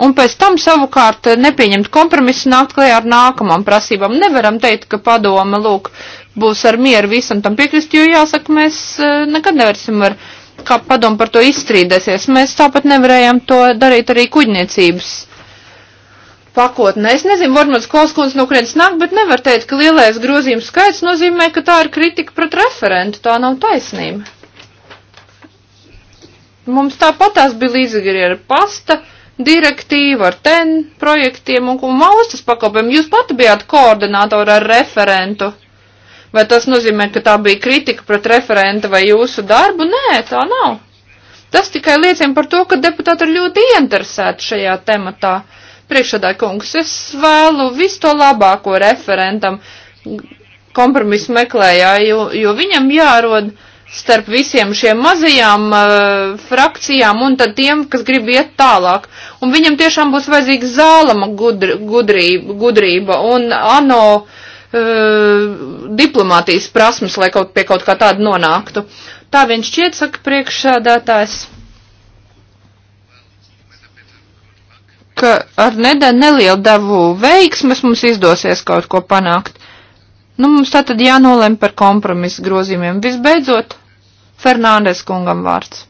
un pēc tam savukārt nepieņemt kompromisu nākt klajā ar nākamām prasībām. Nevaram teikt, ka padome, lūk, būs ar mieru visam tam piekrist, jo jāsaka, mēs eh, nekad nevarsim ar kā padom par to izstrīdēsies. Mēs tāpat nevarējām to darīt arī kuģniecības pakotnē. Es nezinu, varbūt Kolskons no kurienes nāk, bet nevar teikt, ka lielais grozījums skaits nozīmē, ka tā ir kritika pret referentu. Tā nav taisnība. Mums tāpatās bija līdzīgi ar pasta direktīvu, ar ten projektiem un, un maustas pakalpojumu. Jūs pati bijāt koordinātori ar referentu. Vai tas nozīmē, ka tā bija kritika pret referenta vai jūsu darbu? Nē, tā nav. Tas tikai liecina par to, ka deputāti ir ļoti ieinteresēti šajā tematā. Priekšādā kungs, es vēlu visu to labāko referentam kompromisu meklējā, jo, jo viņam jārod starp visiem šiem mazajām uh, frakcijām un tad tiem, kas grib iet tālāk. Un viņam tiešām būs vajadzīga zālama gudri, gudrība, gudrība un ANO. Uh, Eh, diplomātijas prasmes, lai kaut pie kaut kā tāda nonāktu. Tā viņš šķiet, saka priekšsādātājs, ka ar nedēļu nelielu devu veiksmes mums izdosies kaut ko panākt. Nu, mums tā tad jānolem par kompromisu grozījumiem. Visbeidzot, Fernandes kungam vārds.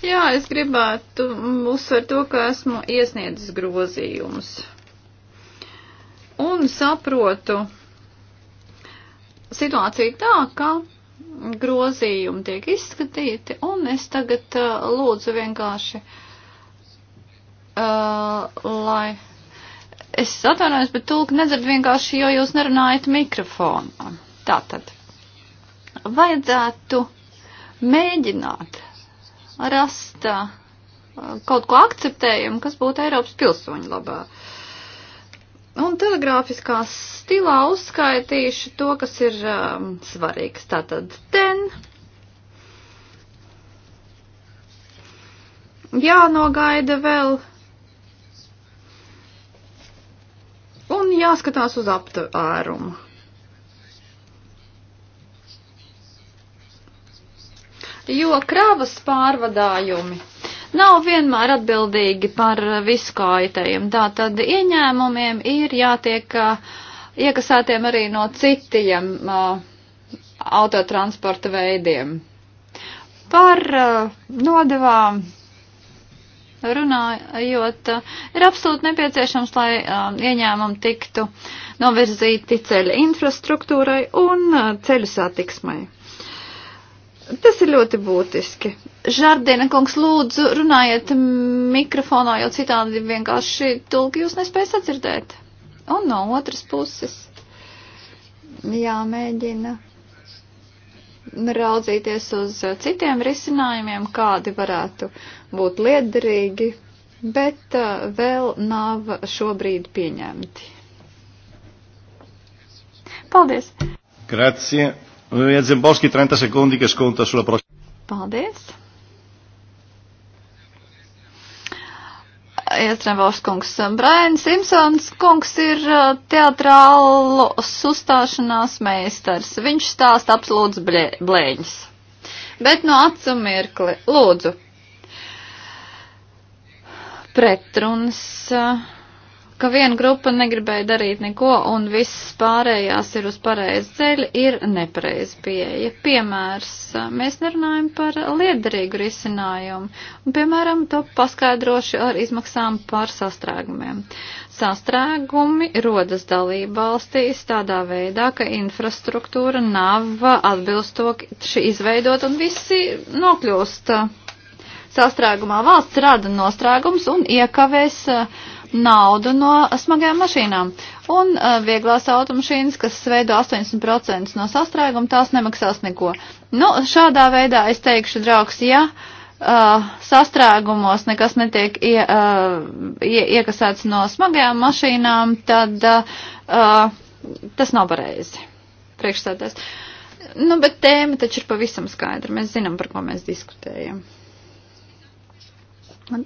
Jā, es gribētu uzsvert to, ka esmu iesniedzis grozījumus. Un saprotu situāciju tā, ka grozījumi tiek izskatīti, un es tagad uh, lūdzu vienkārši, uh, lai es atvainojos, bet tulk nedzird vienkārši, jo jūs nerunājat mikrofonā. Tātad, vajadzētu mēģināt rast uh, kaut ko akceptējumu, kas būtu Eiropas pilsoņu labā. Un telegrāfiskā stilā uzskaitīšu to, kas ir um, svarīgs. Tātad ten jānogaida vēl un jāskatās uz aptvērumu. jo kravas pārvadājumi nav vienmēr atbildīgi par viskaitajiem. Tātad ieņēmumiem ir jātiek iekasētiem arī no citiem autotransporta veidiem. Par nodevām runājot, ir absolūti nepieciešams, lai ieņēmumi tiktu novirzīti ceļa infrastruktūrai un ceļu satiksmai. Tas ir ļoti būtiski. Žardina kungs, lūdzu, runājiet mikrofonā, jo citādi vienkārši tulki jūs nespēj sadzirdēt. Un no otras puses jāmēģina raudzīties uz citiem risinājumiem, kādi varētu būt liederīgi, bet uh, vēl nav šobrīd pieņemti. Paldies! Grazie! Vien Zemborski, 30 sekundi, kas konta sulla prossima. Paldies. Iestrēmvalsts kungs Brain Simpsons kungs ir uh, teatrālu sustāšanās meistars. Viņš stāsta absolūts blēņas. Bet no acu mirkli, lūdzu. Pretruns. Uh, ka viena grupa negribēja darīt neko un viss pārējās ir uz pareizi ceļa, ir nepareizi pieeja. Piemērs, mēs nerunājam par liederīgu risinājumu un, piemēram, to paskaidrošu ar izmaksām par sastrēgumiem. Sastrēgumi rodas dalība valstīs tādā veidā, ka infrastruktūra nav atbilstoši izveidot un visi nokļūst sastrēgumā. Valsts rada nostrēgums un iekavēs uh, naudu no smagajām mašīnām. Un uh, vieglās automašīnas, kas veido 80% no sastrēguma, tās nemaksās neko. Nu, šādā veidā es teikšu, draugs, ja uh, sastrēgumos nekas netiek ie, uh, ie, iekasēts no smagajām mašīnām, tad uh, tas nav pareizi. Priekšstādājs. Nu, bet tēma taču ir pavisam skaidra. Mēs zinām, par ko mēs diskutējam.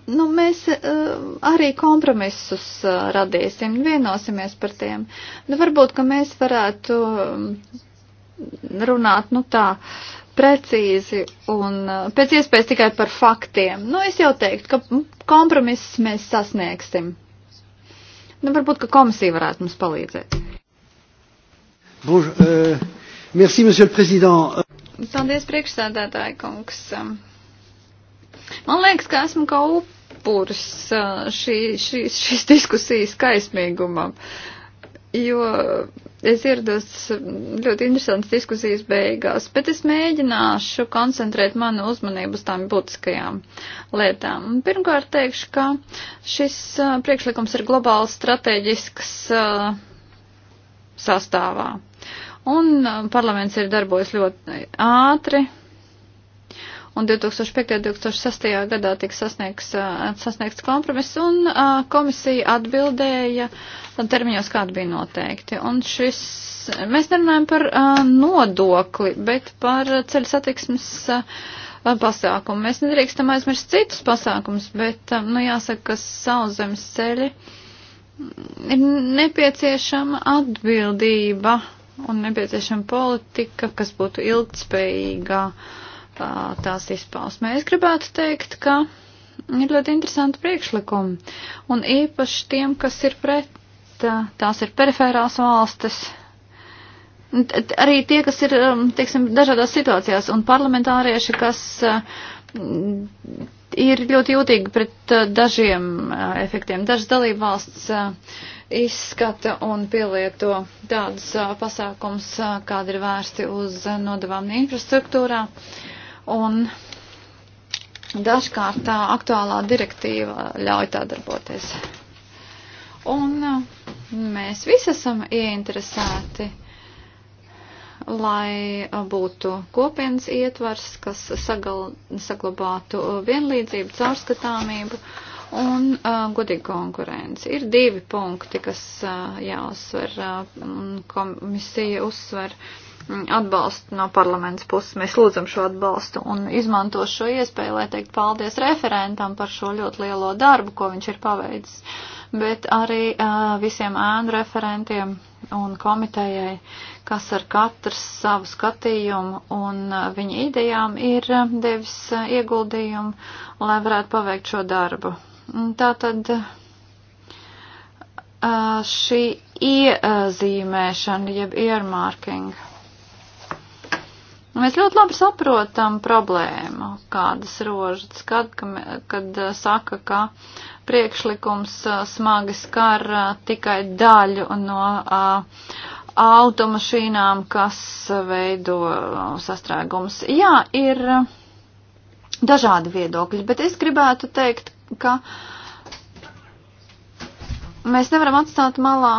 Nu, mēs uh, arī kompromisus uh, radīsim, vienosimies par tiem. Nu, varbūt, ka mēs varētu mm, runāt, nu tā, precīzi un uh, pēc iespējas tikai par faktiem. Nu, es jau teiktu, ka mm, kompromisus mēs sasniegsim. Nu, varbūt, ka komisija varētu mums palīdzēt. Bonjour, euh, merci, monsieur le président. Paldies, priekšsēdētāji kungs. Uh, Man liekas, ka esmu kā upurs šī, šī, šīs diskusijas kaismīgumam, jo es ierados ļoti interesantas diskusijas beigās, bet es mēģināšu koncentrēt manu uzmanību uz tām būtiskajām lietām. Pirmkārt teikšu, ka šis priekšlikums ir globāls strateģisks sastāvā. Un parlaments ir darbojas ļoti ātri, un 2005. un 2006. gadā tika sasniegts, sasniegts kompromiss, un komisija atbildēja termiņos, kādi bija noteikti. Un šis, mēs nerunājam par nodokli, bet par ceļu satiksmes pasākumu. Mēs nedrīkstam aizmirst citus pasākumus, bet, nu, jāsaka, ka sauszemes ceļi ir nepieciešama atbildība un nepieciešama politika, kas būtu ilgtspējīgā. Uh, tās izpausmē. Es gribētu teikt, ka ir ļoti interesanti priekšlikumi, un īpaši tiem, kas ir pret, tās ir perifērās valstis, arī tie, kas ir, um, teiksim, dažādās situācijās, un parlamentārieši, kas uh, ir ļoti jūtīgi pret uh, dažiem uh, efektiem. Dažas dalība valsts izskata un pielieto tādus pasākums, kādi ir vērsti uz nodavām infrastruktūrā. Uh, un dažkārt tā aktuālā direktīva ļauj tā darboties. Un mēs visi esam ieinteresēti, lai būtu kopienas ietvars, kas sagal, saglabātu vienlīdzību, caurskatāmību un uh, godīgu konkurenci. Ir divi punkti, kas uh, jāuzsver, uh, komisija uzsver. Uh, atbalstu no parlaments puses. Mēs lūdzam šo atbalstu un izmantošu šo iespēju, lai teikt paldies referentam par šo ļoti lielo darbu, ko viņš ir paveicis, bet arī uh, visiem ēnu referentiem un komitejai, kas ar katrs savu skatījumu un uh, viņa idejām ir uh, devis uh, ieguldījumu, lai varētu paveikt šo darbu. Tātad. Uh, šī iezīmēšana, jeb earmarking. Un nu, mēs ļoti labi saprotam problēmu, kādas rožas, kad, kad eh, saka, ka priekšlikums eh, smagi skar eh, tikai daļu no automašīnām, kas veido sastrēgumus. Jā, ir dažādi viedokļi, bet es gribētu teikt, ka mēs nevaram atstāt malā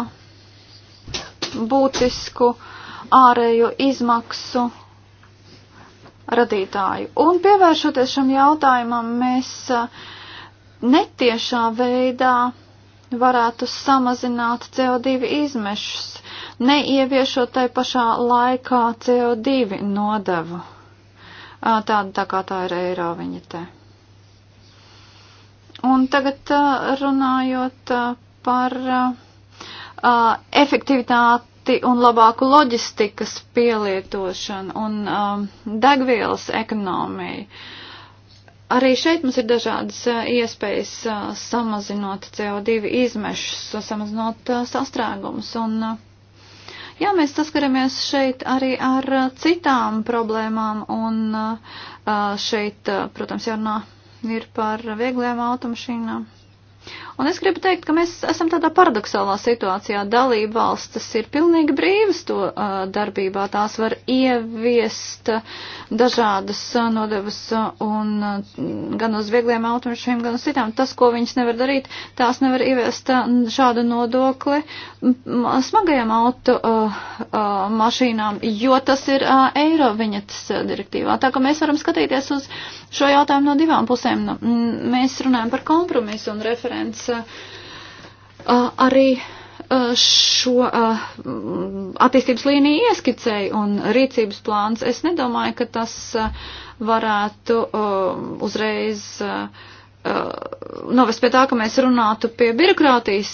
būtisku ārējo izmaksu radītāju. Un pievēršoties šam jautājumam, mēs netiešā veidā varētu samazināt CO2 izmešus, neieviešot tai pašā laikā CO2 nodevu. Tāda tā kā tā ir eiro viņitē. Un tagad runājot par efektivitāti efekti un labāku loģistikas pielietošanu un um, degvielas ekonomiju. Arī šeit mums ir dažādas uh, iespējas uh, samazinot CO2 izmešus, samazinot uh, sastrēgumus. Un, jā, mēs saskaramies šeit arī ar citām problēmām, un šeit, protams, jārunā ir par viegliem automašīnām. Un es gribu teikt, ka mēs esam tādā paradoxālā situācijā. Dalība valstis ir pilnīgi brīvas to uh, darbībā. Tās var ieviest dažādas uh, nodevas uh, un uh, gan uz viegliem automašīm, gan uz citām. Tas, ko viņas nevar darīt, tās nevar ieviest uh, šādu nodokli smagajām auto uh, uh, mašīnām, jo tas ir uh, eiro viņas direktīvā. Tā ka mēs varam skatīties uz šo jautājumu no divām pusēm. Nu, mēs runājam par kompromisu un referents arī šo attīstības līniju ieskicēju un rīcības plāns. Es nedomāju, ka tas varētu uzreiz novest pie tā, ka mēs runātu pie birokrātijas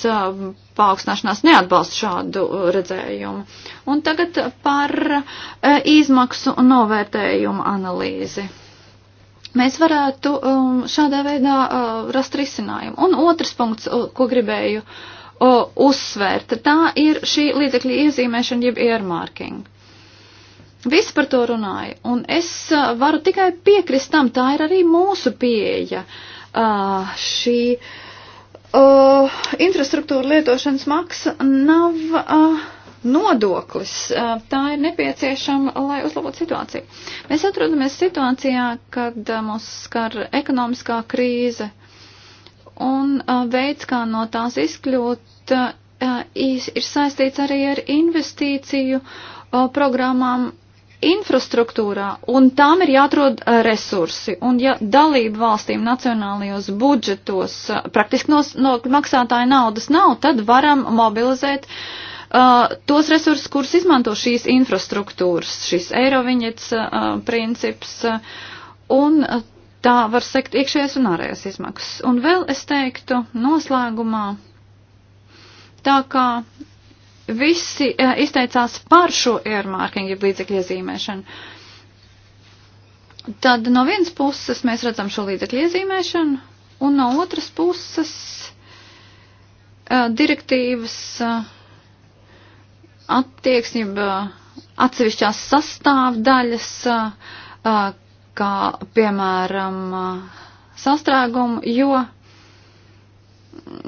paaugstināšanās, neatbalstu šādu redzējumu. Un tagad par izmaksu novērtējumu analīzi mēs varētu um, šādā veidā uh, rast risinājumu. Un otrs punkts, uh, ko gribēju uh, uzsvērt, tā ir šī līdzekļa iezīmēšana jeb earmarking. Visi par to runāja, un es uh, varu tikai piekrist tam, tā ir arī mūsu pieeja uh, šī. Uh, infrastruktūra lietošanas maksa nav uh, nodoklis. Tā ir nepieciešama, lai uzlabotu situāciju. Mēs atrodamies situācijā, kad mūs skar ekonomiskā krīze un veids, kā no tās izkļūt, ir saistīts arī ar investīciju programmām infrastruktūrā, un tām ir jāatrod resursi. Un ja dalību valstīm nacionālajos budžetos praktiski no, no maksātāja naudas nav, tad varam mobilizēt uh, uh, tos resursus, kurus izmanto šīs infrastruktūras, šis eiroviņets uh, princips, uh, un uh, tā var sekt iekšējais un ārējais izmaksas. Un vēl es teiktu noslēgumā, tā kā visi uh, izteicās par šo earmarkingu līdzekļu iezīmēšanu, tad no vienas puses mēs redzam šo līdzekļu iezīmēšanu, un no otras puses uh, direktīvas. Uh, attieksmība atsevišķās sastāvdaļas, kā piemēram sastrēgumu, jo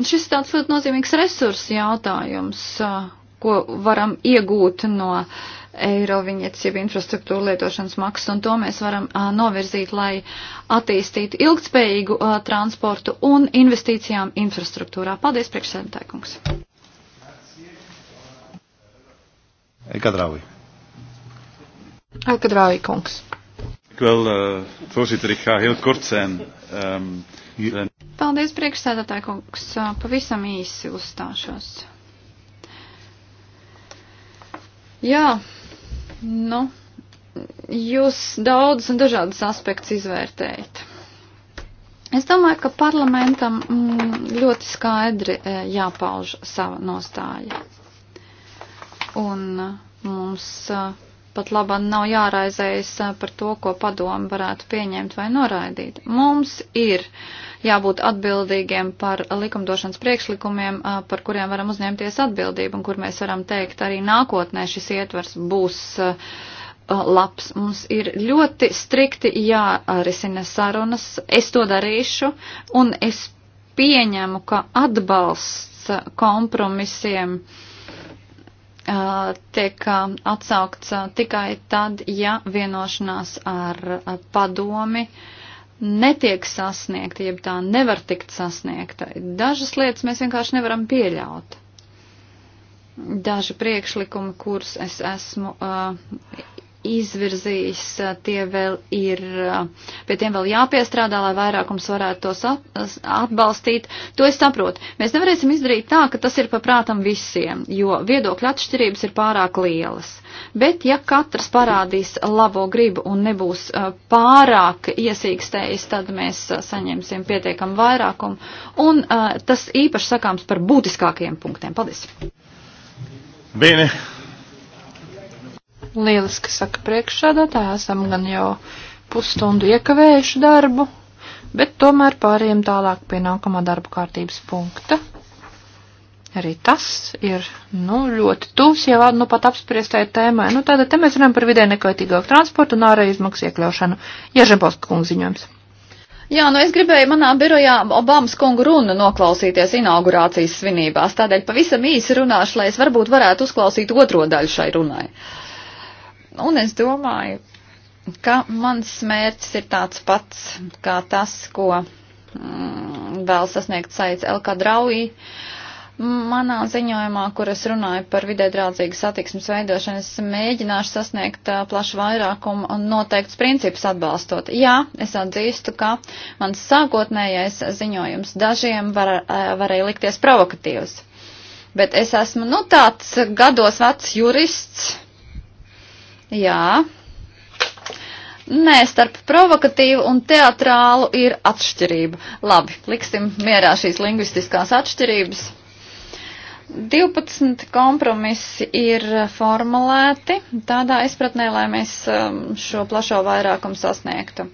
šis tāds ļoti nozīmīgs resursu jautājums, ko varam iegūt no eiro viņets, jeb infrastruktūra lietošanas maksas, un to mēs varam a, novirzīt, lai attīstītu ilgtspējīgu a, transportu un investīcijām infrastruktūrā. Paldies, priekšsēdētājkungs! Kadraui. Kadraui, kungs. Wel, uh, voorzitter, ik ga heel kort zijn. Um, en... Paldies, priekšsēdētāji kungs. Eh, pavisam īsi uzstāšos. Jā, nu, jūs daudz un dažādas aspektus izvērtējat. Es domāju, ka parlamentam mm, ļoti skaidri eh, jāpauž sava nostāja. Un uh, mums uh, pat labam nav jāraizējas uh, par to, ko padomu varētu pieņemt vai noraidīt. Mums ir jābūt atbildīgiem par likumdošanas priekšlikumiem, par kuriem varam uzņemties atbildību un kur mēs varam teikt arī nākotnē šis ietvers būs labs. Mums ir ļoti strikti jārisina sarunas. Es to darīšu un es pieņemu, ka atbalsts kompromisiem uh, Uh, tiek uh, atsaukts uh, tikai tad, ja vienošanās ar padomi netiek sasniegta, jeb tā nevar tikt sasniegta. Dažas lietas mēs vienkārši nevaram pieļaut. Daži priekšlikumi, kurus es esmu uh, izvirzījis, tie vēl ir, pie tiem vēl jāpiestrādā, lai vairākums varētu tos atbalstīt. To es saprotu. Mēs nevarēsim izdarīt tā, ka tas ir paprātam visiem, jo viedokļu atšķirības ir pārāk lielas. Bet ja katrs parādīs labo gribu un nebūs pārāk iesīkstējis, tad mēs saņemsim pietiekam vairākumu. Un tas īpaši sakāms par būtiskākajiem punktiem. Paldies! Bene. Lieliski saka priekšsādātāji, esam gan jau pusstundu iekavējuši darbu, bet tomēr pārējiem tālāk pie nākamā darba kārtības punkta. Arī tas ir, nu, ļoti tuvs jau nu pat apspriestai tēmai. Nu, tātad te mēs runājam par vidē nekaitīgāku transportu un ārēju izmaksu iekļaušanu. Ježembalska kungs ziņojums. Jā, nu es gribēju manā birojā Obamas kungu runu noklausīties inaugurācijas svinībās, tādēļ pavisam īsi runāšu, lai es varbūt varētu uzklausīt otro daļu šai runai. Uh, Un es domāju, ka mans mērķis ir tāds pats kā tas, ko mm, vēl sasniegt saic Elka Drauji. Manā ziņojumā, kur es runāju par vidē draudzīgu satiksmes veidošanu, es mēģināšu sasniegt uh, plašu vairākumu un noteikts principus atbalstot. Jā, es atzīstu, ka mans sākotnējais ziņojums dažiem var, uh, varēja likties provokatīvs. Bet es esmu, nu, tāds gados vecs jurists, Jā. Nē, starp provokatīvu un teatrālu ir atšķirība. Labi, liksim mierā šīs lingvistiskās atšķirības. 12 kompromisi ir formulēti tādā izpratnē, lai mēs um, šo plašo vairākumu sasniegtu.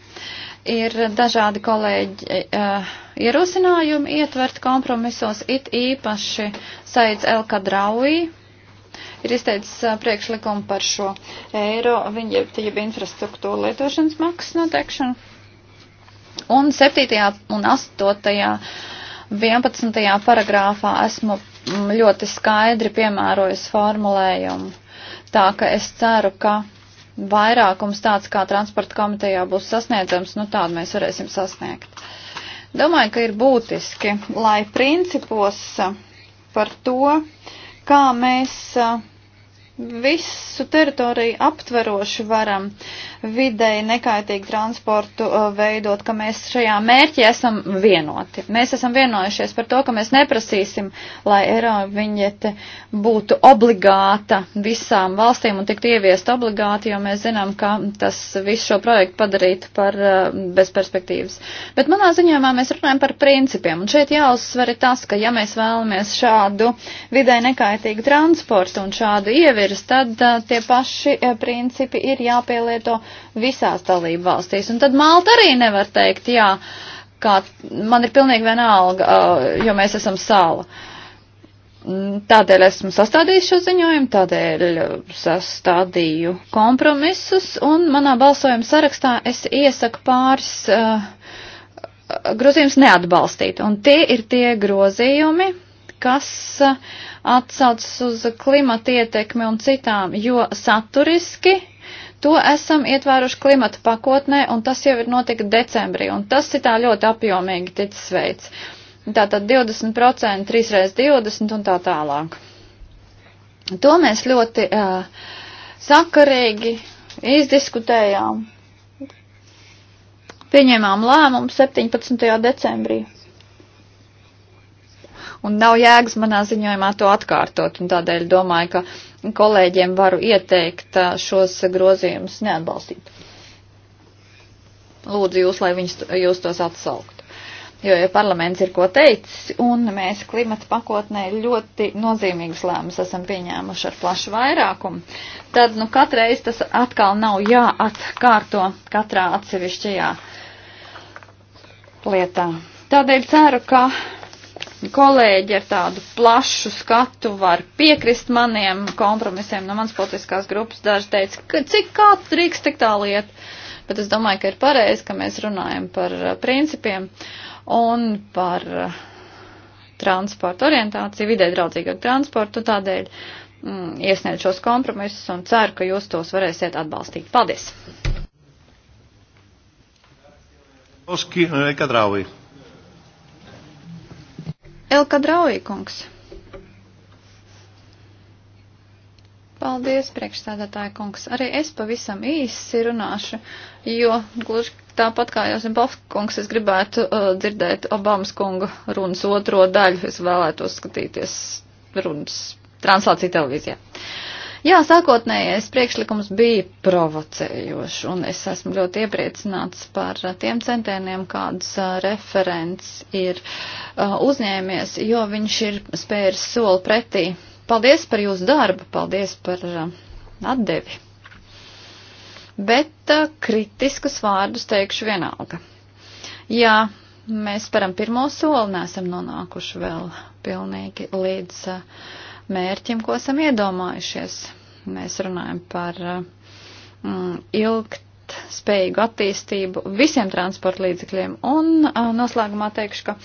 Ir dažādi kolēģi uh, ierosinājumi ietvert kompromisos, it īpaši Saids Elka Drauji, ir izteicis priekšlikumu par šo eiro, viņa jeb infrastruktūra lietošanas maksas noteikšanu. Un 7. un 8. 11. paragrāfā esmu mm, ļoti skaidri piemērojis formulējumu. Tā ka es ceru, ka vairākums tāds kā transporta komitejā būs sasniedzams, nu tādu mēs varēsim sasniegt. Domāju, ka ir būtiski, lai principos par to, kā mēs visu teritoriju aptveroši varam videi nekaitīgu transportu uh, veidot, ka mēs šajā mērķī esam vienoti. Mēs esam vienojušies par to, ka mēs neprasīsim, lai eiro viņete būtu obligāta visām valstīm un tiktu ieviest obligāti, jo mēs zinām, ka tas visu šo projektu padarītu par uh, bezperspektīvas. Bet manā ziņojumā mēs runājam par principiem, un šeit jāuzsver tas, ka ja mēs vēlamies šādu videi nekaitīgu transportu un šādu ieviest, piešķiras, tad tie paši principi ir jāpielieto visās dalību valstīs. Un tad Malta arī nevar teikt, jā, kā man ir pilnīgi vienalga, jo mēs esam sāla. Mm, tādēļ esmu sastādījis šo ziņojumu, tādēļ sastādīju kompromisus, un manā balsojuma sarakstā es iesaku pāris uh, grozījums neatbalstīt. Un tie ir tie grozījumi, kas atsaucas uz klimata ietekmi un citām, jo saturiski to esam ietvēruši klimata pakotnē, un tas jau ir notika decembrī, un tas ir tā ļoti apjomīgi ticis veids. Tātad 20%, 3x20 un tā tālāk. To mēs ļoti uh, sakarīgi izdiskutējām. Pieņēmām lēmumu 17. decembrī un nav jēgas manā ziņojumā to atkārtot, un tādēļ domāju, ka kolēģiem varu ieteikt šos grozījumus neatbalstīt. Lūdzu jūs, lai viņus, jūs tos atsauktu. Jo, ja parlaments ir ko teicis, un mēs klimata pakotnē ļoti nozīmīgus lēmumus esam pieņēmuši ar plašu vairākumu, tad, nu, katreiz tas atkal nav jāatkārto katrā atsevišķajā lietā. Tādēļ ceru, ka kolēģi ar tādu plašu skatu var piekrist maniem kompromisiem no nu, manas politiskās grupas. Daži teica, ka cik kāds drīkst tik tā lieta, bet es domāju, ka ir pareizi, ka mēs runājam par uh, principiem un par uh, transportu orientāciju, vidē draudzīgāku transportu, tādēļ mm, iesniedz šos kompromisus un ceru, ka jūs tos varēsiet atbalstīt. Paldies! Oski, Kadraui. Elka Draujkungs. Paldies, priekšstādātāja kungs. Arī es pavisam īsi runāšu, jo gluži tāpat kā jau Zimbabve kungs, es gribētu uh, dzirdēt Obamas kunga runas otro daļu. Es vēlētos skatīties runas translāciju televīzijā. Uh, Jā, sākotnējais priekšlikums bija provocējošs, un es esmu ļoti iepriecināts par uh, tiem centieniem, kādus uh, referents ir uh, uzņēmies, jo viņš ir spēris soli pretī. Paldies par jūsu darbu, paldies par atdevi. Bet kritiskus vārdus teikšu vienalga. Jā, mēs param pirmo soli, neesam nonākuši vēl pilnīgi līdz uh, mērķim, ko esam iedomājušies. Mēs runājam par mm, ilgt spējīgu attīstību visiem transporta līdzekļiem. Un a, noslēgumā teikšu, ka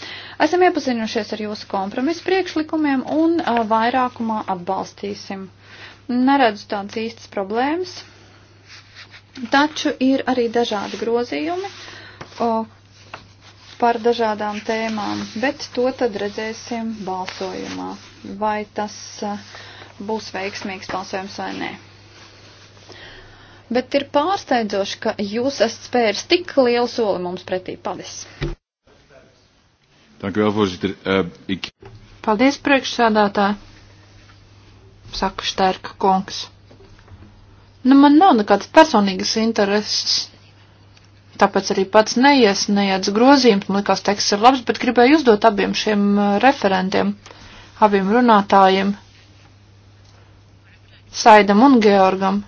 esam iepazinušies ar jūsu kompromisu priekšlikumiem un a, vairākumā atbalstīsim. Neredzu tādas īstas problēmas, taču ir arī dažādi grozījumi o, par dažādām tēmām, bet to tad redzēsim balsojumā vai tas eh, būs veiksmīgs balsojums vai nē. Bet ir pārsteidzoši, ka jūs esat spēris tik lielu soli mums pretī. Paldies! Eh, Paldies, priekšsādātāji! Saka Štērka kungs. Nu, man nav nekādas personīgas intereses. Tāpēc arī pats neiesniedz grozījums, man likās teksts ir labs, bet gribēju uzdot abiem šiem eh, referentiem. Uh, abiem runātājiem, Saidam un Georgam.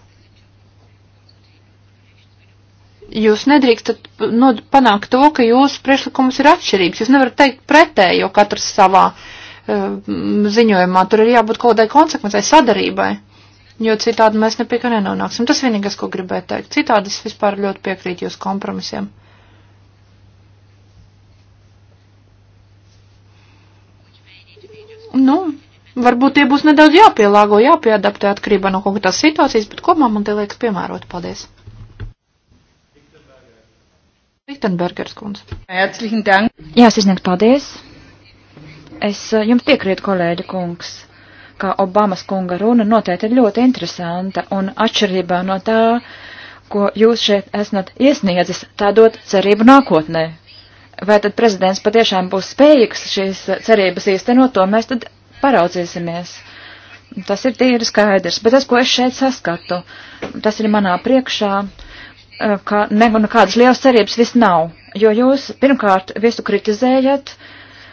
Jūs nedrīkstat no, panākt to, ka jūsu priekšlikums ir atšķirīgs. Jūs nevarat teikt pretējo katrs savā uh, ziņojumā. Tur ir jābūt kaut kādai konsekvencei sadarībai, jo citādi mēs nepie kā nenonāksim. Tas vienīgais, ko gribēju teikt. Citādi es vispār ļoti piekrītu jūsu kompromisiem. nu, varbūt tie būs nedaudz jāpielāgo, jāpieadaptē atkarībā no kaut kādas situācijas, bet kopumā man tie liekas piemērot. Paldies! Lichtenbergers kundze. Herzlichen Dank. Jā, sirsnieks, paldies. Es eh, jums piekrītu, kolēģi kungs, ka Obamas kunga runa noteikti ir ļoti interesanta un atšķirībā no tā, ko jūs šeit esat iesniedzis, tā dot cerību nākotnē. Vai tad prezidents patiešām būs spējīgs šīs cerības īstenot, to mēs tad paraudzīsimies. Tas ir tīri skaidrs, bet tas, ko es šeit saskatu, tas ir manā priekšā, eh, ka nu, nekādas liels cerības vis nav, jo jūs pirmkārt visu kritizējat,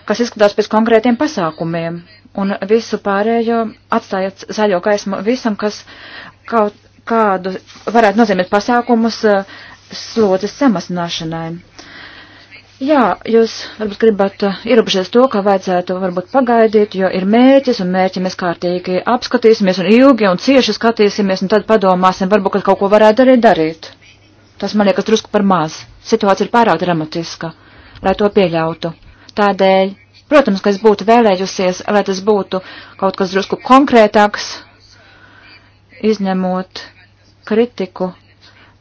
kas izskatās pēc konkrētiem pasākumiem, un visu pārējo atstājat zaļo gaismu visam, kas kaut kādu varētu nozīmēt pasākumus eh, slodzes samazināšanai Jā, jūs varbūt gribat uh, ierobežoties to, ka vajadzētu varbūt pagaidīt, jo ir mērķis, un mērķi mēs kārtīgi apskatīsimies, un ilgi un cieši skatīsimies, un tad padomāsim, varbūt, ka kaut ko varētu arī darīt. Tas man liekas drusku par maz. Situācija ir pārāk dramatiska, lai to pieļautu. Tādēļ, protams, ka es būtu vēlējusies, lai tas būtu kaut kas drusku konkrētāks, izņemot kritiku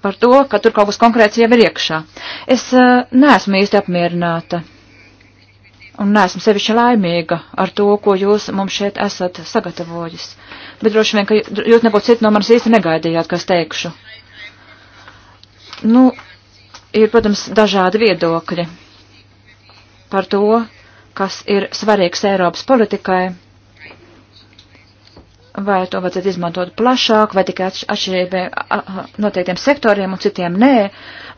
par to, ka tur kaut kas konkrēts jau ir iekšā. Es uh, neesmu īsti apmierināta un neesmu sevišķi laimīga ar to, ko jūs mums šeit esat sagatavojis. Bet droši vien, ka jūs neko citu no manis īsti negaidījāt, kas teikšu. Nu, ir, protams, dažādi viedokļi par to, kas ir svarīgs Eiropas politikai vai to vajadzētu izmantot plašāk, vai tikai atšķirībai noteiktiem sektoriem un citiem nē.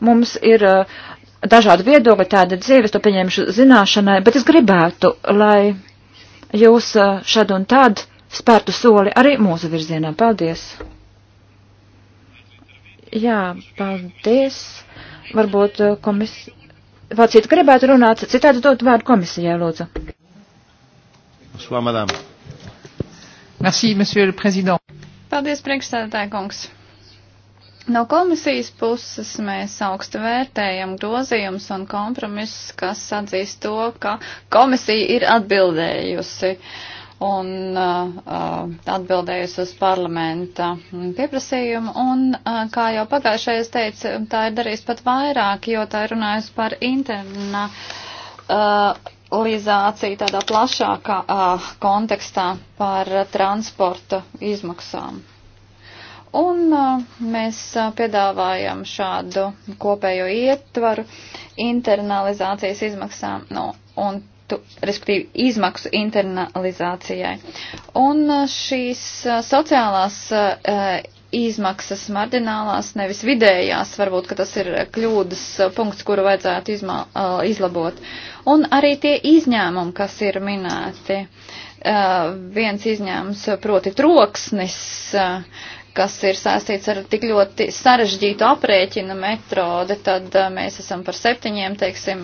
Mums ir dažādi viedokļi, tāda dzīves, to pieņemšu zināšanai, bet es gribētu, lai jūs šad un tad spērtu soli arī mūsu virzienā. Paldies! Jā, paldies! Varbūt komisija. Vai cits gribētu runāt, citādi dot vārdu komisijai, lūdzu. Svamadām. Merci, monsieur le président. Paldies, priekšstādātāja kungs. No komisijas puses mēs augstu vērtējam grozījums un kompromiss, kas atzīst to, ka komisija ir atbildējusi un uh, uh atbildējusi uz parlamenta pieprasījumu. Un, uh, kā jau pagājušajais teica, tā ir darījis pat vairāk, jo tā ir runājusi par interna. Uh, liberalizāciju tādā plašākā uh, kontekstā par uh, transporta izmaksām. Un uh, mēs uh, piedāvājam šādu kopējo ietvaru internalizācijas izmaksām, nu, un, tu, respektīvi, izmaksu internalizācijai. Un uh, šīs uh, sociālās uh, izmaksas marģinālās, nevis vidējās. Varbūt, ka tas ir kļūdas uh, punkts, kuru vajadzētu izmā, uh, izlabot. Un arī tie izņēmumi, kas ir minēti. Uh, viens izņēmums, proti troksnis, kas ir saistīts ar tik ļoti sarežģītu aprēķinu metodi, tad mēs esam par septiņiem, teiksim,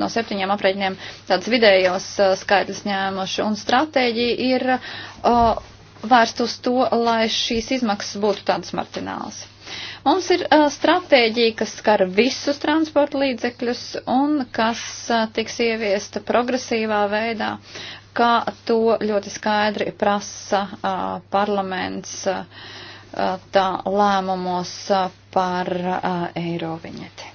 no septiņiem aprēķiniem tāds vidējos skaitlis ņēmuši, un stratēģija ir uh, vērst uz to, lai šīs izmaksas būtu tādas marģinālas. Mums ir uh, stratēģija, kas skar visus transporta līdzekļus un kas uh, tiks ieviesta progresīvā veidā, kā to ļoti skaidri prasa uh, parlaments uh, tā lēmumos uh, par uh, eiro viņeti.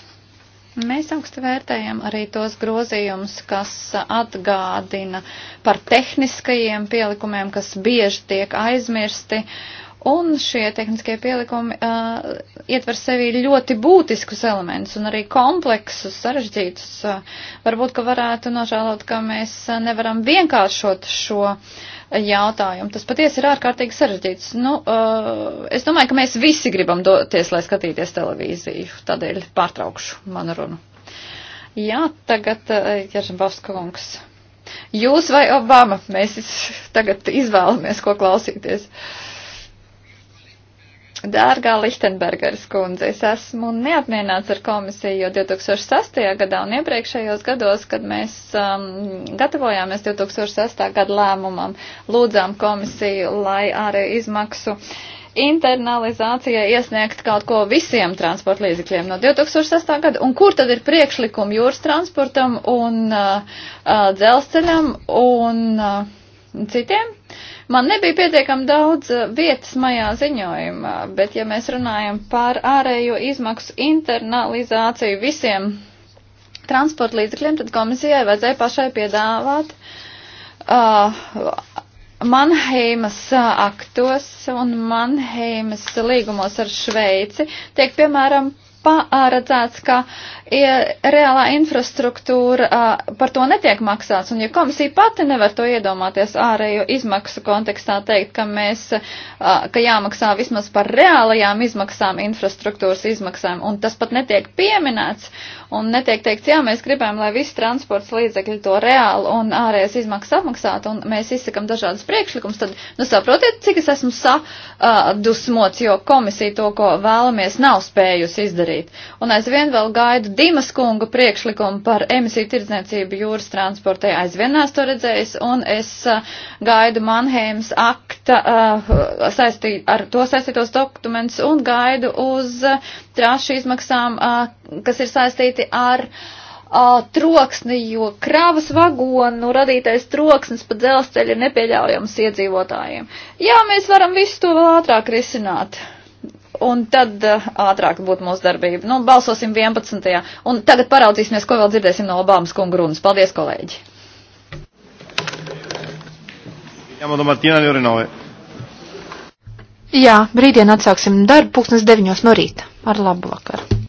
Mēs augstu vērtējam arī tos grozījumus, kas atgādina par tehniskajiem pielikumiem, kas bieži tiek aizmirsti Un šie tehniskie pielikumi uh, ietver sevī ļoti būtiskus elementus un arī kompleksus, sarežģītus. Uh, varbūt, ka varētu nožēlot, ka mēs uh, nevaram vienkāršot šo jautājumu. Tas patiesi ir ārkārtīgi sarežģīts. Nu, uh, es domāju, ka mēs visi gribam doties, lai skatīties televīziju. Tādēļ pārtraukšu manu runu. Jā, tagad uh, Jaržam Bavskungs. Jūs vai Obama? Mēs tagad izvēlamies, ko klausīties. Uh, Dārgā Lichtenbergeris kundze, es esmu neapmierināts ar komisiju, jo 2006. gadā un iepriekšējos gados, kad mēs um, gatavojāmies 2006. gada lēmumam, lūdzām komisiju, lai arī izmaksu internalizācijai iesniegt kaut ko visiem transporta līdzekļiem no 2006. gada, un kur tad ir priekšlikumi jūras transportam un uh, uh dzelzceļam un uh, citiem? Uh, Man nebija pietiekami daudz eh, vietas majā ziņojumā, bet ja mēs runājam par ārējo izmaksu internalizāciju visiem transporta līdzekļiem, tad komisijai vajadzēja pašai piedāvāt uh, Manheimas eh, aktos un Manheimas līgumos ar Šveici tiek piemēram paredzēts, ka reālā infrastruktūra par to netiek maksāts, un ja komisija pati nevar to iedomāties ārējo izmaksu kontekstā teikt, ka mēs, ka jāmaksā vismaz par reālajām izmaksām, infrastruktūras izmaksām, un tas pat netiek pieminēts, un netiek teikts, jā, mēs gribam, lai visi transports līdzekļi to reāli un ārējas izmaksas apmaksātu, un mēs izsakam dažādas priekšlikums, tad, nu, saprotiet, cik es esmu sadusmots, jo komisija to, ko vēlamies, nav spējusi izdarīt. Un aizvien vēl gaidu Dīmas kunga priekšlikumu par emisiju tirdzniecību jūras transportē aizvien neesmu to redzējis, un es uh, gaidu Manheims akta uh, saistī, ar to saistītos dokumentus un gaidu uz uh, trāšu izmaksām, uh, kas ir saistīti ar uh, troksni, jo kravas vagonu radītais troksnis pa dzelzceļu ir nepieļaujams iedzīvotājiem. Jā, mēs varam visu to vēl ātrāk risināt un tad eh, ātrāk būtu mūsu darbība. Nu, balsosim 11. Un tagad paraudzīsimies, ko vēl dzirdēsim no Obamas kunga runas. Paldies, kolēģi! Jā, rītdien atsāksim darbu pulksnes 9 no rīta. Ar labu vakaru!